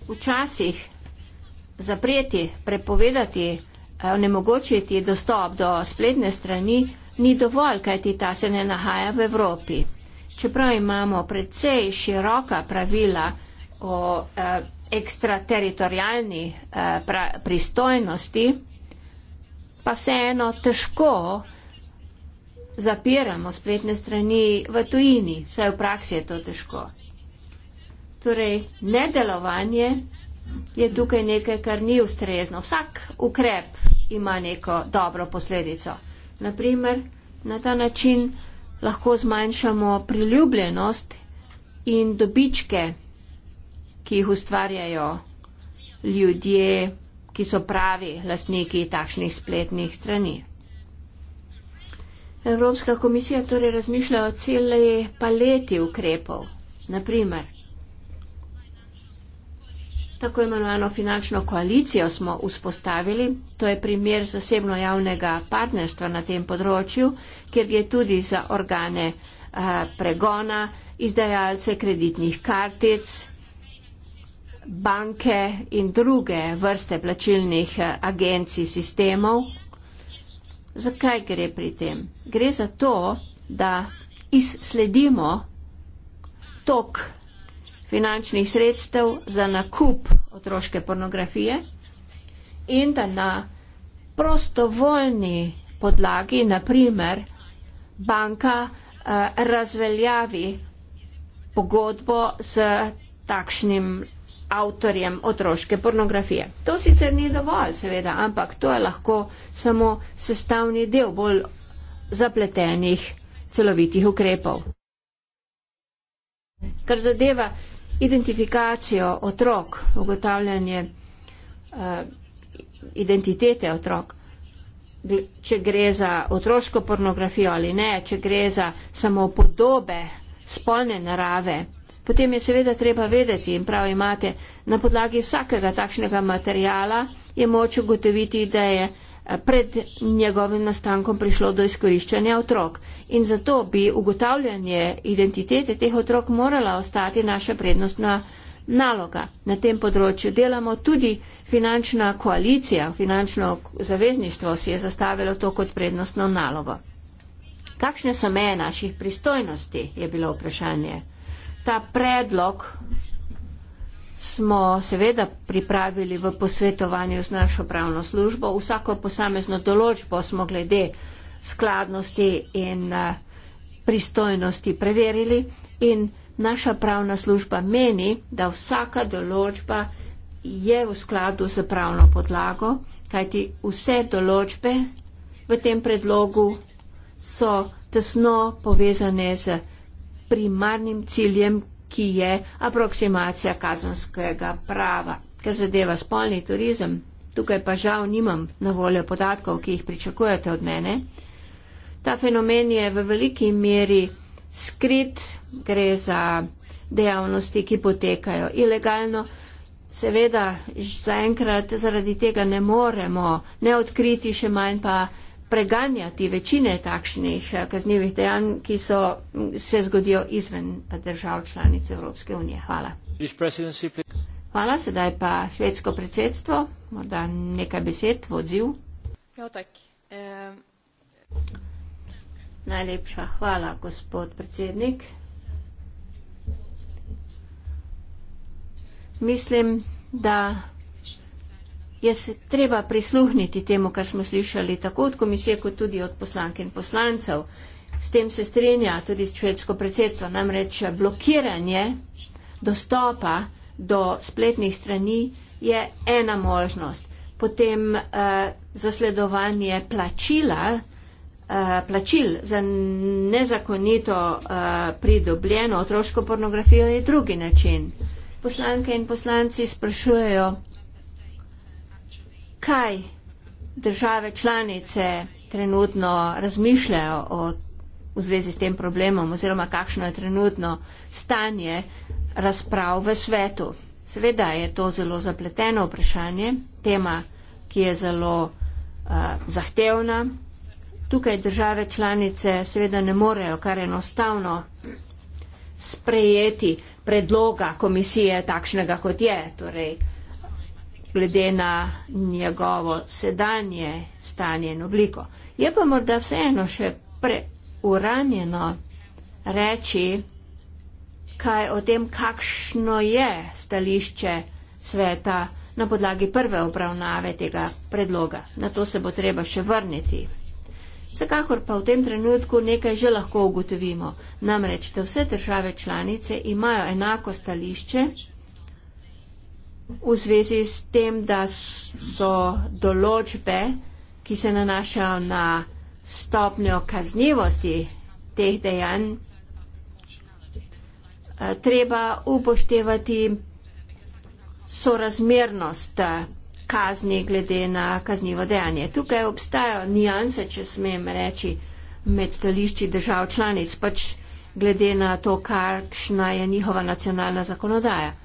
Včasih zapreti, prepovedati, onemogočiti dostop do spletne strani ni dovolj, kajti ta se ne nahaja v Evropi. Čeprav imamo precej široka pravila o eh, ekstrateritorijalni eh, pristojnosti, pa se eno težko zapiramo spletne strani v tujini, vsaj v praksi je to težko. Torej, nedelovanje je tukaj nekaj, kar ni ustrezno. Vsak ukrep ima neko dobro posledico. Naprimer, na ta način lahko zmanjšamo priljubljenost in dobičke ki jih ustvarjajo ljudje, ki so pravi lastniki takšnih spletnih strani. Evropska komisija torej razmišlja o celej paleti ukrepov, naprimer. Tako imenovano finančno koalicijo smo vzpostavili, to je primer zasebno-javnega partnerstva na tem področju, kjer je tudi za organe a, pregona, izdajalce kreditnih kartic, banke in druge vrste plačilnih eh, agencij sistemov. Zakaj gre pri tem? Gre za to, da izsledimo tok finančnih sredstev za nakup otroške pornografije in da na prostovoljni podlagi, naprimer, banka eh, razveljavi pogodbo s takšnim avtorjem otroške pornografije. To sicer ni dovolj, seveda, ampak to je lahko samo sestavni del bolj zapletenih celovitih ukrepov. Kar zadeva identifikacijo otrok, ugotavljanje uh, identitete otrok, če gre za otroško pornografijo ali ne, če gre za samo podobe spolne narave, potem je seveda treba vedeti in prav imate, na podlagi vsakega takšnega materijala je moč ugotoviti, da je eh, pred njegovim nastankom prišlo do izkoriščanja otrok. In zato bi ugotavljanje identitete teh otrok morala ostati naša prednostna naloga. Na tem področju delamo tudi finančna koalicija, finančno zavezništvo si je zastavilo to kot prednostno nalogo. Kakšne so meje naših pristojnosti, je bilo vprašanje ta predlog smo seveda pripravili v posvetovanju z našo pravno službo. Vsako posamezno določbo smo glede skladnosti in eh, pristojnosti preverili in naša pravna služba meni, da vsaka določba je v skladu z pravno podlago, kajti vse določbe v tem predlogu so tesno povezane z primarnim ciljem, ki je aproksimacija kazanskega prava. Kar zadeva spolni turizem, tukaj pa žal nimam na voljo podatkov, ki jih pričakujete od mene. Ta fenomen je v veliki meri skrit, gre za dejavnosti, ki potekajo ilegalno. Seveda, zaenkrat zaradi tega ne moremo ne odkriti, še manj pa preganjati večine takšnih eh, kaznjivih dejanj, ki so, se zgodijo izven eh, držav članic Evropske unije. Hvala. Hvala, sedaj pa švedsko predsedstvo. Morda nekaj besed v odziv. Ja, Najlepša hvala, gospod predsednik. Mislim, da Jaz treba prisluhniti temu, kar smo slišali tako od komisije, kot tudi od poslank in poslancev. S tem se strinja tudi švedsko predsedstvo, namreč blokiranje dostopa do spletnih strani je ena možnost. Potem eh, zasledovanje plačila, eh, plačil za nezakonito eh, pridobljeno otroško pornografijo je drugi način. Poslanke in poslanci sprašujejo, kaj države članice trenutno razmišljajo o, v zvezi s tem problemom oziroma kakšno je trenutno stanje razprav v svetu. Seveda je to zelo zapleteno vprašanje, tema, ki je zelo uh, zahtevna. Tukaj države članice seveda ne morejo kar enostavno sprejeti predloga komisije takšnega, kot je. Torej, uh, glede na njegovo sedanje stanje in obliko. Je pa morda vseeno še preuranjeno reči, kaj o tem, kakšno je stališče sveta na podlagi prve obravnave tega predloga. Na to se bo treba še vrniti. Vsekakor pa v tem trenutku nekaj že lahko ugotovimo, namreč, da vse države članice imajo enako stališče v zvezi s tem, da so določbe, ki se nanašajo na stopnjo kaznivosti teh dejanj, eh, treba upoštevati sorazmernost eh, kazni glede na kaznivo dejanje. Tukaj obstajajo nijanse, če smem reči, med stališči držav članic, pač glede na to, kakšna je njihova nacionalna zakonodaja.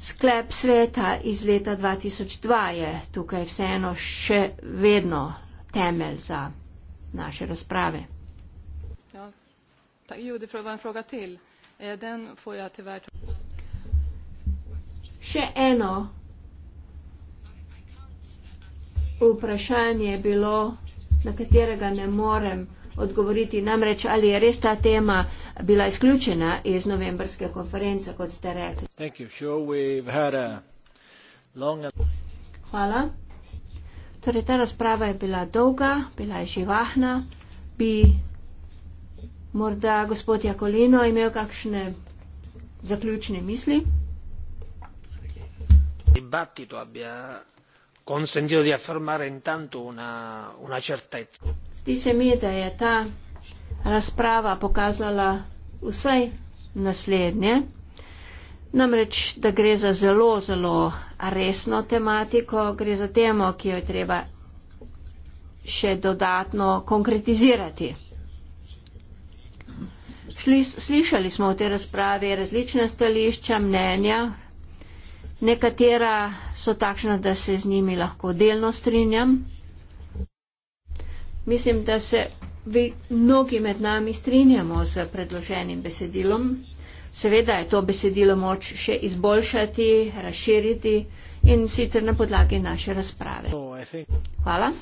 Sklep sveta iz leta 2002 je tukaj vseeno še vedno temelj za naše razprave. Ja. Eh, še eno vprašanje je bilo, na katerega ne morem odgovoriti odgovoriti. Namreč, ali je res ta tema bila izključena iz novembrske konference, kot ste rekli? Sure long... Hvala. Torej, ta razprava je bila dolga, bila je živahna. Bi morda gospod Jakolino imel kakšne zaključne misli? Dibattito abbia consentito di affermare intanto una, una certezza. Zdi se mi, da je ta razprava pokazala vsaj naslednje, namreč, da gre za zelo, zelo resno tematiko, gre za temo, ki jo je treba še dodatno konkretizirati. Šli, slišali smo v tej razpravi različne stališča, mnenja, Nekatera so takšna, da se z njimi lahko delno strinjam. Mislim, da se vi, mnogi med nami strinjamo z predloženim besedilom. Seveda je to besedilo moč še izboljšati, razširiti in sicer na podlagi naše razprave. Oh, Hvala.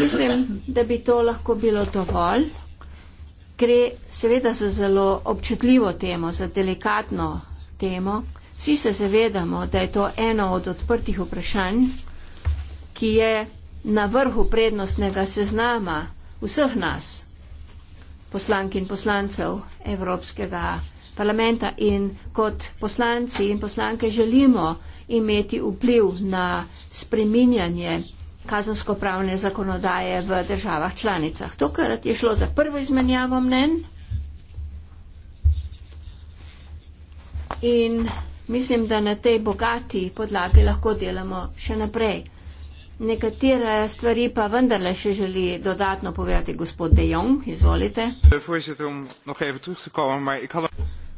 Mislim, da bi to lahko bilo dovolj. Gre seveda za zelo občutljivo temo, za delikatno temo. Vsi se zavedamo, da je to eno od odprtih vprašanj, ki je na vrhu prednostnega seznama vseh nas, poslank in poslancev Evropskega parlamenta in kot poslanci in poslanke želimo imeti vpliv na spreminjanje kazensko-pravne zakonodaje v državah članicah. Tokrat je šlo za prvo izmenjavo mnen in Mislim, da na tej bogati podlagi lahko delamo še naprej. Nekatere stvari pa vendarle še želi dodatno povedati gospod De Jong. Izvolite.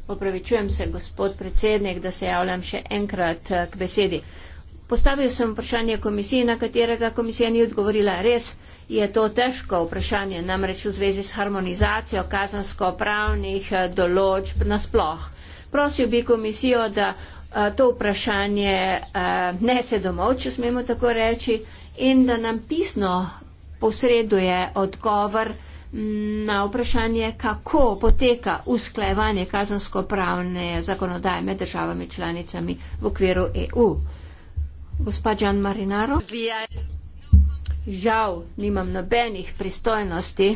Opravičujem se, gospod predsednik, da se javljam še enkrat eh, k besedi. Postavil sem vprašanje komisiji, na katerega komisija ni odgovorila. Res je to težko vprašanje, namreč v zvezi s harmonizacijo kazansko-pravnih eh, določb nasploh prosil bi komisijo, da a, to vprašanje nese domov, če smemo tako reči, in da nam pisno posreduje odgovor na vprašanje, kako poteka usklajevanje kazansko-pravne zakonodaje med državami članicami v okviru EU. Gospa Džan Marinaro, žal nimam nobenih pristojnosti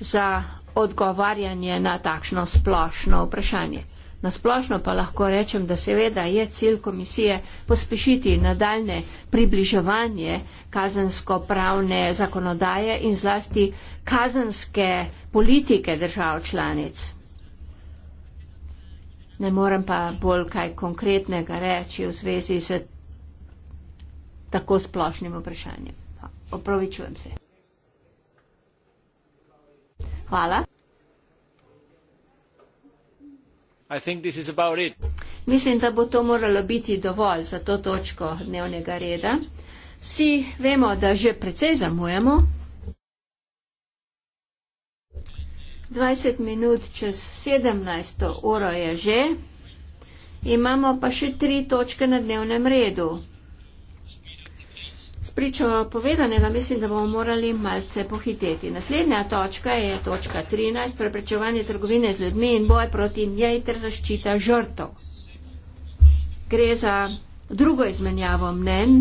za odgovarjanje na takšno splošno vprašanje. Na splošno pa lahko rečem, da seveda je cilj komisije pospešiti nadaljne približevanje kazensko-pravne zakonodaje in zlasti kazenske politike držav članic. Ne morem pa bolj kaj konkretnega reči v zvezi z tako splošnim vprašanjem. Opravičujem se. Hvala. Mislim, da bo to moralo biti dovolj za to točko dnevnega reda. Vsi vemo, da že precej zamujamo. 20 minut čez 17. uro je že. Imamo pa še tri točke na dnevnem redu spričo povedanega mislim, da bomo morali malce pohiteti. Naslednja točka je točka 13, preprečevanje trgovine z ljudmi in boj proti njej ter zaščita žrtov. Gre za drugo izmenjavo mnen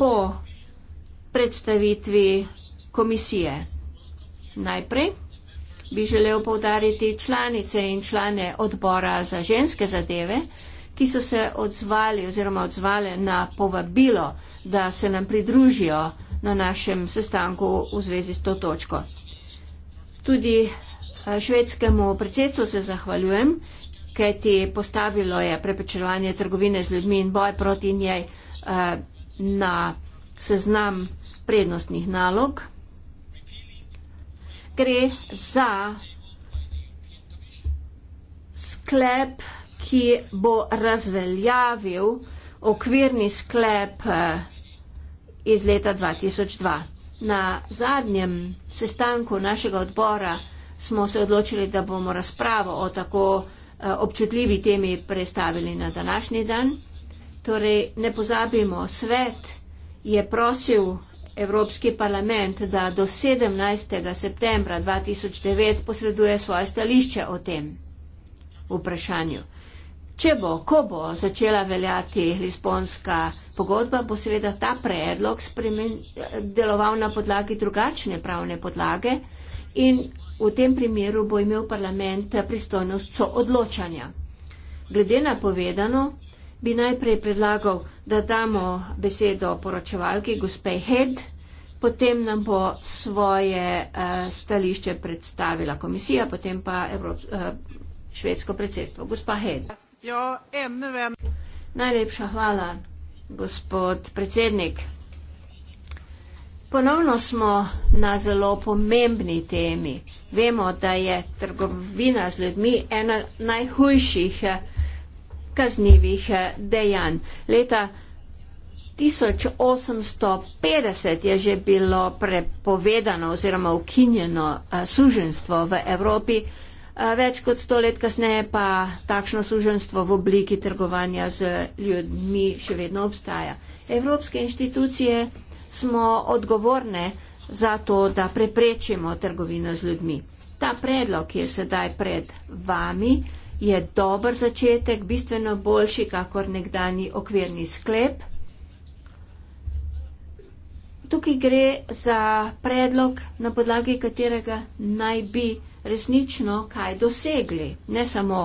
po predstavitvi komisije. Najprej bi želel povdariti članice in člane odbora za ženske zadeve, ki so se odzvali oziroma odzvali na povabilo, da se nam pridružijo na našem sestanku v zvezi s to točko. Tudi eh, švedskemu predsedstvu se zahvaljujem, kaj ti postavilo je prepečevanje trgovine z ljudmi in boj proti njej eh, na seznam prednostnih nalog. Gre za sklep ki bo razveljavil okvirni sklep eh, iz leta 2002. Na zadnjem sestanku našega odbora smo se odločili, da bomo razpravo o tako eh, občutljivi temi prestavili na današnji dan. Torej, ne pozabimo, svet je prosil Evropski parlament, da do 17. septembra 2009 posreduje svoje stališče o tem vprašanju. Če bo, ko bo začela veljati Lisbonska pogodba, bo seveda ta predlog spremen, deloval na podlagi drugačne pravne podlage in v tem primeru bo imel parlament pristojnost so odločanja. Glede na povedano, bi najprej predlagal, da damo besedo poročevalki gospe Head, potem nam bo svoje uh, stališče predstavila komisija, potem pa Evrop, uh, švedsko predsedstvo. Gospa Head. Ja, eno vem. Najlepša hvala, gospod predsednik. Ponovno smo na zelo pomembni temi. Vemo, da je trgovina z ljudmi ena najhujših eh, kaznivih eh, dejanj. Leta 1850 je že bilo prepovedano oziroma ukinjeno eh, suženstvo v Evropi. Eh, več kot sto let kasneje pa takšno služenstvo v obliki trgovanja z ljudmi še vedno obstaja. Evropske inštitucije smo odgovorne za to, da preprečimo trgovino z ljudmi. Ta predlog, ki je sedaj pred vami, je dober začetek, bistveno boljši, kakor nekdani okvirni sklep. Tukaj gre za predlog, na podlagi katerega naj bi resnično kaj dosegli, ne samo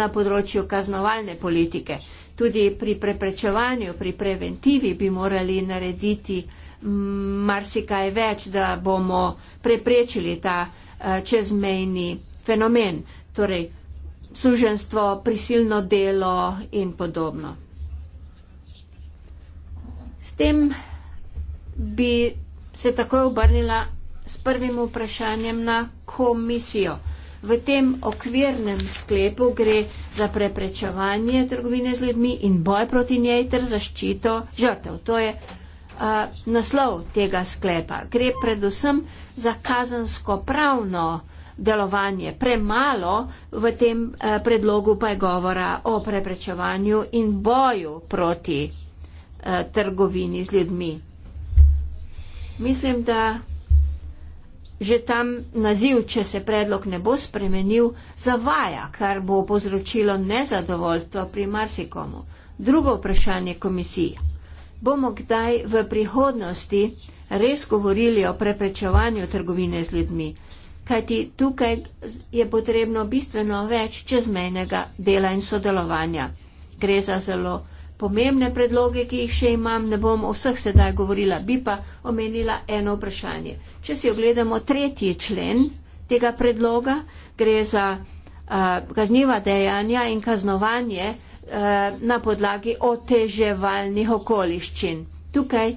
na področju kaznovalne politike. Tudi pri preprečevanju, pri preventivi bi morali narediti mm, marsikaj več, da bomo preprečili ta eh, čezmejni fenomen, torej suženstvo, prisilno delo in podobno. S tem bi se takoj obrnila s prvim vprašanjem na komisijo. V tem okvirnem sklepu gre za preprečevanje trgovine z ljudmi in boj proti njej ter zaščito žrtev. To je uh, naslov tega sklepa. Gre predvsem za kazansko pravno delovanje. Premalo v tem uh, predlogu pa je govora o preprečevanju in boju proti uh, trgovini z ljudmi. Mislim, da že tam naziv, če se predlog ne bo spremenil, zavaja, kar bo povzročilo nezadovoljstvo pri marsikomu. Drugo vprašanje komisije. Bomo kdaj v prihodnosti res govorili o preprečevanju trgovine z ljudmi, kajti tukaj je potrebno bistveno več čezmejnega dela in sodelovanja. Gre za zelo pomembne predloge, ki jih še imam, ne bom o vseh sedaj govorila, bi pa omenila eno vprašanje. Če si ogledamo tretji člen tega predloga, gre za kazniva dejanja in kaznovanje na podlagi oteževalnih okoliščin. Tukaj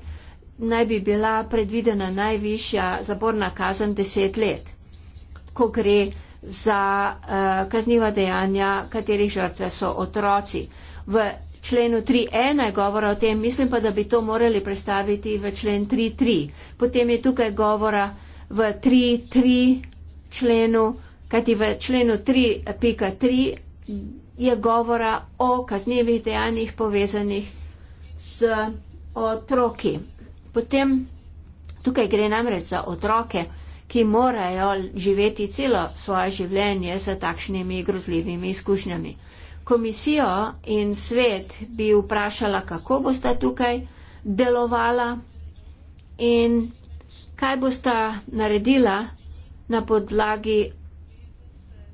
naj bi bila predvidena najvišja zaborna kazen deset let, ko gre za kazniva dejanja, katerih žrtve so otroci. V členu 3.1 je govora o tem, mislim pa, da bi to morali predstaviti v člen 3.3. Potem je tukaj govora v 3.3 členu, kajti v členu 3.3 je govora o kaznjevih dejanjih povezanih z otroki. Potem tukaj gre namreč za otroke ki morajo živeti celo svoje življenje z takšnimi grozljivimi izkušnjami komisijo in svet bi vprašala, kako bosta tukaj delovala in kaj bosta naredila na podlagi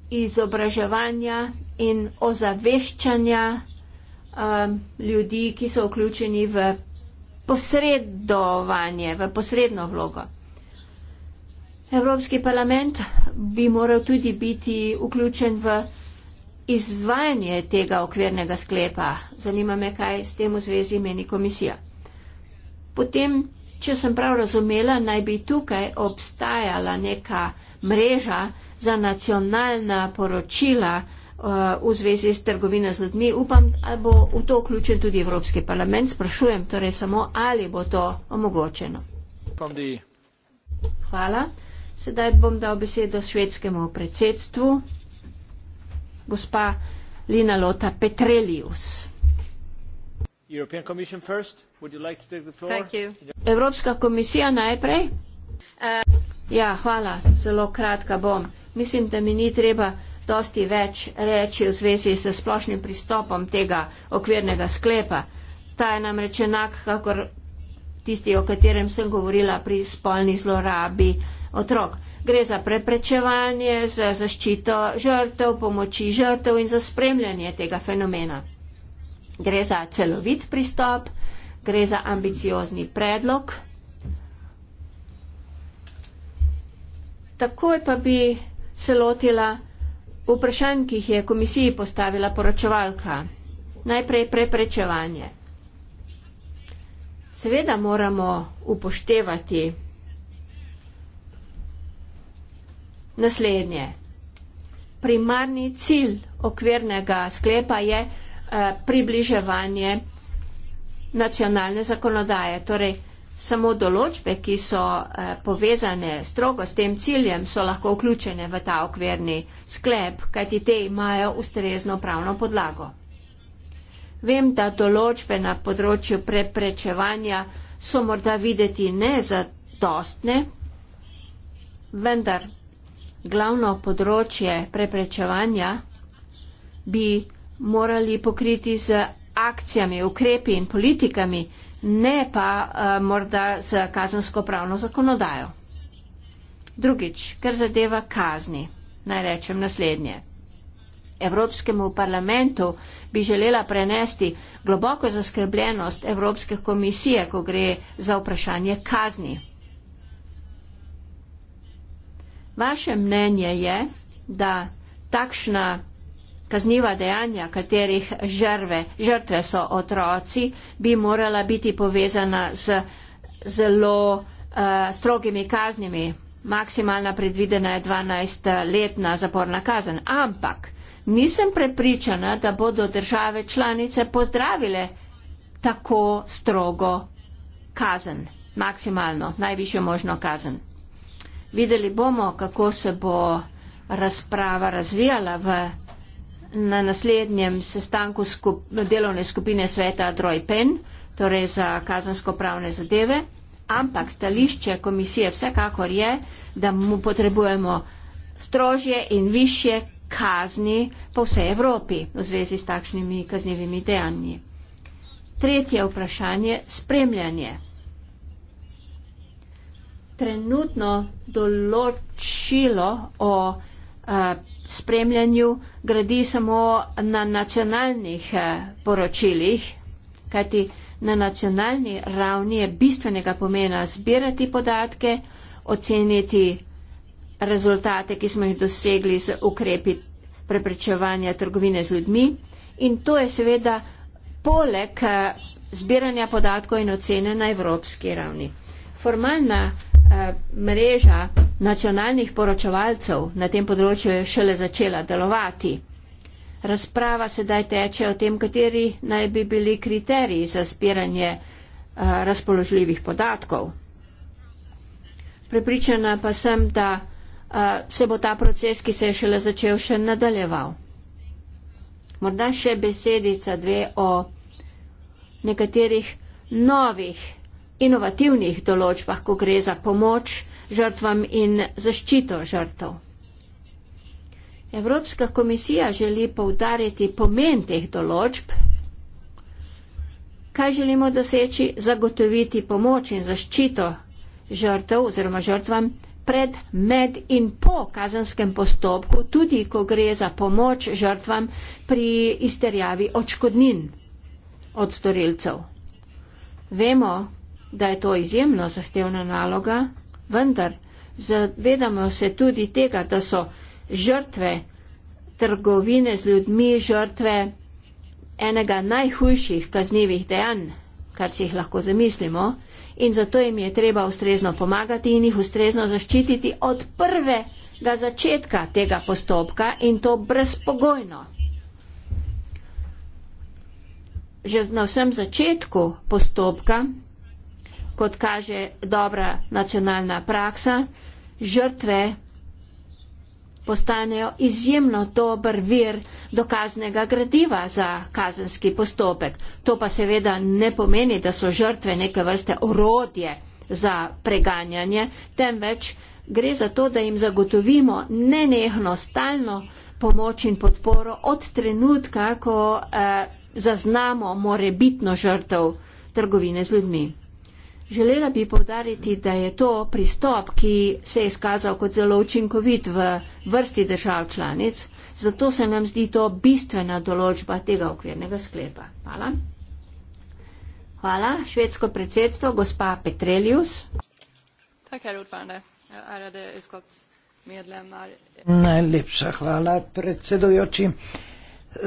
izobraževanja in ozaveščanja um, ljudi, ki so vključeni v posredovanje, v posredno vlogo. Evropski parlament bi moral tudi biti vključen v izvajanje tega okvirnega sklepa. Zanima me, kaj s tem v zvezi meni komisija. Potem, če sem prav razumela, naj bi tukaj obstajala neka mreža za nacionalna poročila eh, v zvezi s trgovino z ljudmi. Upam, ali bo v to vključen tudi Evropski parlament. Sprašujem torej samo, ali bo to omogočeno. Hvala. Sedaj bom dal besedo švedskemu predsedstvu gospa Lina Lota Petrelius. Evropska komisija najprej. Uh, ja, hvala, zelo kratka bom. Mislim, da mi ni treba dosti več reči v zvezi s splošnim pristopom tega okvirnega sklepa. Ta je namreč enak, kakor tisti, o katerem sem govorila pri spolni zlorabi otrok. Gre za preprečevanje, za zaščito žrtev, pomoči žrtev in za spremljanje tega fenomena. Gre za celovit pristop, gre za ambiciozni predlog. Takoj pa bi se lotila vprašanj, ki jih je komisiji postavila poročevalka. Najprej preprečevanje. Seveda moramo upoštevati Naslednje. Primarni cilj okvirnega sklepa je eh, približevanje nacionalne zakonodaje. Torej, samo določbe, ki so eh, povezane strogo s tem ciljem, so lahko vključene v ta okvirni sklep, kajti te imajo ustrezno pravno podlago. Vem, da določbe na področju preprečevanja so morda videti nezadostne, vendar glavno področje preprečevanja, bi morali pokriti z akcijami, ukrepi in politikami, ne pa uh, morda z kazensko pravno zakonodajo. Drugič, kar zadeva kazni, naj rečem naslednje. Evropskemu parlamentu bi želela prenesti globoko zaskrbljenost Evropske komisije, ko gre za vprašanje kazni. Vaše mnenje je, da takšna kazniva dejanja, katerih žrve, žrtve so otroci, bi morala biti povezana z zelo uh, strogimi kaznimi. Maksimalna predvidena je 12-letna zaporna kazen. Ampak nisem prepričana, da bodo države članice pozdravile tako strogo kazen, maksimalno, najviše možno kazen. Videli bomo, kako se bo razprava razvijala v, na naslednjem sestanku skup, delovne skupine sveta Droj Pen, torej za kazansko pravne zadeve, ampak stališče komisije vsekakor je, da mu potrebujemo strožje in više kazni po vsej Evropi v zvezi s takšnimi kaznjivimi dejanji. Tretje vprašanje, spremljanje trenutno določilo o eh, spremljanju gradi samo na nacionalnih eh, poročilih, kajti na nacionalni ravni je bistvenega pomena zbirati podatke, oceniti rezultate, ki smo jih dosegli z ukrepi preprečevanja trgovine z ljudmi in to je seveda poleg eh, zbiranja podatkov in ocene na evropski ravni. Formalna Eh, mreža nacionalnih poročevalcev na tem področju je šele začela delovati. Razprava sedaj teče o tem, kateri naj bi bili kriteriji za spiranje eh, razpoložljivih podatkov. Prepričana pa sem, da eh, se bo ta proces, ki se je šele začel, še nadaljeval. Morda še besedica dve o nekaterih novih inovativnih določbah, ko gre za pomoč žrtvam in zaščito žrtov. Evropska komisija želi poudariti pomen teh določb, kaj želimo doseči, zagotoviti pomoč in zaščito žrtev oziroma žrtvam pred, med in po kazenskem postopku, tudi ko gre za pomoč žrtvam pri izterjavi očkodnin od storilcev. Vemo, da je to izjemno zahtevna naloga, vendar zavedamo se tudi tega, da so žrtve trgovine z ljudmi žrtve enega najhujših kaznjivih dejanj, kar si jih lahko zamislimo, in zato jim je treba ustrezno pomagati in jih ustrezno zaščititi od prvega začetka tega postopka in to brezpogojno. Že na vsem začetku postopka kot kaže dobra nacionalna praksa, žrtve postanejo izjemno dober vir dokaznega gradiva za kazenski postopek. To pa seveda ne pomeni, da so žrtve neke vrste orodje za preganjanje, temveč gre za to, da jim zagotovimo nenehno stalno pomoč in podporo od trenutka, ko eh, zaznamo morebitno žrtev trgovine z ljudmi. Želela bi povdariti, da je to pristop, ki se je izkazal kot zelo učinkovit v vrsti držav članic, zato se nam zdi to bistvena določba tega okvirnega sklepa. Hvala. Hvala. Švedsko predsedstvo, gospa Petrelius. Najlepša hvala predsedujočim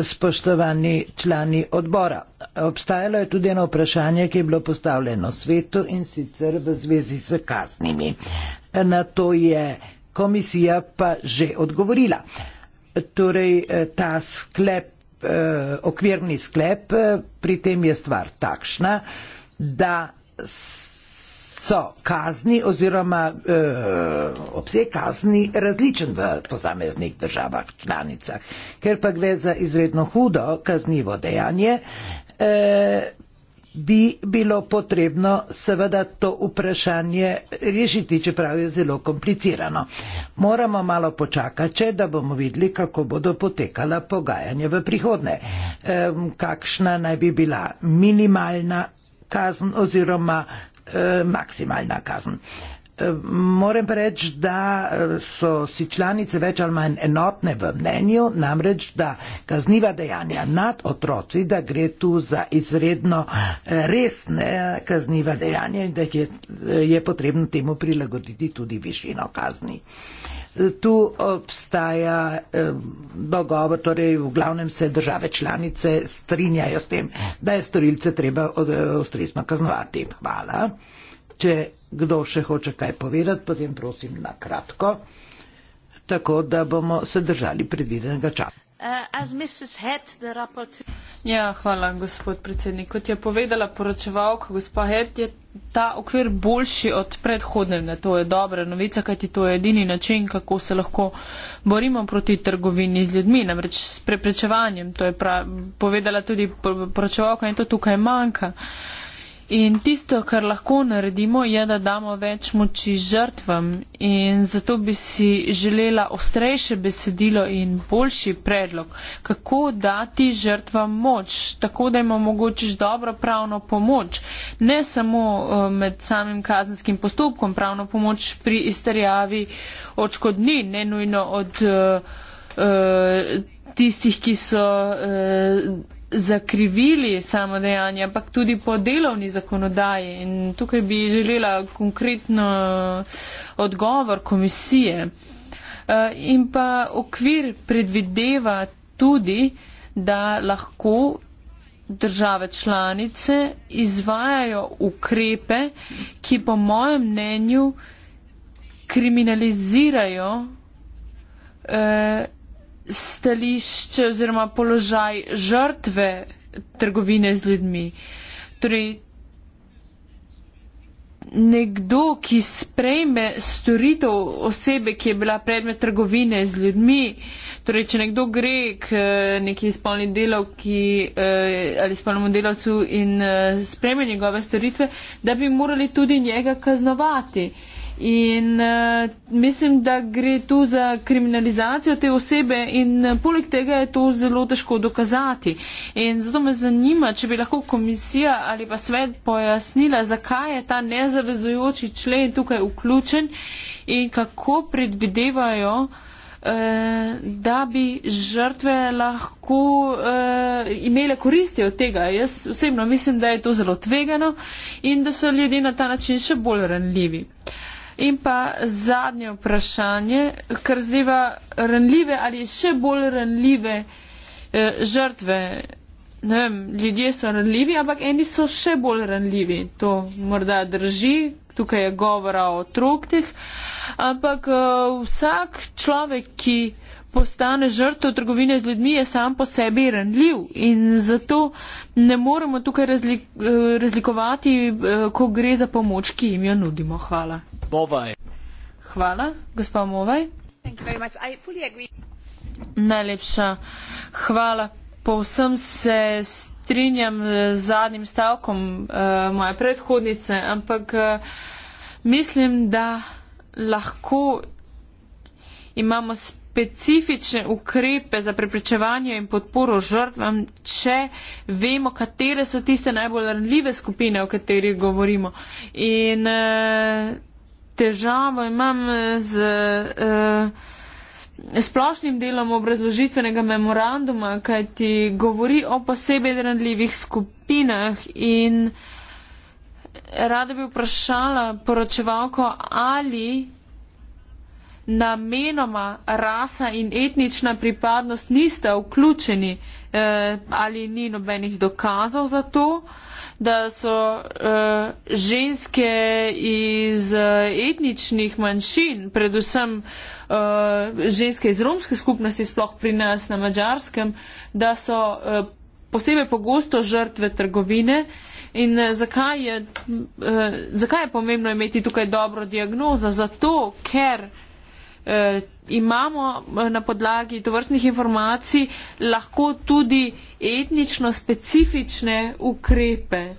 spoštovani člani odbora. Obstajalo je tudi eno vprašanje, ki je bilo postavljeno svetu in sicer v zvezi s kaznimi. Na to je komisija pa že odgovorila. Torej, ta sklep, eh, okvirni sklep, eh, pri tem je stvar takšna, da so kazni oziroma e, obseg kazni različen v posameznih državah članicah. Ker pa gre za izredno hudo kaznivo dejanje, e, bi bilo potrebno seveda to vprašanje rešiti, čeprav je zelo komplicirano. Moramo malo počakati, da bomo videli, kako bodo potekala pogajanja v prihodne, e, kakšna naj bi bila minimalna kazn oziroma maximal nachlassen. Moram pa reči, da eh, so si članice več ali manj enotne v mnenju, namreč, da kazniva dejanja nad otroci, da gre tu za izredno eh, resne eh, kazniva dejanja in da je, je potrebno temu prilagoditi tudi višino kazni. Tu obstaja dogovor, torej v glavnem se države članice strinjajo s tem, da je storilce treba ustrezno kaznovati. Hvala če kdo še hoče kaj povedati, potem prosim na kratko, tako da bomo se držali predvidenega časa. Uh, rapporteur... Ja, hvala, gospod predsednik. Kot je povedala poročevalka, gospa Het, je ta okvir boljši od predhodnega. To je dobra novica, kajti to je edini način, kako se lahko borimo proti trgovini z ljudmi, namreč s preprečevanjem. To je pra... povedala tudi poročevalka in to tukaj manjka. Uh, In tisto, kar lahko naredimo, je, da damo več moči žrtvam. In zato bi si želela ostrejše besedilo in boljši predlog, kako dati žrtvam moč, tako da jim omogočiš dobro pravno pomoč, ne samo eh, med samim kazenskim postopkom, pravno pomoč pri izterjavi očkodni, ne nujno od uh, uh, tistih, ki so. Uh, zakrivili samo dejanje, ampak tudi po delovni zakonodaji. In tukaj bi želela konkretno odgovor komisije. Eh, in pa okvir predvideva tudi, da lahko države članice izvajajo ukrepe, ki po mojem mnenju kriminalizirajo eh, stališče oziroma položaj žrtve trgovine z ljudmi. Torej, nekdo, ki sprejme storitev osebe, ki je bila predmet trgovine z ljudmi, torej, če nekdo gre k eh, neki spolni delavki eh, ali spolnemu delavcu in eh, sprejme njegove storitve, da bi morali tudi njega kaznovati. In uh, mislim, da gre tu za kriminalizacijo te osebe in eh, poleg tega je to zelo težko dokazati. In zato me zanima, če bi lahko komisija ali pa svet pojasnila, zakaj je ta nezavezujoči člen tukaj vključen in kako predvidevajo, eh, da bi žrtve lahko eh, imele koristi od tega. Jaz osebno mislim, da je to zelo tvegano in da so ljudje na ta način še bolj ranljivi. In pa zadnje vprašanje, kar zdiva ranljive ali še bolj ranljive eh, žrtve. Ne vem, ljudje so ranljivi, ampak eni so še bolj ranljivi. To morda drži, tukaj je govora o otroktih, ampak eh, vsak človek, ki postane žrtev trgovine z ljudmi, je sam po sebi randljiv in zato ne moremo tukaj razlik, eh, razlikovati, eh, ko gre za pomoč, ki jim jo nudimo. Hvala. Bovaj. Hvala, gospa Movaj. Najlepša hvala. Povsem se strinjam z zadnjim stavkom uh, moje predhodnice, ampak uh, mislim, da lahko imamo spet specifične ukrepe za preprečevanje in podporo žrtvam, če vemo, katere so tiste najbolj ranljive skupine, o katerih govorimo. In uh, težavo imam z. Uh, Splošnim delom obrazložitvenega memoranduma, kaj ti govori o posebej ranljivih skupinah in rada bi vprašala poročevalko, ali namenoma rasa in etnična pripadnost nista vključeni eh, ali ni nobenih dokazov za to, da so eh, ženske iz eh, etničnih manjšin, predvsem eh, ženske iz romske skupnosti, sploh pri nas na mačarskem, da so eh, posebej pogosto žrtve trgovine in eh, zakaj je, eh, zakaj je pomembno imeti tukaj dobro diagnozo? Zato, ker Eh, imamo eh, na podlagi tovrstnih informacij lahko tudi etnično specifične ukrepe.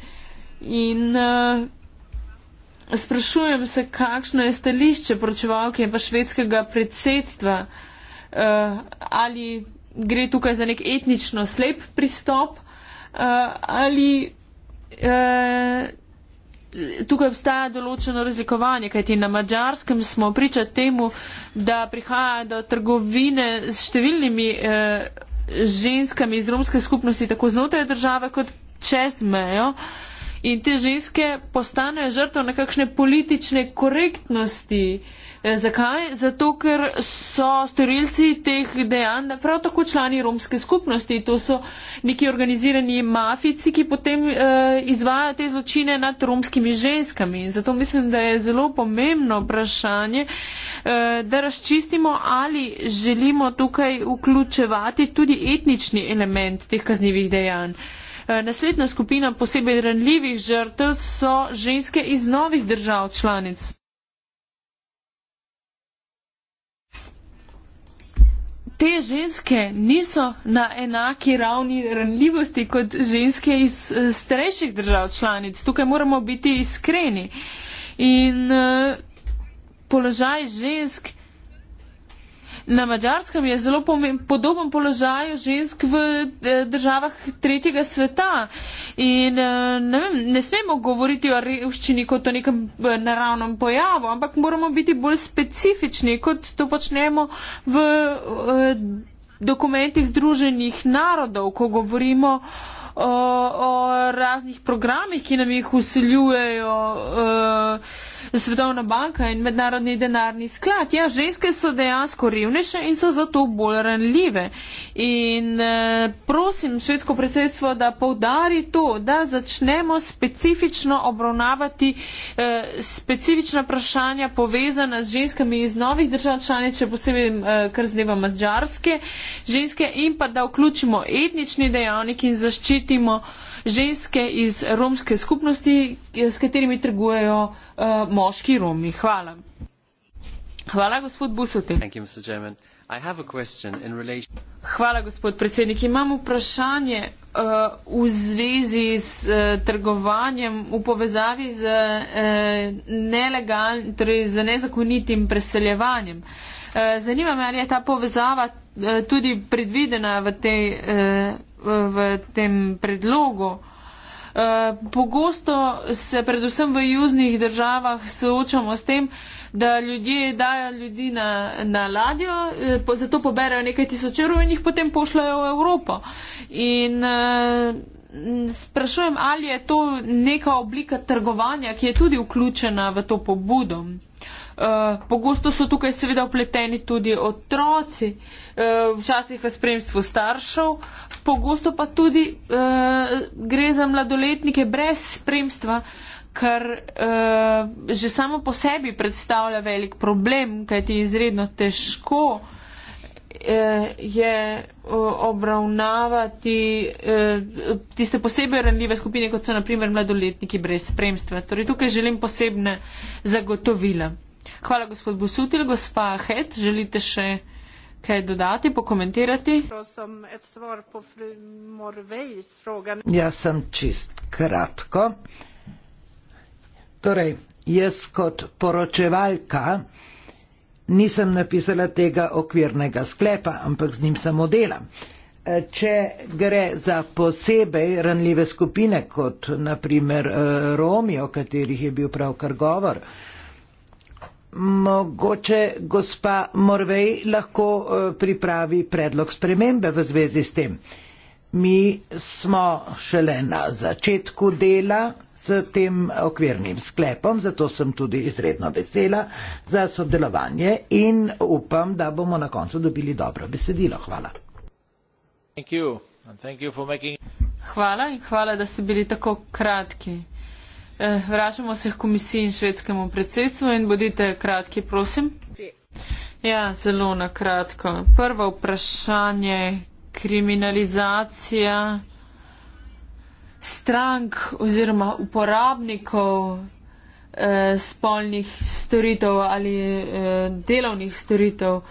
In eh, sprašujem se, kakšno je stališče pročevalke in pa švedskega predsedstva, ali gre tukaj za nek etnično slep pristop, ali tukaj obstaja določeno razlikovanje, kajti na mačarskem smo priča temu, da prihaja do trgovine s številnimi eh, ženskami iz romske skupnosti, tako znotraj države kot čez mejo. In te ženske postanejo žrtve nekakšne politične korektnosti eh, Eh, zakaj? Zato, ker so storilci teh dejanj prav tako člani romske skupnosti. To so neki organizirani mafici, ki potem eh, izvajajo te zločine nad romskimi ženskami. Zato mislim, da je zelo pomembno vprašanje, eh, da razčistimo, ali želimo tukaj vključevati tudi etnični element teh kaznjivih dejanj. Eh, naslednja skupina posebej ranljivih žrtev so ženske iz novih držav članic. te ženske niso na enaki ravni ranljivosti kot ženske iz eh, starejših držav članic. Tukaj moramo biti iskreni. In uh, položaj žensk. Na Mačarskem je zelo pomemb, podoben položaj žensk v eh, državah tretjega sveta in eh, ne, vem, ne smemo govoriti o revščini kot o nekem eh, naravnem pojavu, ampak moramo biti bolj specifični, kot to počnemo v eh, dokumentih Združenih narodov, ko govorimo eh, o raznih programih, ki nam jih usiljujejo. Eh, Svetovna banka in mednarodni denarni sklad. Ja, ženske so dejansko revnejše in so zato bolj ranljive. In eh, prosim švedsko predsedstvo, da povdari to, da začnemo specifično obravnavati eh, specifična vprašanja povezana z ženskami iz novih držav članic, če posebej eh, kar zdaj mađarske ženske in pa da vključimo etnični dejavnik in zaščitimo eh, ženske iz romske skupnosti, s katerimi trgujejo uh, moški Romi. Hvala. Hvala, gospod Busote. Hvala, gospod predsednik. Imam vprašanje uh, v zvezi s uh, trgovanjem v povezavi z, uh, torej z nezakonitim preseljevanjem. Uh, zanima me, ali je ta povezava uh, tudi predvidena v tej. Uh, v tem predlogu. Eh, pogosto se predvsem v južnih državah soočamo s tem, da ljudje dajo ljudi na, na ladjo, eh, zato poberajo nekaj tisoč evrov in jih potem pošljajo v Evropo. In eh, sprašujem, ali je to neka oblika trgovanja, ki je tudi vključena v to pobudo. Eh, pogosto so tukaj seveda upleteni tudi otroci, eh, včasih v spremstvu staršev, pogosto pa tudi eh, gre za mladoletnike brez spremstva, kar že samo po sebi predstavlja velik problem, kajti izredno težko je obravnavati tiste posebej ranljive skupine, kot so naprimer mladoletniki brez spremstva. Torej tukaj želim posebne zagotovila. Hvala, gospod Busutil. Gospa Het, želite še kaj dodati, pokomentirati? Jaz sem čist kratko. Torej, jaz kot poročevalka nisem napisala tega okvirnega sklepa, ampak z njim samo delam. Eh, če gre za posebej ranljive skupine, kot naprimer eh, Romi, o katerih je bil pravkar govor, mogoče gospa Morvej lahko eh, pripravi predlog spremembe v zvezi s tem. Mi smo šele na začetku dela s tem okvirnim sklepom, zato sem tudi izredno vesela za sodelovanje in upam, da bomo na koncu dobili dobro besedilo. Hvala. Hvala in hvala, da ste bili tako kratki. Eh, vračamo se k komisiji in švedskemu predsedstvu in bodite kratki, prosim. Ja, zelo na kratko. Prvo vprašanje, kriminalizacija strank oziroma uporabnikov eh, spolnih storitev ali eh, delovnih storitev. Eh,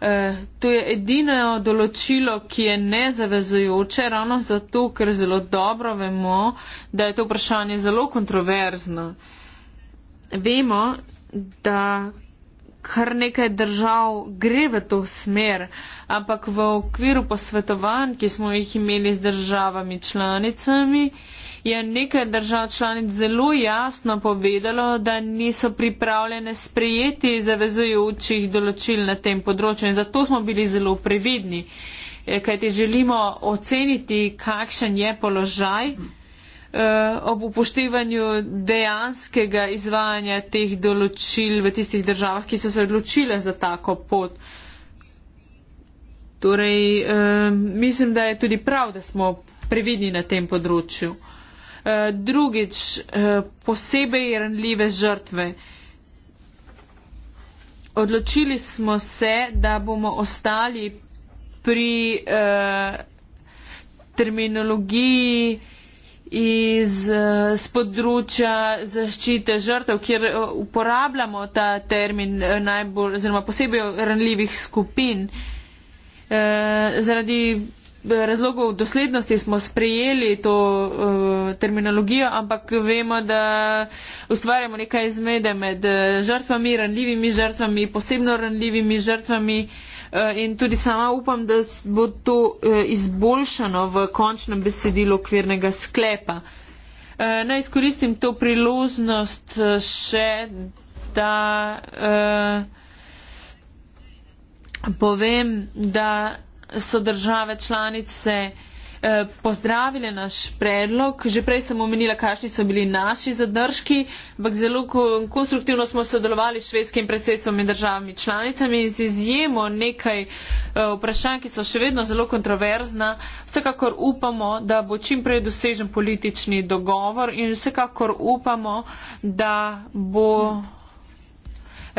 Eh, to je edino določilo, ki je nezavezujoče, ravno zato, ker zelo dobro vemo, da je to vprašanje zelo kontroverzno. Vemo, da kar nekaj držav gre v to smer, ampak v okviru posvetovanj, ki smo jih imeli z državami članicami, je nekaj držav članic zelo jasno povedalo, da niso pripravljene sprejeti zavezujočih določil na tem področju in zato smo bili zelo previdni, eh, kajti želimo oceniti, kakšen je položaj. Hmm. Eh, ob upoštevanju dejanskega izvajanja teh določil v tistih državah, ki so se odločile za tako pot. Torej, eh, mislim, da je tudi prav, da smo previdni na tem področju. Eh, drugič, posebej ranljive žrtve. Odločili smo se, da bomo ostali pri eh, terminologiji eh, iz eh, spodručja zaščite žrtev, kjer eh, uporabljamo ta termin eh, najbolj, oziroma posebej ranljivih skupin. Zaradi razlogov doslednosti smo sprejeli to terminologijo, ampak vemo, da ustvarjamo nekaj izmede med žrtvami, ranljivimi žrtvami, posebno ranljivimi žrtvami. E, in tudi sama upam, da bo to e, izboljšano v končnem besedilu okvirnega sklepa. E, naj izkoristim to priložnost še, da eh, povem, da so države članice eh, pozdravile naš predlog. Že prej sem omenila, kakšni so bili naši zadržki, ampak zelo konstruktivno smo sodelovali s švedskim predsedstvom in državami članicami in z izjemo nekaj eh, vprašanj, ki so še vedno zelo kontroverzna. Vsekakor upamo, da bo čim prej dosežen politični dogovor in vsekakor upamo, da bo. Hmm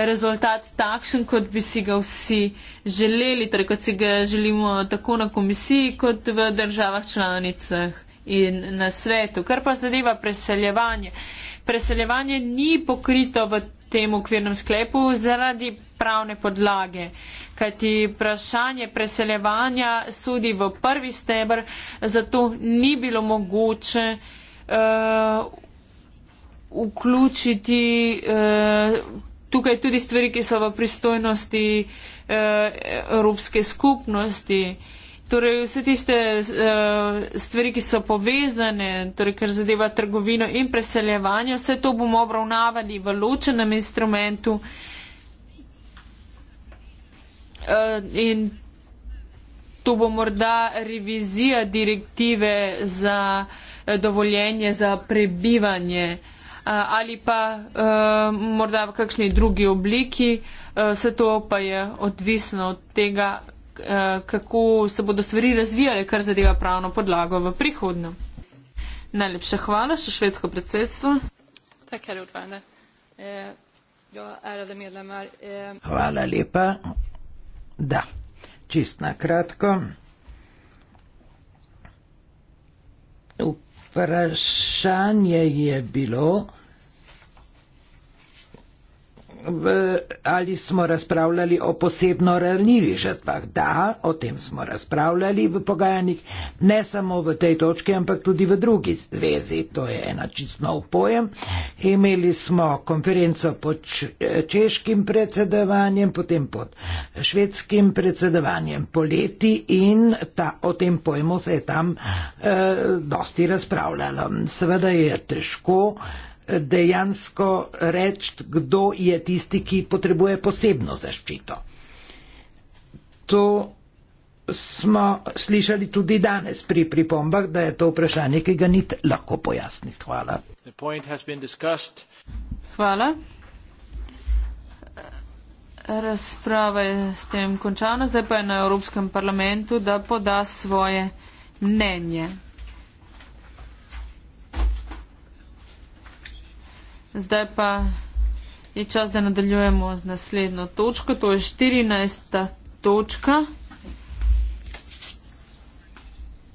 rezultat takšen, kot bi si ga vsi želeli, torej kot si ga želimo tako na komisiji, kot v državah članicah in na svetu. Kar pa zadeva preseljevanje. Preseljevanje ni pokrito v tem okvirnem sklepu zaradi pravne podlage, kajti vprašanje preseljevanja sodi v prvi stebr, zato ni bilo mogoče uh, vključiti uh, tukaj tudi stvari, ki so v pristojnosti eh, Evropske skupnosti. Torej vse tiste eh, stvari, ki so povezane, torej kar zadeva trgovino in preseljevanje, vse to bomo obravnavali v ločenem instrumentu. Uh, in to bo morda revizija direktive za uh, dovoljenje za prebivanje. Eh, ali pa eh, morda v kakšni drugi obliki. Eh, vse to pa je odvisno od tega, kako se bodo stvari razvijale, kar zadeva pravno podlago v prihodnjem. Najlepša hvala še švedsko predsedstvo. Ja, hvala lepa. Da, čist na kratko. Vprašanje je bilo, v, ali smo razpravljali o posebno ranljivih žrtvah. Da, o tem smo razpravljali v pogajanjih, ne samo v tej točki, ampak tudi v drugi zvezi. To je ena čisto nov pojem. Imeli smo konferenco pod češkim predsedovanjem, potem pod švedskim predsedovanjem poleti in ta, o tem pojmu se je tam eh, dosti razpravljalo. Seveda je težko dejansko reči, kdo je tisti, ki potrebuje posebno zaščito. To smo slišali tudi danes pri pripombah, da je to vprašanje, ki ga ni lahko pojasniti. Hvala. Hvala. Razprava je s tem končana, zdaj pa je na Evropskem parlamentu, da poda svoje mnenje. Zdaj pa je čas, da nadaljujemo z naslednjo točko, to je 14. točka.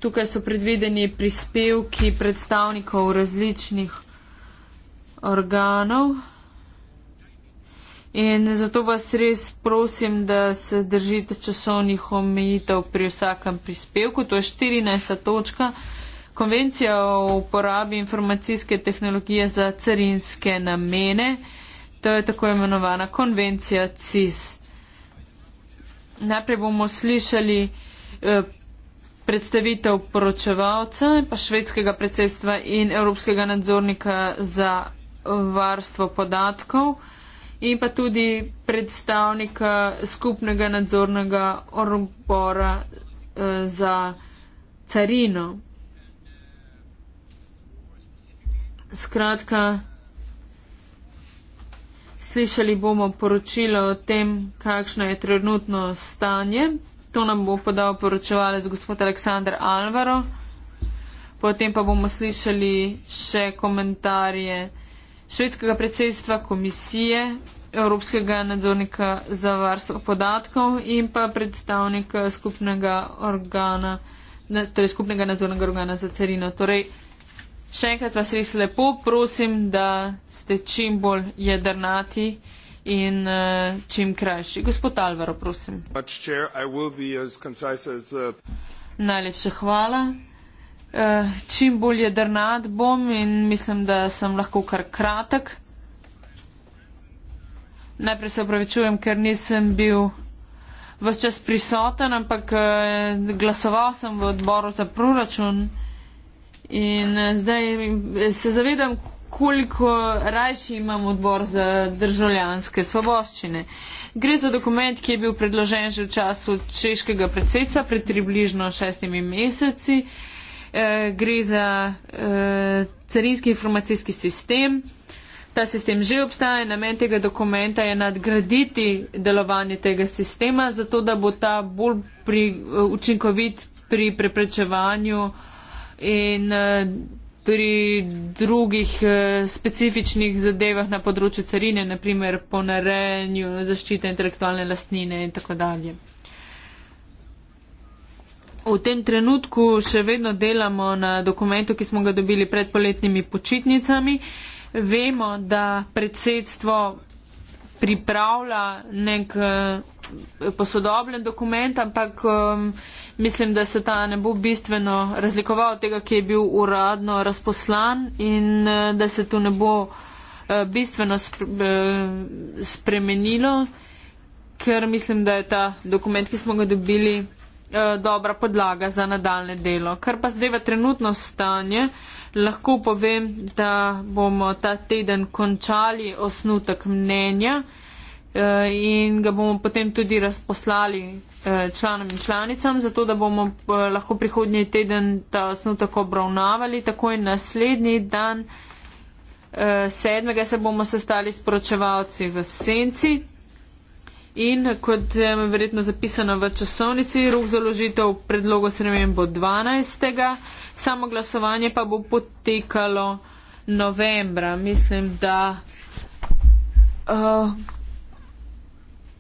Tukaj so predvideni prispevki predstavnikov različnih organov. In zato vas res prosim, da se držite časovnih omejitev pri vsakem prispevku. To je 14. točka. Konvencija o uporabi informacijske tehnologije za carinske namene, to je tako imenovana konvencija CIS. Najprej bomo slišali eh, predstavitev poročevalca, pa švedskega predsedstva in evropskega nadzornika za varstvo podatkov in pa tudi predstavnika skupnega nadzornega odbora eh, za carino. Skratka, slišali bomo poročilo o tem, kakšno je trenutno stanje. To nam bo podal poročevalec gospod Aleksandr Alvaro. Potem pa bomo slišali še komentarje švedskega predsedstva, komisije, Evropskega nadzornika za varstvo podatkov in pa predstavnika skupnega, organa, torej skupnega nadzornega organa za carino. Torej, Še enkrat vas res lepo prosim, da ste čim bolj jedrnati in uh, čim krajši. Gospod Alvaro, prosim. Uh, Najlepša hvala. Uh, čim bolj jedrnat bom in mislim, da sem lahko kar kratek. Najprej se opravičujem, ker nisem bil vse čas prisoten, ampak uh, glasoval sem v odboru za proračun. In eh, zdaj eh, se zavedam, koliko rajši imam odbor za državljanske svoboščine. Gre za dokument, ki je bil predložen že v času češkega predsedstva pred približno šestimi meseci. E, gre za e, carinski informacijski sistem. Ta sistem že obstaja in namen tega dokumenta je nadgraditi delovanje tega sistema, zato da bo ta bolj pri, učinkovit pri preprečevanju uh, in eh, pri drugih eh, specifičnih zadevah na področju carine, naprimer ponarejanju zaščite intelektualne lastnine in tako dalje. V tem trenutku še vedno delamo na dokumentu, ki smo ga dobili pred poletnimi počitnicami. Vemo, da predsedstvo pripravlja nek eh, posodobljen dokument, ampak um, mislim, da se ta ne bo bistveno razlikoval od tega, ki je bil uradno razposlan in eh, da se tu ne bo eh, bistveno spremenilo, ker mislim, da je ta dokument, ki smo ga dobili, dobra podlaga za nadaljne delo. Kar pa zdaj v trenutno stanje, uh, lahko povem, da bomo ta teden končali osnutek mnenja eh, in ga bomo potem tudi razposlali eh, članom in članicam, zato da bomo eh, lahko prihodnji teden ta osnutek obravnavali. Takoj naslednji dan, sedmega, se bomo sestali s poročevalci v Senci. In kot je verjetno zapisano v časovnici, rok založitev predlogo sremen bo 12 samo glasovanje pa bo potekalo novembra. Mislim, da uh,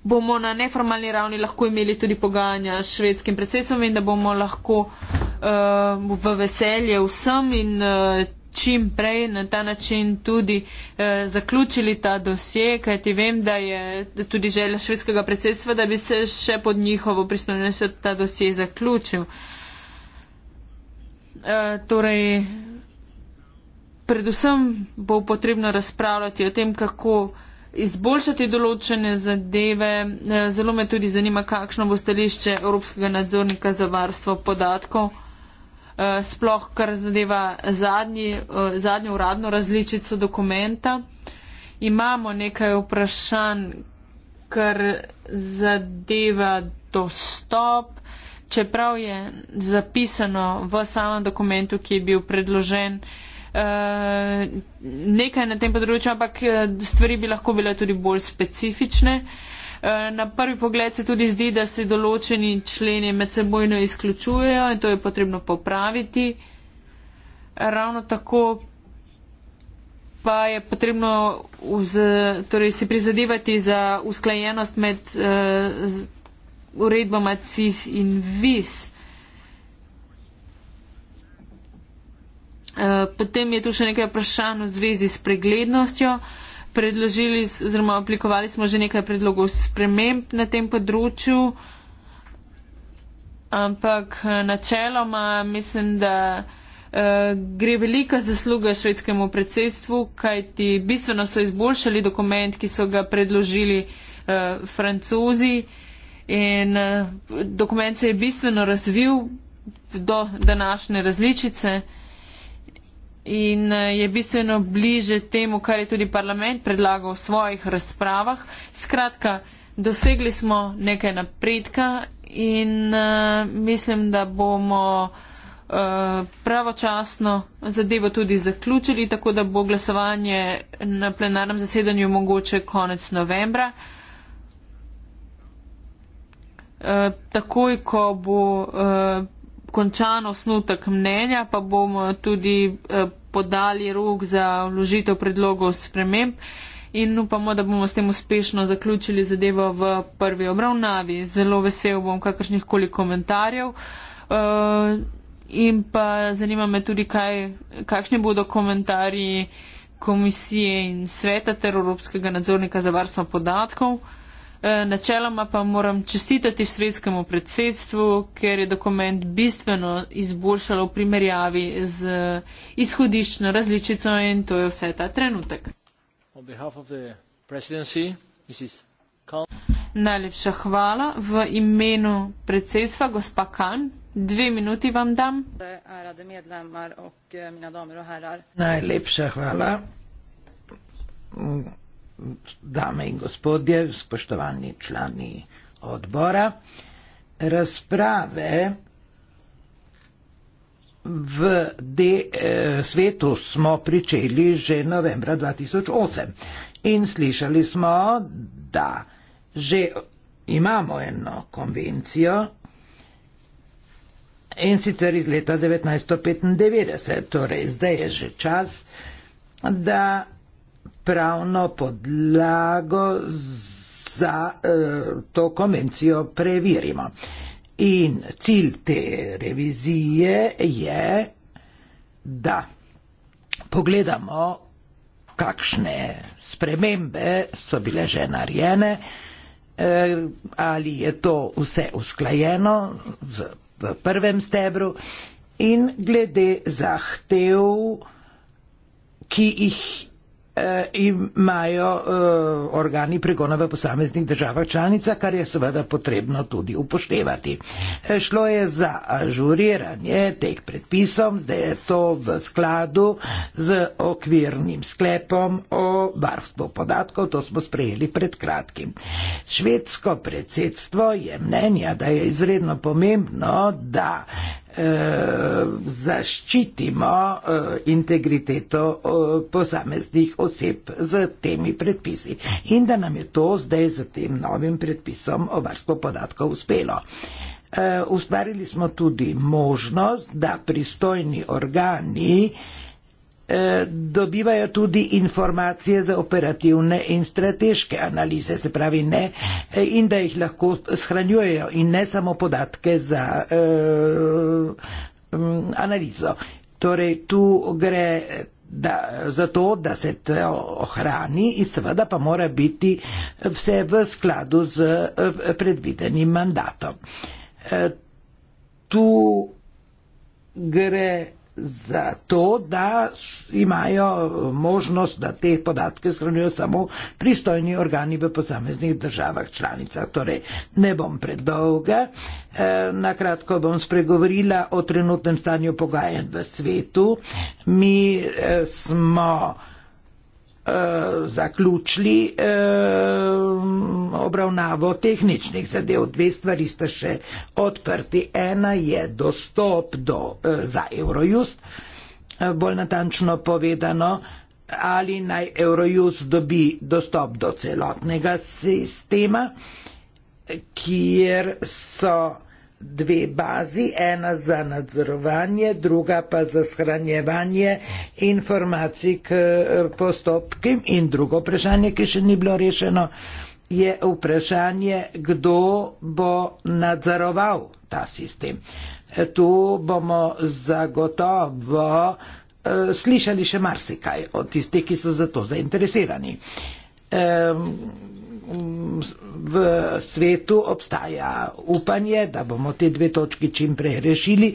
bomo na neformalni ravni lahko imeli tudi pogajanja s švedskim predsedstvom in da bomo lahko uh, v veselje vsem in uh, čim prej na ta način tudi uh, zaključili ta dosje, kajti vem, da je tudi želja švedskega predsedstva, da bi se še pod njihovo pristojnostjo ta dosje zaključil. Uh, Eh, torej, predvsem bo potrebno razpravljati o tem, kako izboljšati določene zadeve. Eh, zelo me tudi zanima, kakšno bo stališče Evropskega nadzornika za varstvo podatkov, eh, sploh kar zadeva zadnji, zadnjo uradno različico dokumenta. Imamo nekaj vprašanj, kar zadeva dostop čeprav je zapisano v samem dokumentu, ki je bil predložen, eh, nekaj na tem področju, ampak eh, stvari bi lahko bile tudi bolj specifične. Eh, na prvi pogled se tudi zdi, da se določeni členi med sebojno izključujejo in to je potrebno popraviti. Ravno tako pa je potrebno vz, torej, si prizadevati za usklajenost med eh, uredbama CIS in VIS. Eh, potem je tu še nekaj vprašanj v zvezi s preglednostjo. Predložili oziroma oblikovali smo že nekaj predlogov sprememb na tem področju, ampak eh, načeloma mislim, da eh, gre velika zasluga švedskemu predsedstvu, kajti bistveno so izboljšali dokument, ki so ga predložili francozi. In eh, dokument se je bistveno razvil do današnje različice in eh, je bistveno bliže temu, kar je tudi parlament predlagal v svojih razpravah. Skratka, dosegli smo nekaj napredka in eh, mislim, da bomo pravočasno zadevo tudi zaključili, tako da bo glasovanje na plenarnem zasedanju mogoče konec novembra. Eh, takoj, ko bo eh, končan osnutek mnenja, pa bomo tudi eh, podali rok za vložitev predlogov sprememb in upamo, da bomo s tem uspešno zaključili zadevo v prvi obravnavi. Zelo vesel bom kakršnih koli komentarjev. In pa zanima me tudi, kaj, kakšni bodo komentarji komisije in sveta ter Evropskega nadzornika za varstvo podatkov. Uh, Eh, načeloma pa moram čestitati svetskemu predsedstvu, ker je dokument bistveno izboljšalo v primerjavi z izhodiščno različico in to je vse ta trenutek. Najlepša hvala. V imenu predsedstva, gospa Kan, dve minuti vam dam. Eh, Najlepša hvala dame in gospodje, spoštovani člani odbora. Razprave v de, eh, svetu smo pričeli že novembra 2008 in slišali smo, da že imamo eno konvencijo in sicer iz leta 1995, torej zdaj je že čas, da pravno podlago za eh, to konvencijo preverimo. In cilj te revizije je, da pogledamo, kakšne spremembe so bile že narejene, eh, ali je to vse usklajeno z, v prvem stebru in glede zahtev, ki jih Eh, imajo eh, organi pregona v posameznih državah članica, kar je seveda potrebno tudi upoštevati. Eh, šlo je za ažuriranje teh predpisov, zdaj je to v skladu z okvirnim sklepom o varstvu podatkov, to smo sprejeli pred kratkim. Švedsko predsedstvo je mnenja, da je izredno pomembno, da Eh, zaščitimo eh, integriteto eh, posameznih oseb z temi predpisi in da nam je to zdaj z tem novim predpisom o varstvu podatkov uspelo. Ustvarili smo tudi možnost, da pristojni organi eh, Eh, dobivajo tudi informacije za operativne in strateške analize, se pravi ne, eh, in da jih lahko shranjujejo in ne samo podatke za eh, analizo. Torej, tu gre da, za to, da se to ohrani in seveda pa mora biti vse v skladu z eh, predvidenim mandatom. Eh, tu gre zato, da imajo možnost, da te podatke shranijo samo pristojni organi v posameznih državah članicah. Torej, ne bom predolga, e, na kratko bom spregovorila o trenutnem stanju pogajanj v svetu. Mi e, smo Eh, zaključili eh, obravnavo tehničnih zadev. Dve stvari sta še odprti. Ena je dostop do, eh, za Eurojust, bolj natančno povedano, ali naj Eurojust dobi dostop do celotnega sistema, kjer so dve bazi, ena za nadzorovanje, druga pa za shranjevanje informacij k e, postopkim in drugo vprašanje, ki še ni bilo rešeno, je vprašanje, kdo bo nadzoroval ta sistem. E, tu bomo zagotovo e, slišali še marsikaj od tistih, ki so za to zainteresirani v svetu obstaja upanje, da bomo te dve točki čim prej rešili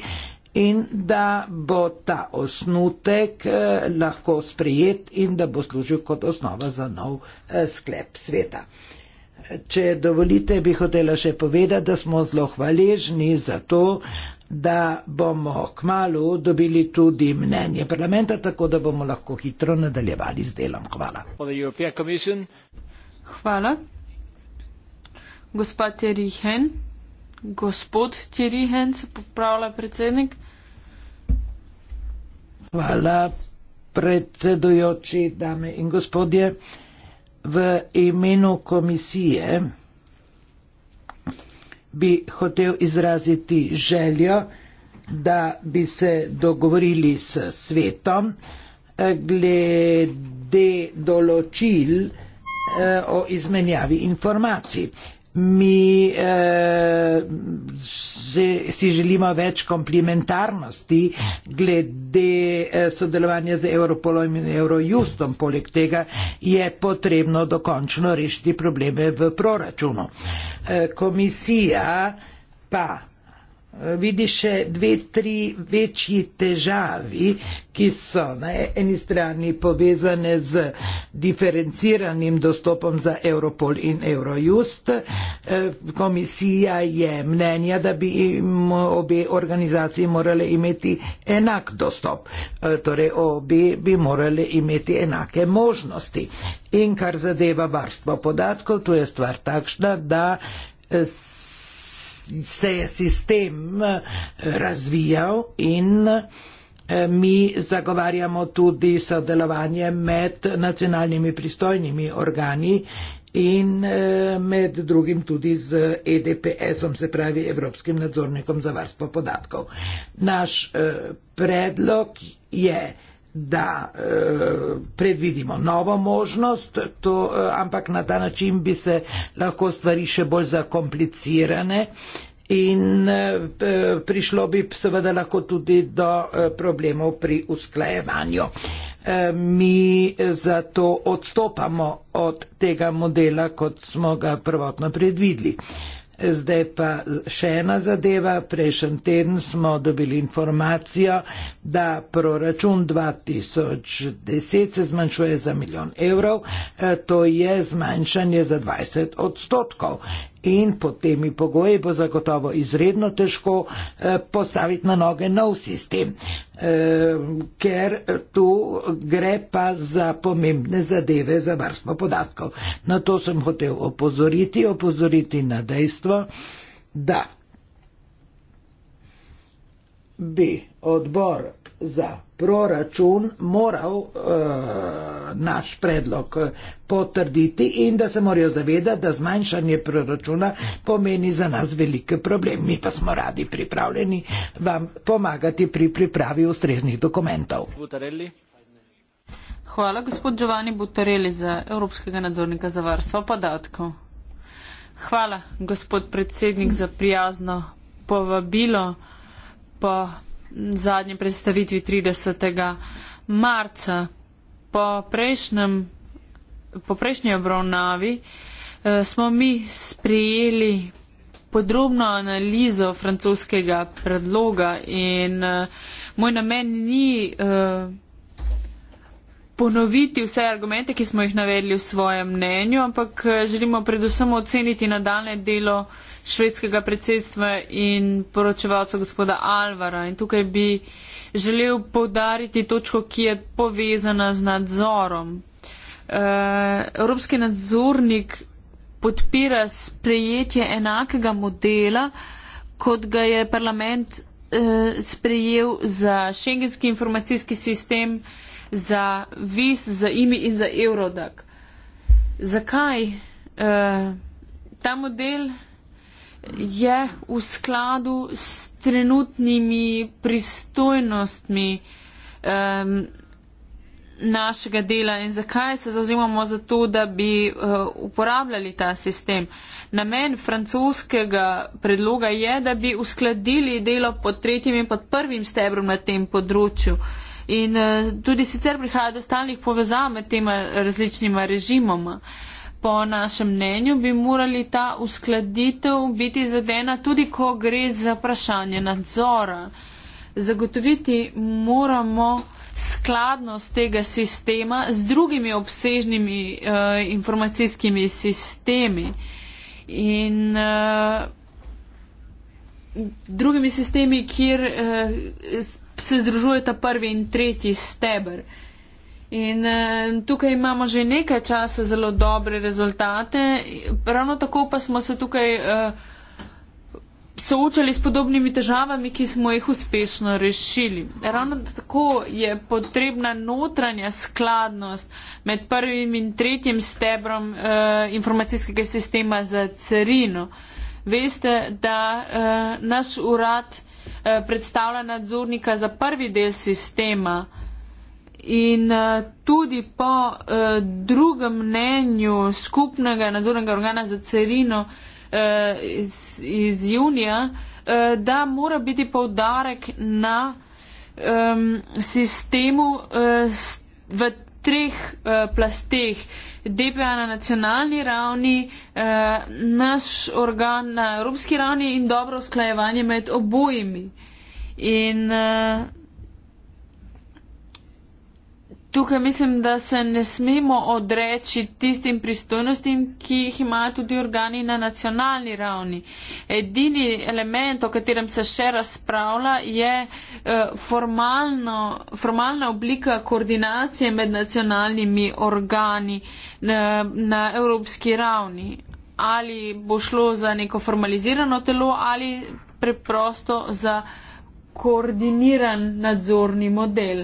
in da bo ta osnutek eh, lahko sprejet in da bo služil kot osnova za nov eh, sklep sveta. Če dovolite, bi hotela še povedati, da smo zelo hvaležni za to, da bomo k malu dobili tudi mnenje parlamenta, tako da bomo lahko hitro nadaljevali z delom. Hvala. Hvala. Gospa Terihen, gospod Terihen, se popravlja predsednik. Hvala, predsedujoči dame in gospodje. V imenu komisije bi hotel izraziti željo, da bi se dogovorili s svetom eh, glede določil, eh, o izmenjavi informacij. Mi eh, si želimo več komplementarnosti glede eh, sodelovanja z Europolom in Eurojustom. Poleg tega je potrebno dokončno rešiti probleme v proračunu. Eh, komisija pa Eh, vidiš še dve, tri večji težavi, ki so na eni strani povezane z diferenciranim dostopom za Europol in Eurojust. Eh, komisija je mnenja, da bi obe organizaciji morali imeti enak dostop, eh, torej obe bi morali imeti enake možnosti. In kar zadeva varstvo podatkov, tu je stvar takšna, da se je sistem eh, razvijal in eh, mi zagovarjamo tudi sodelovanje med nacionalnimi pristojnimi organi in eh, med drugim tudi z EDPS-om, se pravi Evropskim nadzornikom za varstvo podatkov. Naš predlog je, da e, predvidimo novo možnost, to, e, ampak na ta način bi se lahko stvari še bolj zakomplicirane in e, prišlo bi seveda lahko tudi do e, problemov pri usklajevanju. E, mi zato odstopamo od tega modela, kot smo ga prvotno predvidli. E, Zdaj pa še ena zadeva. Prejšen teden smo dobili informacijo, da proračun 2010 se zmanjšuje za milijon evrov. Eh, to je zmanjšanje za 20 odstotkov in pod temi pogoji bo zagotovo izredno težko eh, postaviti na noge nov sistem, eh, ker tu gre pa za pomembne zadeve za varstvo podatkov. Na to sem hotel opozoriti, opozoriti na dejstvo, da bi odbor za proračun moral uh, naš predlog eh, potrditi in da se morajo zavedati, da zmanjšanje proračuna pomeni za nas velike probleme. Mi pa smo radi pripravljeni vam pomagati pri pripravi ustreznih dokumentov. Butarelli. Hvala, gospod Giovanni Butarelli, za Evropskega nadzornika za varstvo podatkov. Hvala, gospod predsednik, za prijazno povabilo. Pa zadnji predstavitvi 30. marca. Po, prejšnjem, po prejšnji obravnavi eh, smo mi sprejeli podrobno analizo francoskega predloga in eh, moj namen ni. Uh, ponoviti vse argumente, ki smo jih navedli v svojem mnenju, ampak eh, želimo predvsem oceniti nadaljne delo švedskega predsedstva in poročevalca gospoda Alvara. In tukaj bi želel povdariti točko, ki je povezana z nadzorom. Eh, evropski nadzornik podpira sprejetje enakega modela, kot ga je parlament eh, sprejel za šengenski informacijski sistem, za vis, za imi in za evrodak. Zakaj? Uh, ta model je v skladu s trenutnimi pristojnostmi um, našega dela in zakaj se zauzimamo za to, da bi uh, uporabljali ta sistem. Namen francoskega predloga je, da bi uskladili delo pod tretjim in pod prvim stebrom na tem področju. Uh, In eh, tudi sicer prihaja do stalnih povezav med tema različnima režimoma. Po našem mnenju bi morali ta uskladitev biti izvedena tudi, ko gre za vprašanje nadzora. Zagotoviti moramo skladnost tega sistema z drugimi obsežnimi uh, informacijskimi sistemi in uh, drugimi sistemi, kjer uh, se združujeta prvi in tretji steber. In eh, tukaj imamo že nekaj časa zelo dobre rezultate, ravno tako pa smo se tukaj eh, soočali s podobnimi težavami, ki smo jih uspešno rešili. Ravno tako je potrebna notranja skladnost med prvim in tretjim stebrom eh, informacijskega sistema za carino. Veste, da eh, naš urad Eh, predstavlja nadzornika za prvi del sistema in eh, tudi po eh, drugem mnenju skupnega nadzornega organa za carino iz, iz junija, da mora biti poudarek na ehm, sistemu v treh uh, plasteh. DPA na nacionalni ravni, uh, naš organ na evropski ravni in dobro usklajevanje med obojimi. In uh, tukaj mislim, da se ne smemo odreči tistim pristojnostim, ki jih imajo tudi organi na nacionalni ravni. Edini element, o katerem se še razpravlja, je eh, formalno, formalna oblika koordinacije med nacionalnimi organi na, eh, na evropski ravni. Ali bo šlo za neko formalizirano telo ali preprosto za koordiniran nadzorni model.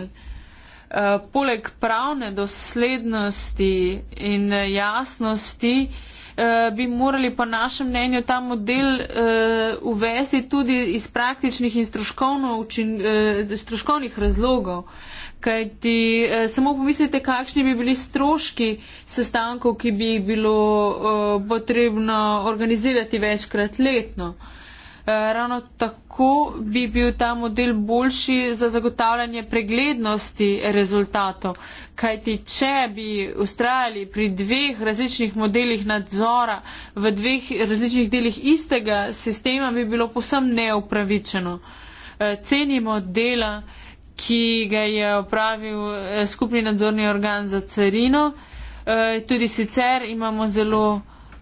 Eh, poleg pravne doslednosti in jasnosti eh, bi morali po našem mnenju ta model uh, uvesti tudi iz praktičnih in stroškovnih razlogov. Kajti uh, samo pomislite, kakšni bi bili stroški sestankov, ki bi jih bilo uh, potrebno organizirati večkrat letno. Uh, Ravno tako bi bil ta model boljši za zagotavljanje preglednosti rezultatov. Kajti, če bi ustrajali pri dveh različnih modelih nadzora v dveh različnih delih istega sistema, bi bilo posem neupravičeno. E, cenimo dela, ki ga je opravil e, skupni nadzorni organ za carino. E, tudi sicer imamo zelo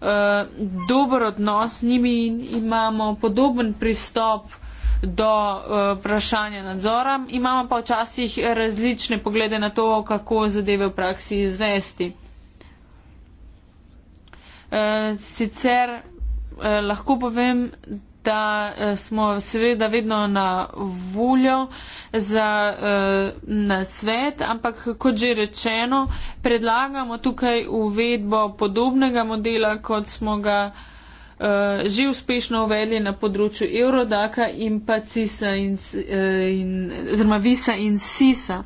Eh, dober odnos z njimi in imamo podoben pristop do eh, vprašanja nadzora, imamo pa včasih različne poglede na to, kako zadeve v praksi izvesti. Eh, sicer lahko povem, da eh, smo seveda vedno na voljo za eh, na svet, ampak kot že rečeno, predlagamo tukaj uvedbo podobnega modela, kot smo ga eh, že uspešno uvedli na področju Eurodaka in pa CISA in, in, oziroma VISA in SISA.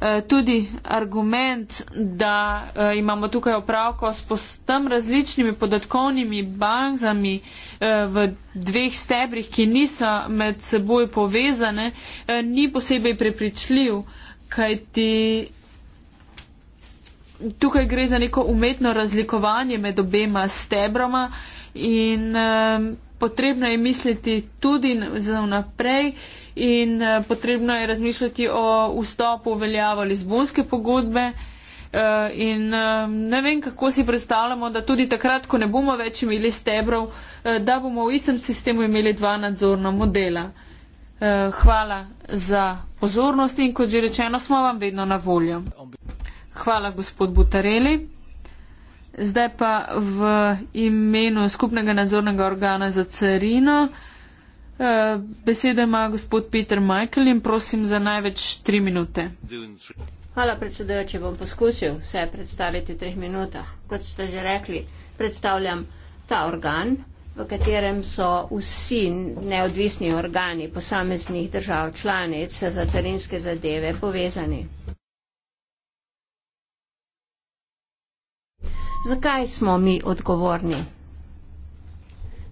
Eh, tudi argument, da eh, imamo tukaj opravko s postem različnimi podatkovnimi bankami eh, v dveh stebrih, ki niso med seboj povezane, ni posebej prepričljiv, kajti tukaj gre za neko umetno razlikovanje med obema stebroma in potrebno je misliti tudi za naprej in eh, potrebno je razmišljati o vstopu veljavo Lizbonske pogodbe. Eh, in eh, ne vem, kako si predstavljamo, da tudi takrat, ko ne bomo več imeli stebrov, da bomo v istem sistemu imeli dva nadzorna modela. Hvala za pozornost in kot že rečeno, smo vam vedno na voljo. Hvala, gospod Butareli. Zdaj pa v imenu skupnega nadzornega organa za carino. Eh, besedo ima gospod Peter Michael in prosim za največ tri minute. Hvala predsedujoče, bom poskusil vse predstaviti v treh minutah. Kot ste že rekli, predstavljam ta organ, v katerem so vsi neodvisni organi posameznih držav članic za carinske zadeve povezani. Zakaj smo mi odgovorni?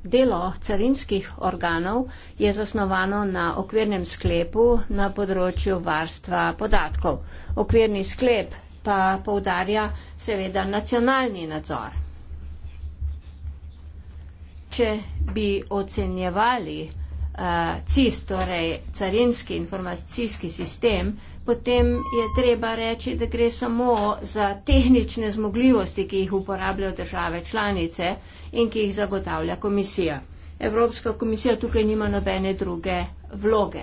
Delo carinskih organov je zasnovano na okvirnem sklepu na področju varstva podatkov. Okvirni sklep pa poudarja seveda nacionalni nadzor. Če bi ocenjevali uh, CIS, torej carinski informacijski sistem, potem je treba reči, da gre samo za tehnične zmogljivosti, ki jih uporabljajo države članice in ki jih zagotavlja komisija. Evropska komisija tukaj nima nobene druge vloge.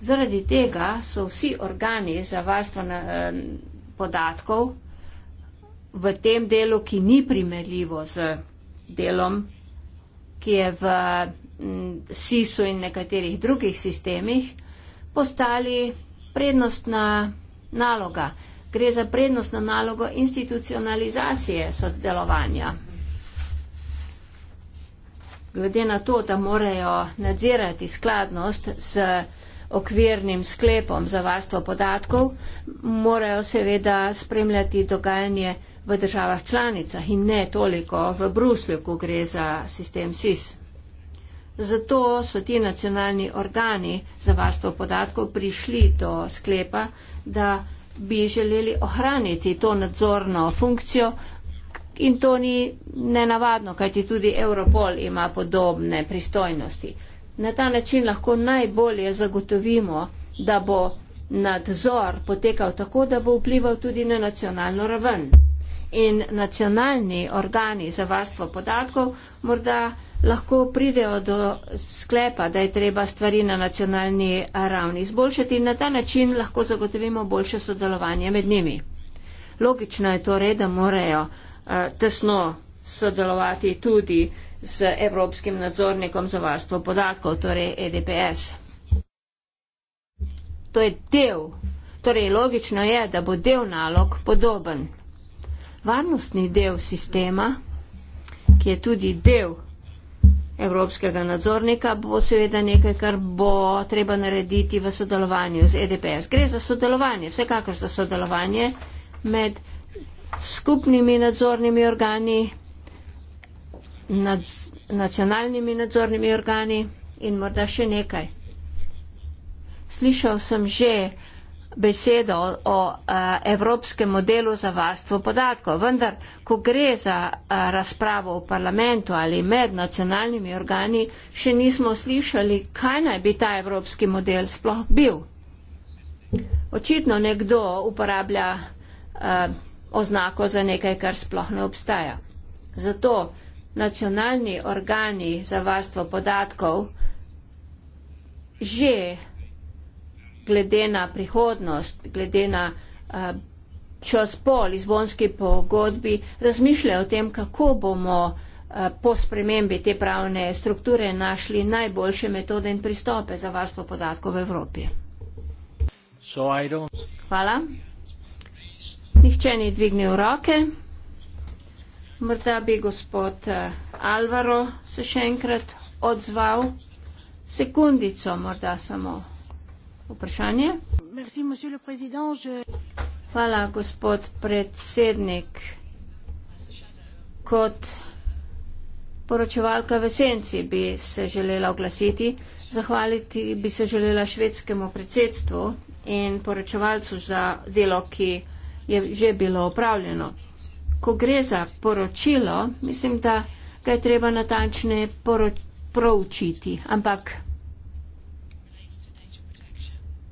Zaradi tega so vsi organi za varstvo na, podatkov v tem delu, ki ni primerljivo z delom, ki je v m, SIS-u in nekaterih drugih sistemih, m, postali prednostna naloga. Gre za prednostno nalogo institucionalizacije sodelovanja. Glede na to, da morajo nadzirati skladnost s okvirnim sklepom za varstvo podatkov, morajo seveda spremljati dogajanje v državah članicah in ne toliko v Bruslju, ko gre za sistem SIS. Zato so ti nacionalni organi za varstvo podatkov prišli do sklepa, da bi želeli ohraniti to nadzorno funkcijo in to ni nenavadno, kajti tudi Europol ima podobne pristojnosti. Na ta način lahko najbolje zagotovimo, da bo nadzor potekal tako, da bo vplival tudi na nacionalno raven. In nacionalni organi za varstvo podatkov morda lahko pridejo do sklepa, da je treba stvari na nacionalni ravni izboljšati in na ta način lahko zagotovimo boljše sodelovanje med njimi. Logično je torej, da morajo eh, tesno sodelovati tudi z Evropskim nadzornikom za varstvo podatkov, torej EDPS. To je del, torej logično je, da bo del nalog podoben. Varnostni del sistema, ki je tudi del evropskega nadzornika bo seveda nekaj, kar bo treba narediti v sodelovanju z EDPS. Gre za sodelovanje, vsekakor za sodelovanje med skupnimi nadzornimi organi, nad, nacionalnimi nadzornimi organi in morda še nekaj. Slišal sem že, besedo o a, eh, evropskem modelu za varstvo podatkov, vendar, ko gre za a, eh, razpravo v parlamentu ali med nacionalnimi organi, še nismo slišali, kaj naj bi ta evropski model sploh bil. Očitno nekdo uporablja a, eh, oznako za nekaj, kar sploh ne obstaja. Zato nacionalni organi za varstvo podatkov že glede na prihodnost, glede na eh, čas po Lizbonski pogodbi, razmišljajo o tem, kako bomo eh, po spremembi te pravne strukture našli najboljše metode in pristope za varstvo podatkov v Evropi. Hvala. Nihče ni dvignil roke. Morda bi gospod eh, Alvaro se še enkrat odzval. Sekundico morda samo. Vprašanje? Hvala, gospod predsednik. Kot poročevalka v senci bi se želela oglasiti, zahvaliti bi se želela švedskemu predsedstvu in poročevalcu za delo, ki je že bilo opravljeno. Ko gre za poročilo, mislim, da ga je treba natančne poročiti, ampak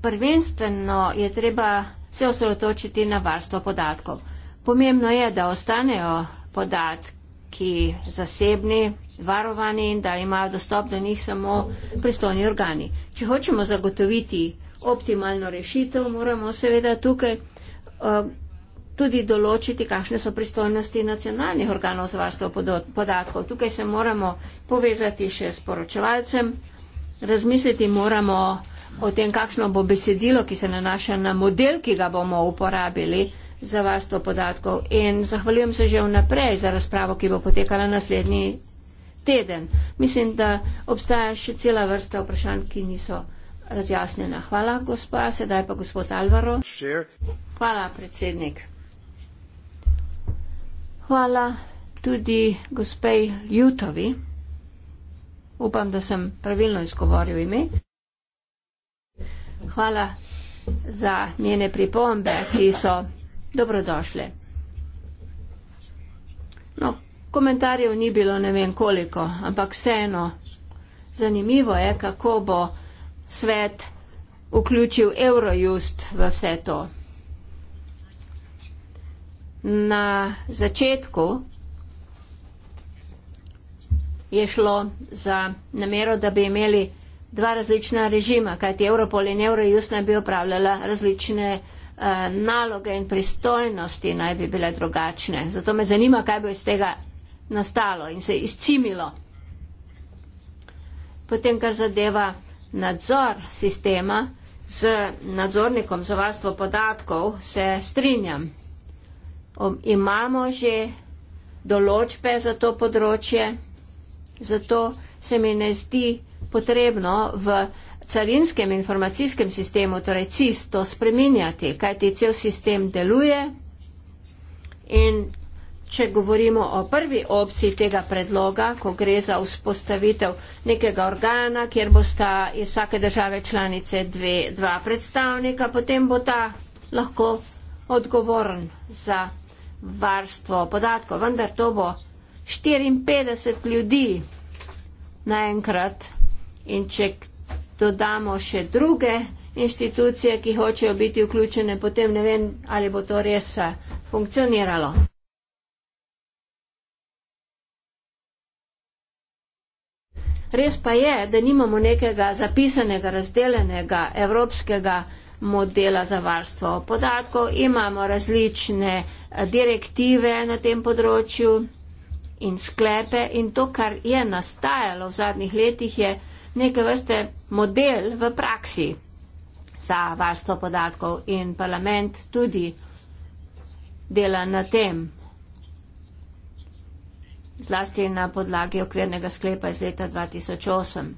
prvenstveno je treba se osredotočiti na varstvo podatkov. Pomembno je, da ostanejo podatki zasebni, varovani in da imajo dostop do njih samo pristojni organi. Če hočemo zagotoviti optimalno rešitev, moramo seveda tukaj eh, tudi določiti, kakšne so pristojnosti nacionalnih organov za varstvo podatkov. Tukaj se moramo povezati še s poročevalcem, razmisliti moramo, o tem, kakšno bo besedilo, ki se nanaša na model, ki ga bomo uporabili za varstvo podatkov. In zahvaljujem se že vnaprej za razpravo, ki bo potekala naslednji teden. Mislim, da obstaja še cela vrsta vprašanj, ki niso razjasnjena. Hvala, gospa. Sedaj pa gospod Alvaro. Hvala, predsednik. Hvala tudi gospej Jutovi. Upam, da sem pravilno izgovoril ime. Hvala za njene pripombe, ki so dobrodošle. No, komentarjev ni bilo ne vem koliko, ampak vseeno zanimivo je, kako bo svet vključil Eurojust v vse to. Na začetku je šlo za namero, da bi imeli dva različna režima, kajti Europol in Eurojust naj bi upravljala različne uh, naloge in pristojnosti naj bi bile drugačne. Zato me zanima, kaj bo iz tega nastalo in se izcimilo. Potem, kar zadeva nadzor sistema z nadzornikom za varstvo podatkov, se strinjam. O, imamo že določbe za to področje, zato se mi ne zdi, potrebno v carinskem informacijskem sistemu, torej cisto, spreminjati, kajti cel sistem deluje. In če govorimo o prvi opciji tega predloga, ko gre za vzpostavitev nekega organa, kjer bosta iz vsake države članice dve, dva predstavnika, potem bo ta lahko odgovoren za varstvo podatkov. Vendar to bo 54 ljudi naenkrat. In če dodamo še druge inštitucije, ki hočejo biti vključene, potem ne vem, ali bo to res eh, funkcioniralo. Res pa je, da nimamo nekega zapisanega, razdeljenega evropskega modela za varstvo podatkov, imamo različne eh, direktive na tem področju in sklepe in to, kar je nastajalo v zadnjih letih, je neke vrste model v praksi za varstvo podatkov in parlament tudi dela na tem. Zlasti na podlagi okvirnega sklepa iz leta 2008.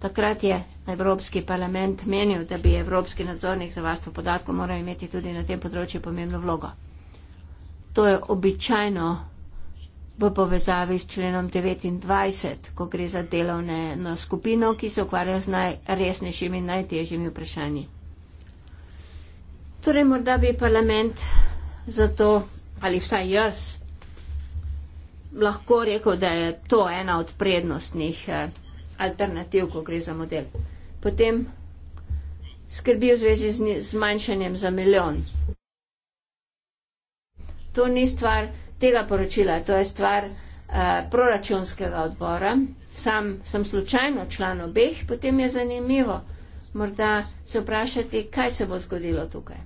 Takrat je Evropski parlament menil, da bi Evropski nadzornik za varstvo podatkov moral imeti tudi na tem področju pomembno vlogo. To je običajno v povezavi s členom 29, ko gre za delovno skupino, ki se ukvarja z najresnejšimi in najtežjimi vprašanji. Torej, morda bi parlament zato, ali vsaj jaz, lahko rekel, da je to ena od prednostnih eh, alternativ, ko gre za model. Potem skrbi v zvezi z zmanjšanjem za milijon. To ni stvar, tega poročila. To je stvar eh, proračunskega odbora. Sam sem slučajno član obeh, potem je zanimivo morda se vprašati, kaj se bo zgodilo tukaj.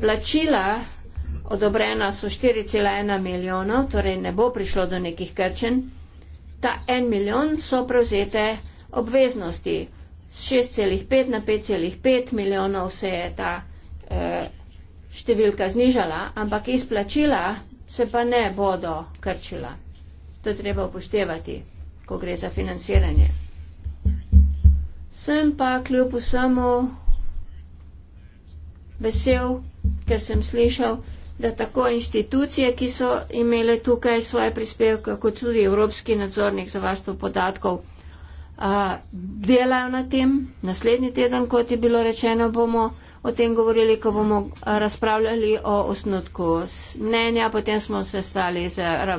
Plačila odobrena so 4,1 milijonov, torej ne bo prišlo do nekih krčen. Ta en milijon so prevzete obveznosti 6,5 na 5,5 milijonov se je ta eh, številka znižala, ampak izplačila se pa ne bodo krčila. To je treba upoštevati, ko gre za financiranje. Sem pa kljub vsemu vesel, ker sem slišal, da tako inštitucije, ki so imele tukaj svoje prispevke, kot tudi Evropski nadzornik za varstvo podatkov, delajo na tem. Naslednji teden, kot je bilo rečeno, bomo o tem govorili, ko bomo razpravljali o osnutku mnenja, potem smo se stali z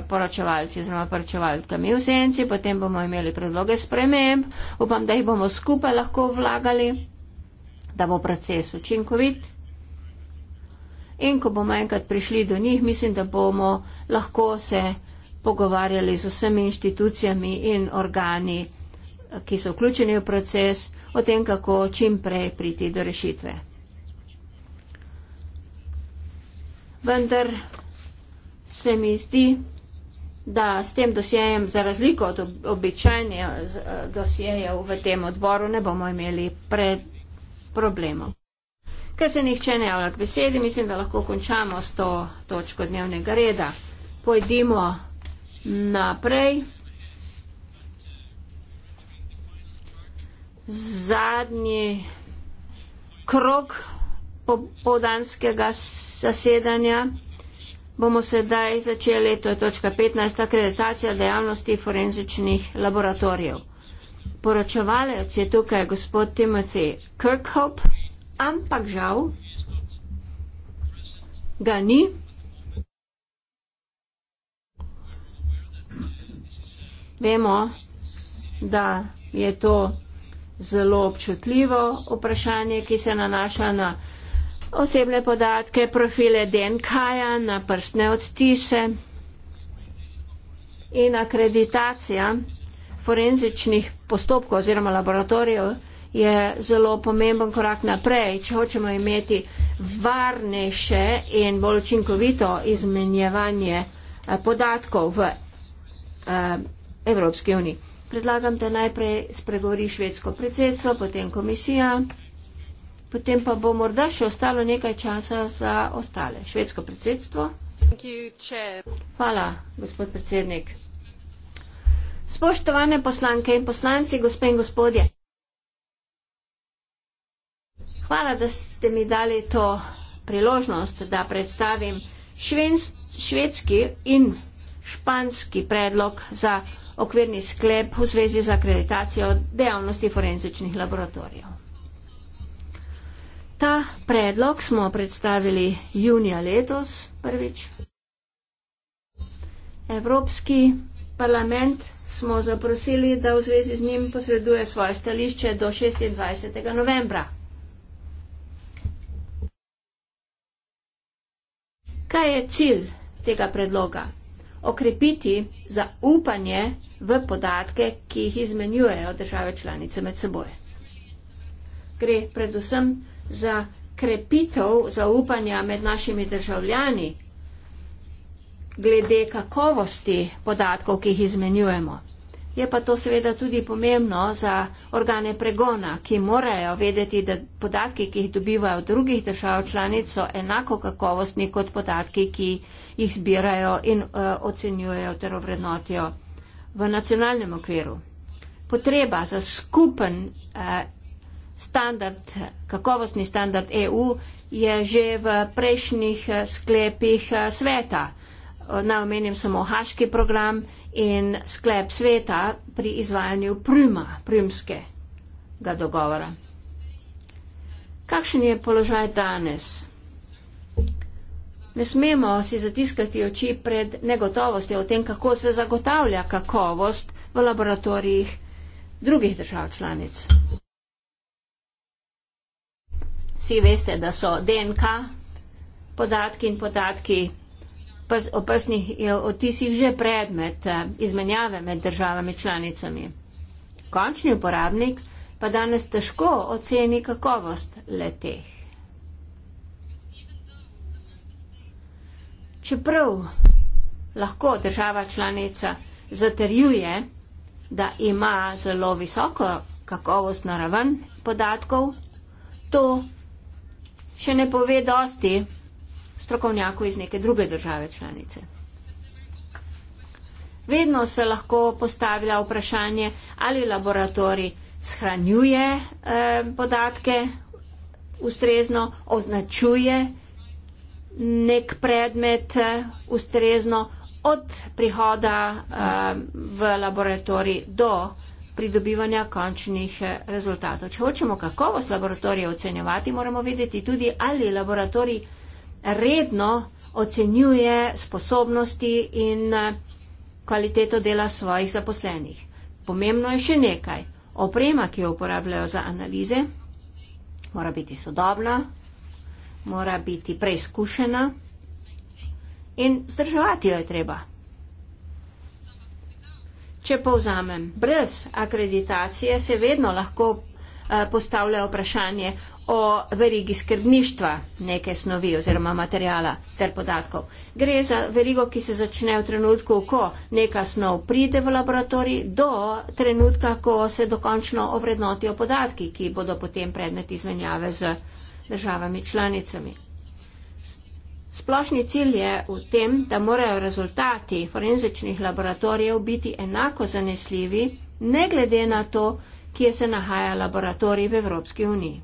poročevalci oziroma poročevalkami v senci, potem bomo imeli predloge sprememb, upam, da jih bomo skupaj lahko vlagali, da bo proces učinkovit. In ko bomo enkrat prišli do njih, mislim, da bomo lahko se pogovarjali z vsemi inštitucijami in organi, ki so vključeni v proces, o tem, kako čim prej priti do rešitve. Vendar se mi zdi, da s tem dosjejem, za razliko od običajnih dosjejev v tem odboru, ne bomo imeli pred problemov. Ker se nihče ne javlja k besedi, mislim, da lahko končamo s to točko dnevnega reda. Pojdimo naprej. zadnji krok popodanskega zasedanja. Bomo sedaj začeli, to je točka 15, akreditacija dejavnosti forenzičnih laboratorijev. Poročevalec je tukaj gospod Timothy Kirkhope, ampak žal ga ni. Vemo, da je to zelo občutljivo vprašanje, ki se nanaša na osebne podatke, profile DNK-ja, na prstne odtise in akreditacija forenzičnih postopkov oziroma laboratorijev je zelo pomemben korak naprej, če hočemo imeti varnejše in bolj učinkovito izmenjevanje eh, podatkov v eh, Evropski uniji predlagam, da najprej spregovori švedsko predsedstvo, potem komisija, potem pa bo morda še ostalo nekaj časa za ostale. Švedsko predsedstvo. Hvala, gospod predsednik. Spoštovane poslanke in poslanci, gospe in gospodje. Hvala, da ste mi dali to priložnost, da predstavim švedski in španski predlog za okvirni sklep v zvezi z akreditacijo dejavnosti forenzičnih laboratorijev. Ta predlog smo predstavili junija letos prvič. Evropski parlament smo zaprosili, da v zvezi z njim posreduje svoje stališče do 26. novembra. Kaj je cilj tega predloga? okrepiti zaupanje v podatke, ki jih izmenjujejo države članice med seboj. Gre predvsem za krepitev zaupanja med našimi državljani glede kakovosti podatkov, ki jih izmenjujemo. Je pa to seveda tudi pomembno za organe pregona, ki morajo vedeti, da podatki, ki jih dobivajo od drugih držav članic, so enako kakovostni kot podatki, ki jih zbirajo in uh, ocenjujejo ter ovrednotijo v nacionalnem okviru. Potreba za skupen uh, standard, kakovostni standard EU je že v prejšnjih uh, sklepih uh, sveta uh, Eh, naj omenim samo haški program in sklep sveta pri izvajanju prima, primskega dogovora. Kakšen je položaj danes? Ne smemo si zatiskati oči pred negotovostjo o tem, kako se zagotavlja kakovost v laboratorijih drugih držav članic. Vsi veste, da so DNK podatki in podatki o prstnih eh, otisih že predmet eh, izmenjave med državami članicami. Končni uporabnik pa danes težko oceni kakovost leteh. Čeprav lahko država članica zaterjuje, da ima zelo visoko kakovost na raven podatkov, to še ne pove dosti strokovnjaku iz neke druge države članice. Vedno se lahko postavlja vprašanje, ali laboratorij shranjuje eh, podatke ustrezno, označuje nek predmet eh, ustrezno od prihoda eh, v laboratorij do pridobivanja končnih eh, rezultatov. Če hočemo kakovost laboratorija ocenjevati, moramo vedeti tudi, ali laboratorij redno ocenjuje sposobnosti in eh, kvaliteto dela svojih zaposlenih. Pomembno je še nekaj. Oprema, ki jo uporabljajo za analize, mora biti sodobna, mora biti preizkušena in zdržovati jo je treba. Če povzamem, brez akreditacije se vedno lahko eh, postavlja vprašanje o verigi skrbništva neke snovi oziroma materijala ter podatkov. Gre za verigo, ki se začne v trenutku, ko neka snov pride v laboratorij, do trenutka, ko se dokončno ovrednotijo podatki, ki bodo potem predmet izmenjave z državami članicami. Splošni cilj je v tem, da morajo rezultati forenzičnih laboratorijev biti enako zanesljivi, ne glede na to, kje se nahaja laboratorij v Evropski uniji.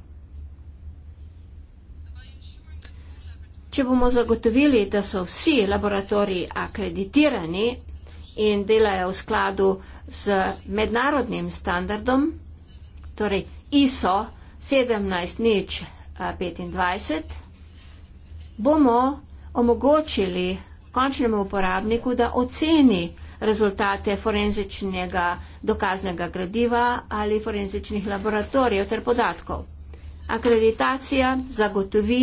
Če bomo zagotovili, da so vsi laboratoriji akreditirani in delajo v skladu z mednarodnim standardom, torej ISO 17025, bomo omogočili končnemu uporabniku, da oceni rezultate forenzičnega dokaznega gradiva ali forenzičnih laboratorijev ter podatkov. Akreditacija zagotovi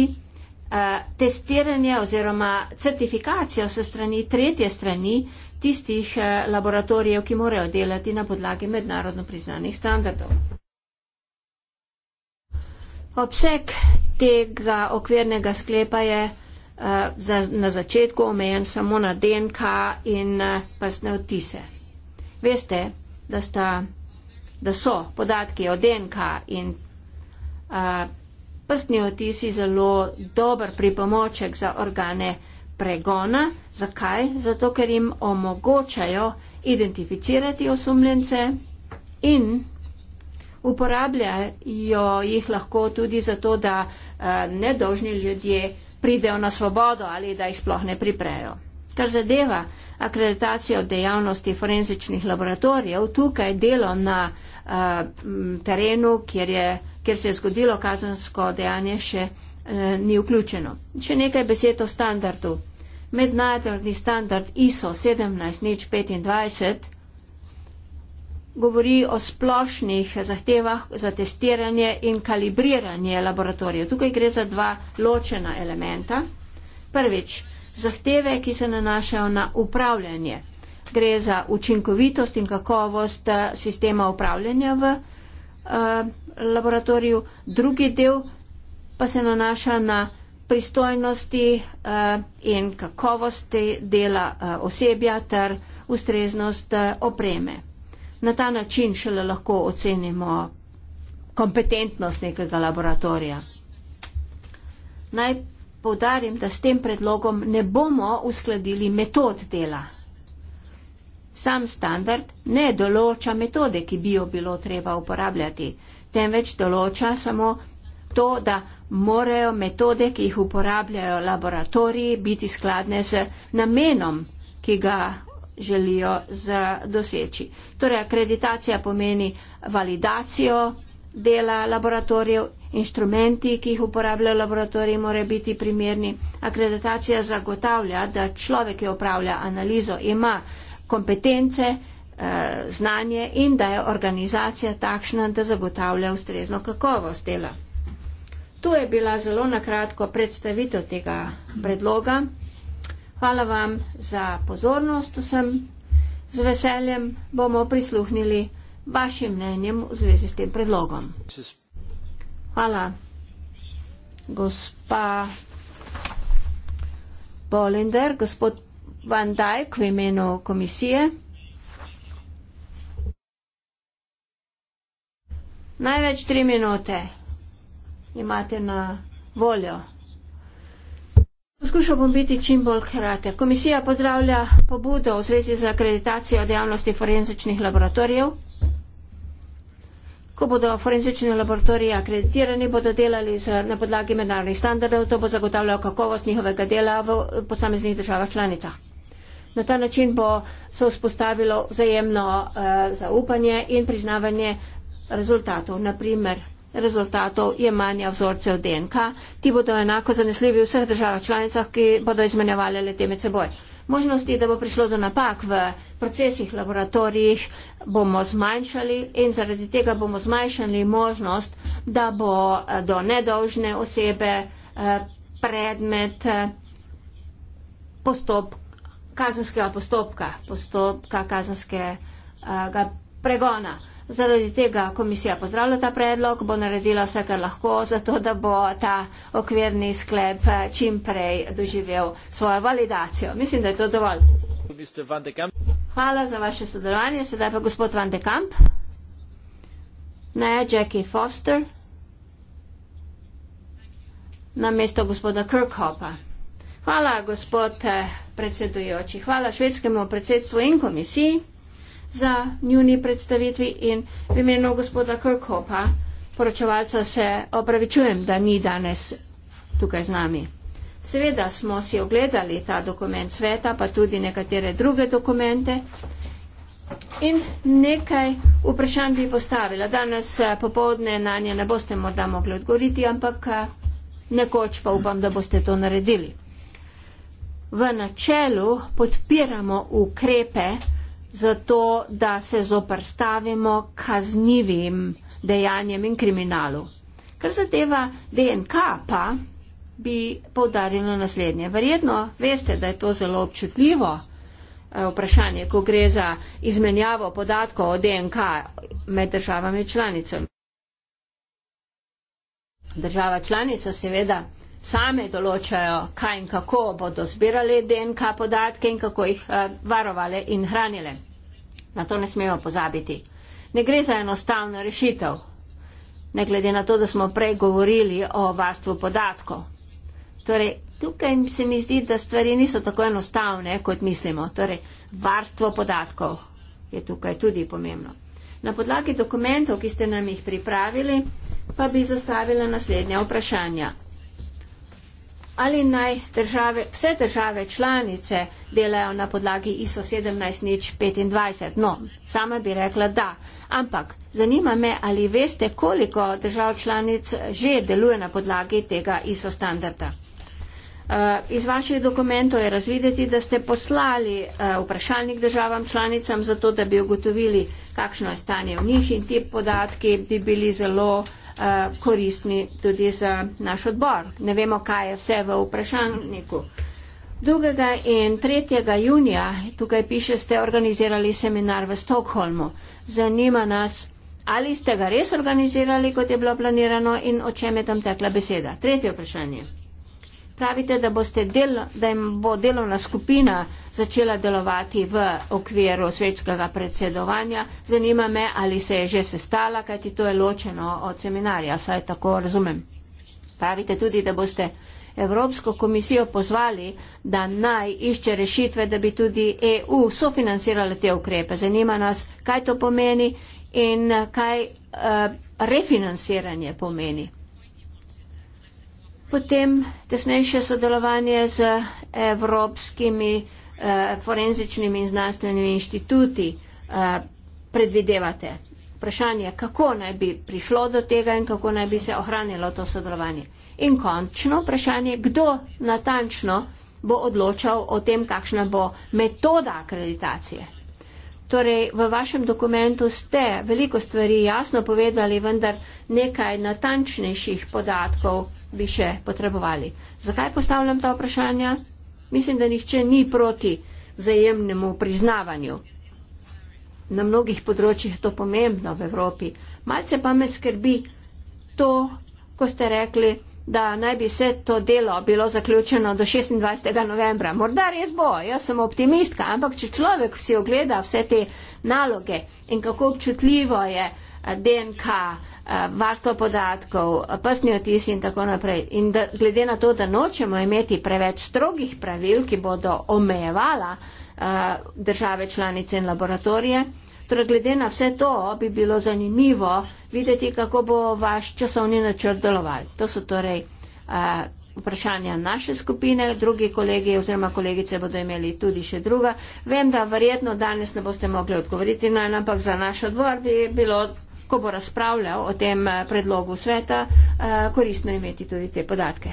Eh, testiranje oziroma certifikacijo se strani tretje strani tistih eh, laboratorijev, ki morajo delati na podlagi mednarodno priznanih standardov. Obseg tega okvirnega sklepa je uh, za, na začetku omejen samo na DNK in uh, prstne odtise. Veste, da, sta, da so podatki o DNK in uh, prstni otisi zelo dober pripomoček za organe pregona. Zakaj? Zato, ker jim omogočajo identificirati osumljence in uporabljajo jih lahko tudi zato, da eh, nedožni ljudje pridejo na svobodo ali da jih sploh ne priprejo. Kar zadeva akreditacijo dejavnosti forenzičnih laboratorijev, tukaj delo na uh, terenu, kjer, je, kjer se je zgodilo kazansko dejanje, še uh, ni vključeno. Še nekaj besed o standardu. Mednarodni standard ISO 17025 govori o splošnih zahtevah za testiranje in kalibriranje laboratorijev. Tukaj gre za dva ločena elementa. Prvič, zahteve, ki se nanašajo na upravljanje. Gre za učinkovitost in kakovost eh, sistema upravljanja v uh, laboratoriju. Drugi del pa se nanaša na pristojnosti uh, in kakovosti dela uh, osebja ter ustreznost uh, opreme. Na ta način šele lahko ocenimo kompetentnost nekega laboratorija. Naj Povdarjam, da s tem predlogom ne bomo uskladili metod dela. Sam standard ne določa metode, ki bi jo bilo treba uporabljati, temveč določa samo to, da morajo metode, ki jih uporabljajo laboratoriji, biti skladne z namenom, ki ga želijo doseči. Torej, akreditacija pomeni validacijo dela laboratorijev, inštrumenti, ki jih uporabljajo laboratoriji, morajo biti primerni. Akreditacija zagotavlja, da človek, ki upravlja analizo, ima kompetence, eh, znanje in da je organizacija takšna, da zagotavlja ustrezno kakovost dela. To je bila zelo nakratko predstavitev tega predloga. Hvala vam za pozornost vsem. Z veseljem bomo prisluhnili vašim mnenjem v zvezi s tem predlogom. Hvala. Gospa Bolinder, gospod Van Dijk v imenu komisije. Največ tri minute imate na voljo. Poskušal bom biti čim bolj kratek. Komisija pozdravlja pobudo v zvezi z akreditacijo dejavnosti forenzičnih laboratorijev. Ko bodo forenzični laboratoriji akreditirani, bodo delali z, na podlagi mednarodnih standardov, to bo zagotavljalo kakovost njihovega dela v posameznih državah članicah. Na ta način bo se vzpostavilo vzajemno uh, zaupanje in priznavanje rezultatov. Naprimer, rezultatov jemanja vzorcev DNK. Ti bodo enako zanesljivi v vseh državah članicah, ki bodo izmenjevali le te med seboj. Možnosti, da bo prišlo do napak v procesih, laboratorijih, bomo zmanjšali in zaradi tega bomo zmanjšali možnost, da bo eh, do nedolžne osebe eh, predmet eh, postop, kazenskega postopka, postopka kazenskega pregona. Zaradi tega komisija pozdravlja ta predlog, bo naredila vse, kar lahko, zato da bo ta okvirni sklep eh, čim prej doživel svojo validacijo. Mislim, da je to dovolj. Hvala za vaše sodelovanje. Sedaj pa gospod Van de Kamp. Ne, Jackie Foster. Na mesto gospoda Kirkhopa. Hvala, gospod eh, predsedujoči. Hvala švedskemu predsedstvu in komisiji za njuni predstavitvi in v imenu gospoda Krkopa, poročevalca, se opravičujem, da ni danes tukaj z nami. Seveda smo si ogledali ta dokument sveta, pa tudi nekatere druge dokumente in nekaj vprašanj bi postavila. Danes eh, popovdne na nje ne boste morda mogli odgovoriti, ampak eh, nekoč pa upam, da boste to naredili. V načelu podpiramo ukrepe, zato, da se zoprstavimo kaznjivim dejanjem in kriminalu. Kar zadeva DNK pa bi povdarjeno naslednje. Verjetno veste, da je to zelo občutljivo eh, vprašanje, ko gre za izmenjavo podatkov o DNK med državami članicami. Država članica seveda same določajo, kaj in kako bodo zbirali DNK podatke in kako jih eh, varovali in hranili. Na to ne smemo pozabiti. Ne gre za enostavno rešitev, ne glede na to, da smo prej govorili o varstvu podatkov. Torej, tukaj se mi zdi, da stvari niso tako enostavne, kot mislimo. Torej, varstvo podatkov je tukaj tudi pomembno. Na podlagi dokumentov, ki ste nam jih pripravili, pa bi zastavila naslednja vprašanja ali naj države, vse države članice delajo na podlagi ISO 17025. No, sama bi rekla da. Ampak zanima me, ali veste, koliko držav članic že deluje na podlagi tega ISO standarda. Uh, iz vaših dokumentov je razvideti, da ste poslali uh, vprašalnik državam članicam, zato da bi ugotovili, kakšno je stanje v njih in ti podatki bi bili zelo uh, Eh, koristni tudi za naš odbor. Ne vemo, kaj je vse v vprašanju. 2. in 3. junija, tukaj piše, ste organizirali seminar v Stokholmu. Zanima nas, ali ste ga res organizirali, kot je bilo planirano in o čem je tam tekla beseda. Tretje vprašanje pravite, da, del, da jim bo delovna skupina začela delovati v okviru svetskega predsedovanja. Zanima me, ali se je že sestala, kajti to je ločeno od seminarja, saj tako razumem. Pravite tudi, da boste Evropsko komisijo pozvali, da naj išče rešitve, da bi tudi EU sofinancirala te ukrepe. Zanima nas, kaj to pomeni in kaj uh, refinanciranje pomeni. Potem tesnejše sodelovanje z evropskimi eh, forenzičnimi in znanstvenimi inštituti eh, predvidevate. Vprašanje, kako naj bi prišlo do tega in kako naj bi se ohranilo to sodelovanje. In končno vprašanje, kdo natančno bo odločal o tem, kakšna bo metoda akreditacije. Torej, v vašem dokumentu ste veliko stvari jasno povedali, vendar nekaj natančnejših podatkov bi še potrebovali. Zakaj postavljam ta vprašanja? Mislim, da nihče ni proti vzajemnemu priznavanju. Na mnogih področjih je to pomembno v Evropi. Malce pa me skrbi to, ko ste rekli, da naj bi vse to delo bilo zaključeno do 26. novembra. Morda res bo, jaz sem optimistka, ampak če človek si ogleda vse te naloge in kako občutljivo je, Eh, DNK, eh, varstvo podatkov, eh, prstni otis in tako naprej. In da, glede na to, da nočemo imeti preveč strogih pravil, ki bodo omejevala države članice in laboratorije, torej glede na vse to bi bilo zanimivo videti, kako bo vaš časovni načrt deloval. To so torej vprašanja naše skupine, drugi kolegi oziroma kolegice bodo imeli tudi še druga. Vem, da verjetno danes ne boste mogli odgovoriti na en, ampak za naš odbor bi bilo, ko bo razpravljal o tem eh, predlogu sveta, eh, koristno imeti tudi te podatke.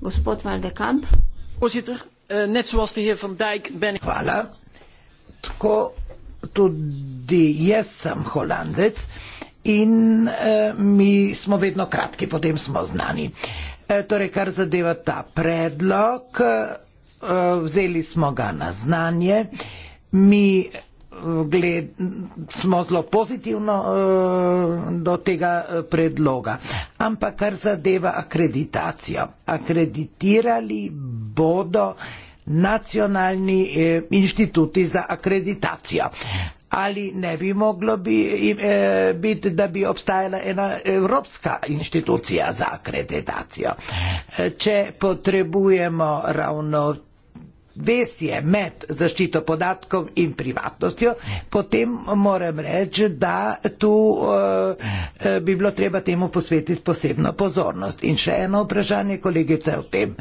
Gospod Valdekamp. Eh, Hvala. Tako tudi jaz sem holandec in uh, mi smo vedno kratki, potem smo znani. Uh, E, torej, kar zadeva ta predlog, e, vzeli smo ga na znanje. Mi e, gled, smo zelo pozitivno do tega predloga. Ampak kar zadeva akreditacijo. Akreditirali bodo nacionalni inštituti za akreditacijo ali ne bi moglo bi, im, e, biti, da bi obstajala ena evropska inštitucija za akreditacijo. E, če potrebujemo ravno Ves je med zaščito podatkov in privatnostjo, potem moram reči, da tu e, bi bilo treba temu posvetiti posebno pozornost. In še eno vprašanje, kolegica je o tem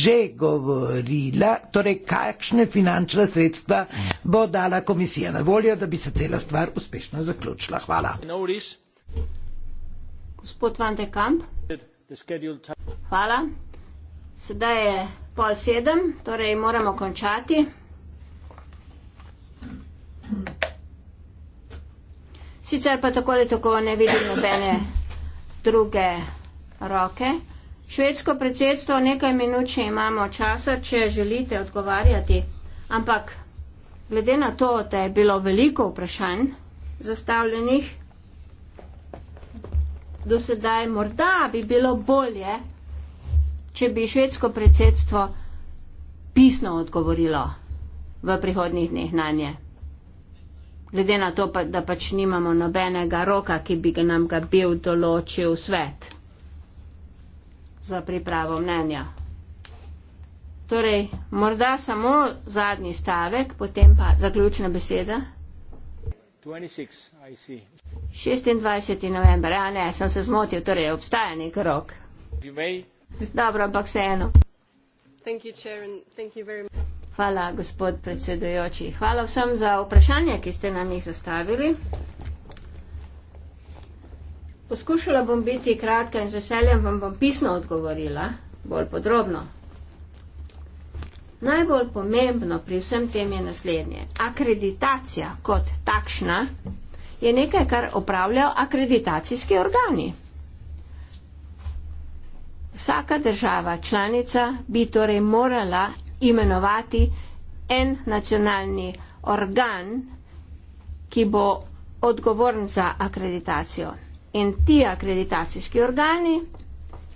že govorila, torej kakšne finančne sredstva bo dala komisija na voljo, da bi se cela stvar uspešno zaključila. Hvala. Hvala. Sedaj je pol sedem, torej moramo končati. Sicer pa takole tako ne vidim nobene druge roke. Švedsko predsedstvo, nekaj minut še imamo časa, če želite odgovarjati. Ampak glede na to, da je bilo veliko vprašanj zastavljenih, do sedaj morda bi bilo bolje, če bi švedsko predsedstvo pisno odgovorilo v prihodnjih dneh na nje. Glede na to, pa, da pač nimamo nobenega roka, ki bi ga nam ga bil določil svet za pripravo mnenja. Torej, morda samo zadnji stavek, potem pa zaključna beseda. 26. november, ja ne, sem se zmotil, torej obstaja nek rok. Dobro, ampak vseeno. Hvala, gospod predsedujoči. Hvala vsem za vprašanje, ki ste nam jih zastavili. Poskušala bom biti kratka in z veseljem vam bom pisno odgovorila, bolj podrobno. Najbolj pomembno pri vsem tem je naslednje. Akreditacija kot takšna je nekaj, kar opravljajo akreditacijski organi. Vsaka država članica bi torej morala imenovati en nacionalni organ, ki bo odgovoren za akreditacijo. In ti akreditacijski organi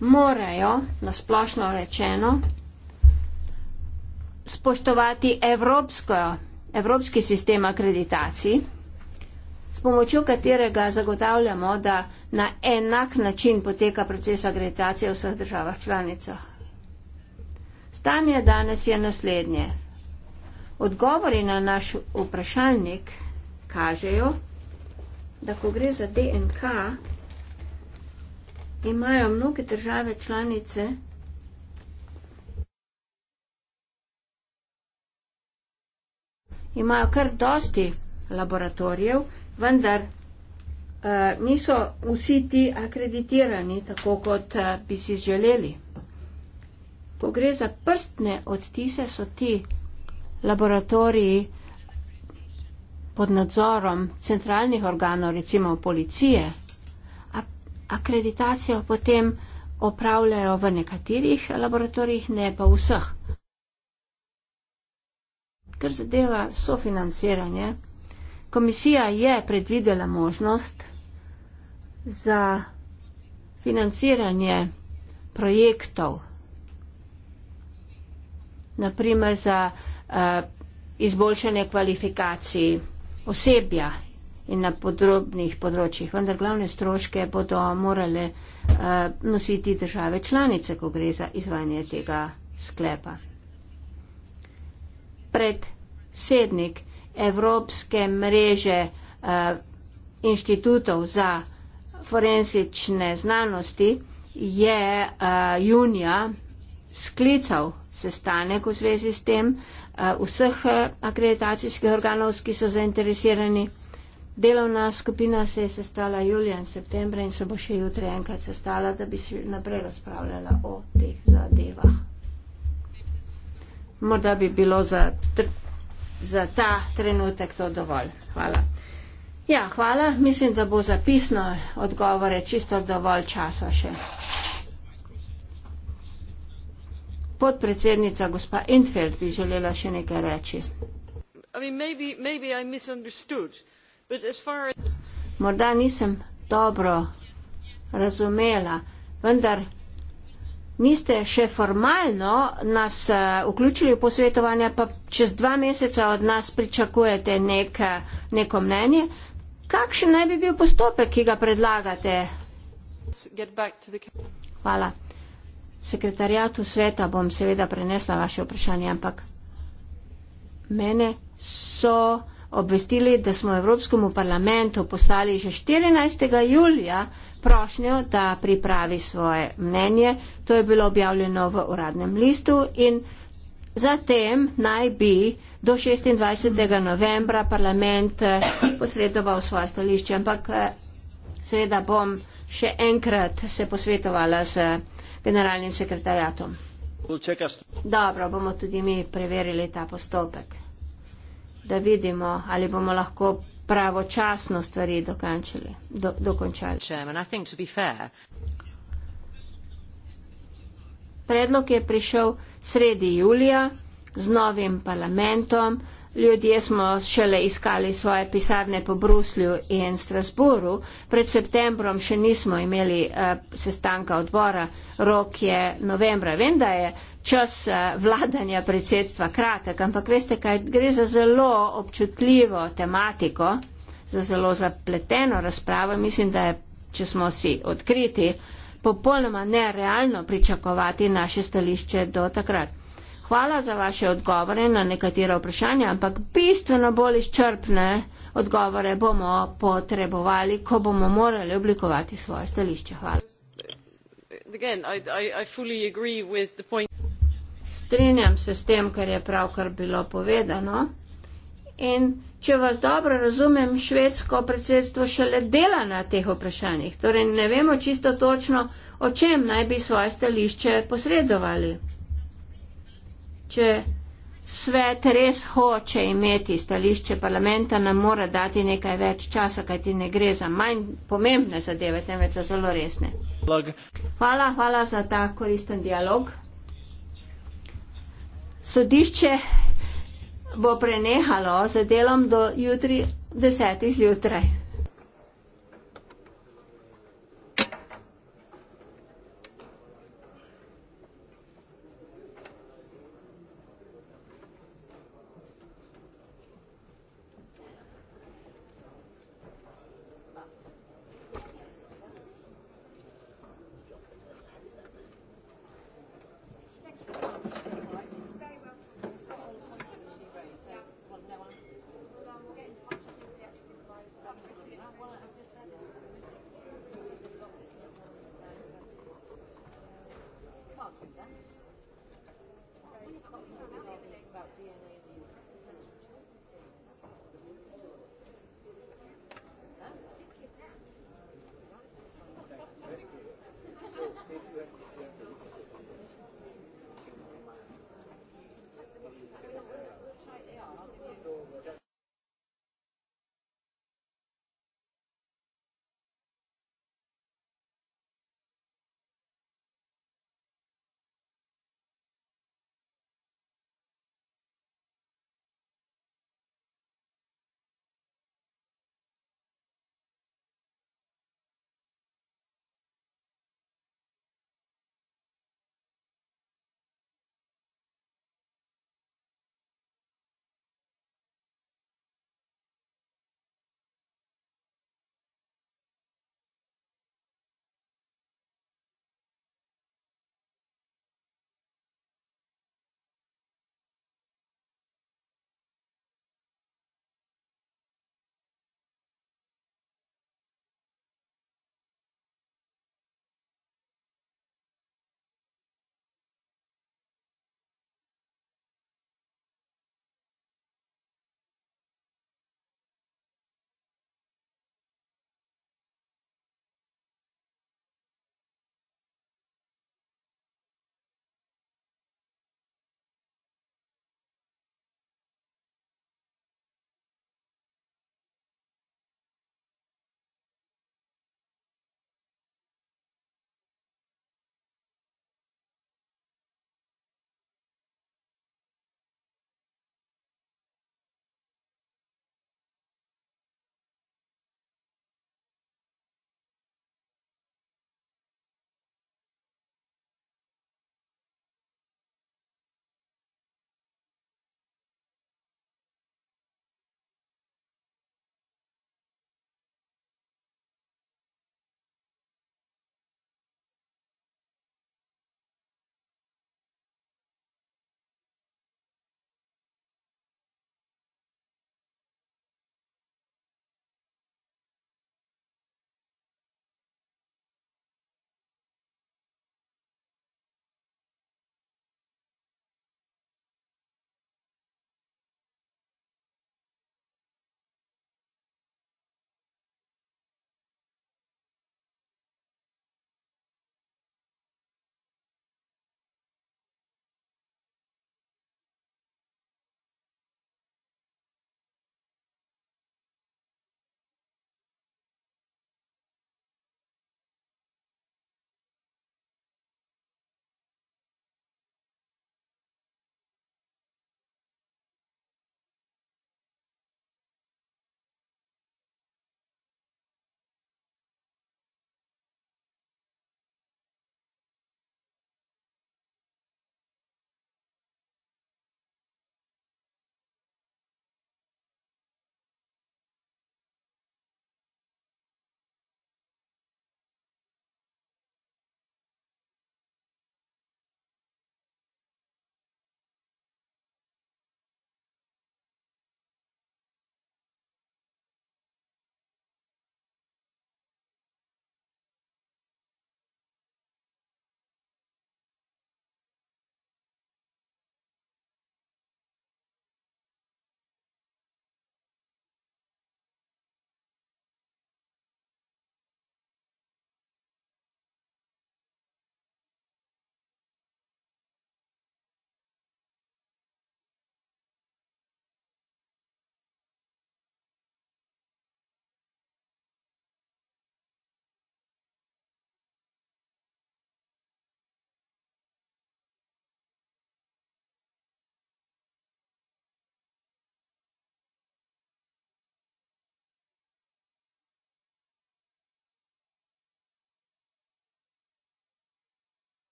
morajo, nasplošno rečeno, spoštovati evropsko, evropski sistem akreditacij, s pomočjo katerega zagotavljamo, da na enak način poteka proces agreditacije v vseh državah članicah. Stanje danes je naslednje. Odgovori na naš vprašalnik kažejo, da ko gre za DNK, imajo mnoge države članice imajo kar dosti laboratorijev, vendar Eh, niso vsi ti akreditirani tako, kot eh, bi si želeli. Ko gre za prstne odtise, so ti laboratoriji pod nadzorom centralnih organov, recimo policije, akreditacijo potem opravljajo v nekaterih laboratorijih, ne pa vseh. Kar zadeva sofinanciranje, komisija je predvidela možnost, za financiranje projektov, na primer za uh, izboljšanje kvalifikacij osebja in na podrobnih področjih, vendar glavne stroške bodo morale uh, nositi države članice, ko gre za izvajanje tega sklepa. Predsednik Evropske mreže uh, inštitutov za forensične znanosti je uh, junija sklical sestanek v zvezi s tem uh, vseh eh, akreditacijskih organov, ki so zainteresirani. Delovna skupina se je sestala julija in septembra in se bo še jutri enkrat sestala, da bi še naprej razpravljala o teh zadevah. Morda bi bilo za, tr za ta trenutek to dovolj. Hvala. Ja, hvala. Mislim, da bo zapisno odgovore čisto dovolj časa še. Podpredsednica gospa Enfeld bi želela še nekaj reči. Morda nisem dobro razumela, vendar niste še formalno nas eh, vključili v posvetovanje, pa čez dva meseca od nas pričakujete nek, eh, neko mnenje. Kakšen naj bi bil postopek, ki ga predlagate? Hvala. Sekretarjatu sveta bom seveda prenesla vaše vprašanje, ampak mene so obvestili, da smo Evropskemu parlamentu poslali že 14. julija prošnjo, da pripravi svoje mnenje. To je bilo objavljeno v uradnem listu in zatem naj bi Do 26. novembra parlament eh, posredoval svoje stališče, ampak eh, seveda bom še enkrat se posvetovala z eh, generalnim sekretarjatom. Dobro, bomo tudi mi preverili ta postopek, da vidimo, ali bomo lahko pravočasno stvari dokončali. Do, dokončali. Predlog je prišel sredi julija z novim parlamentom, ljudje smo šele iskali svoje pisarne po Bruslju in Strasburu, pred septembrom še nismo imeli uh, sestanka odbora, rok je novembra. Vem, da je čas uh, vladanja predsedstva kratek, ampak veste, kaj gre za zelo občutljivo tematiko, za zelo zapleteno razpravo. Mislim, da je, če smo si odkriti, popolnoma nerealno pričakovati naše stališče do takrat. Hvala za vaše odgovore na nekatera vprašanja, ampak bistveno bolj izčrpne odgovore bomo potrebovali, ko bomo morali oblikovati svoje stališče. Hvala. Again, I, I, I fully agree with the point. Strinjam se s tem, kar je pravkar bilo povedano. In če vas dobro razumem, švedsko predsedstvo šele dela na teh vprašanjih. Torej ne vemo čisto točno, o čem naj bi svoje stališče posredovali če svet res hoče imeti stališče parlamenta, nam mora dati nekaj več časa, kajti ne gre za manj pomembne zadeve, temveč za zelo resne. Hvala, hvala za ta koristen dialog. Sodišče bo prenehalo za delom do jutri desetih zjutraj.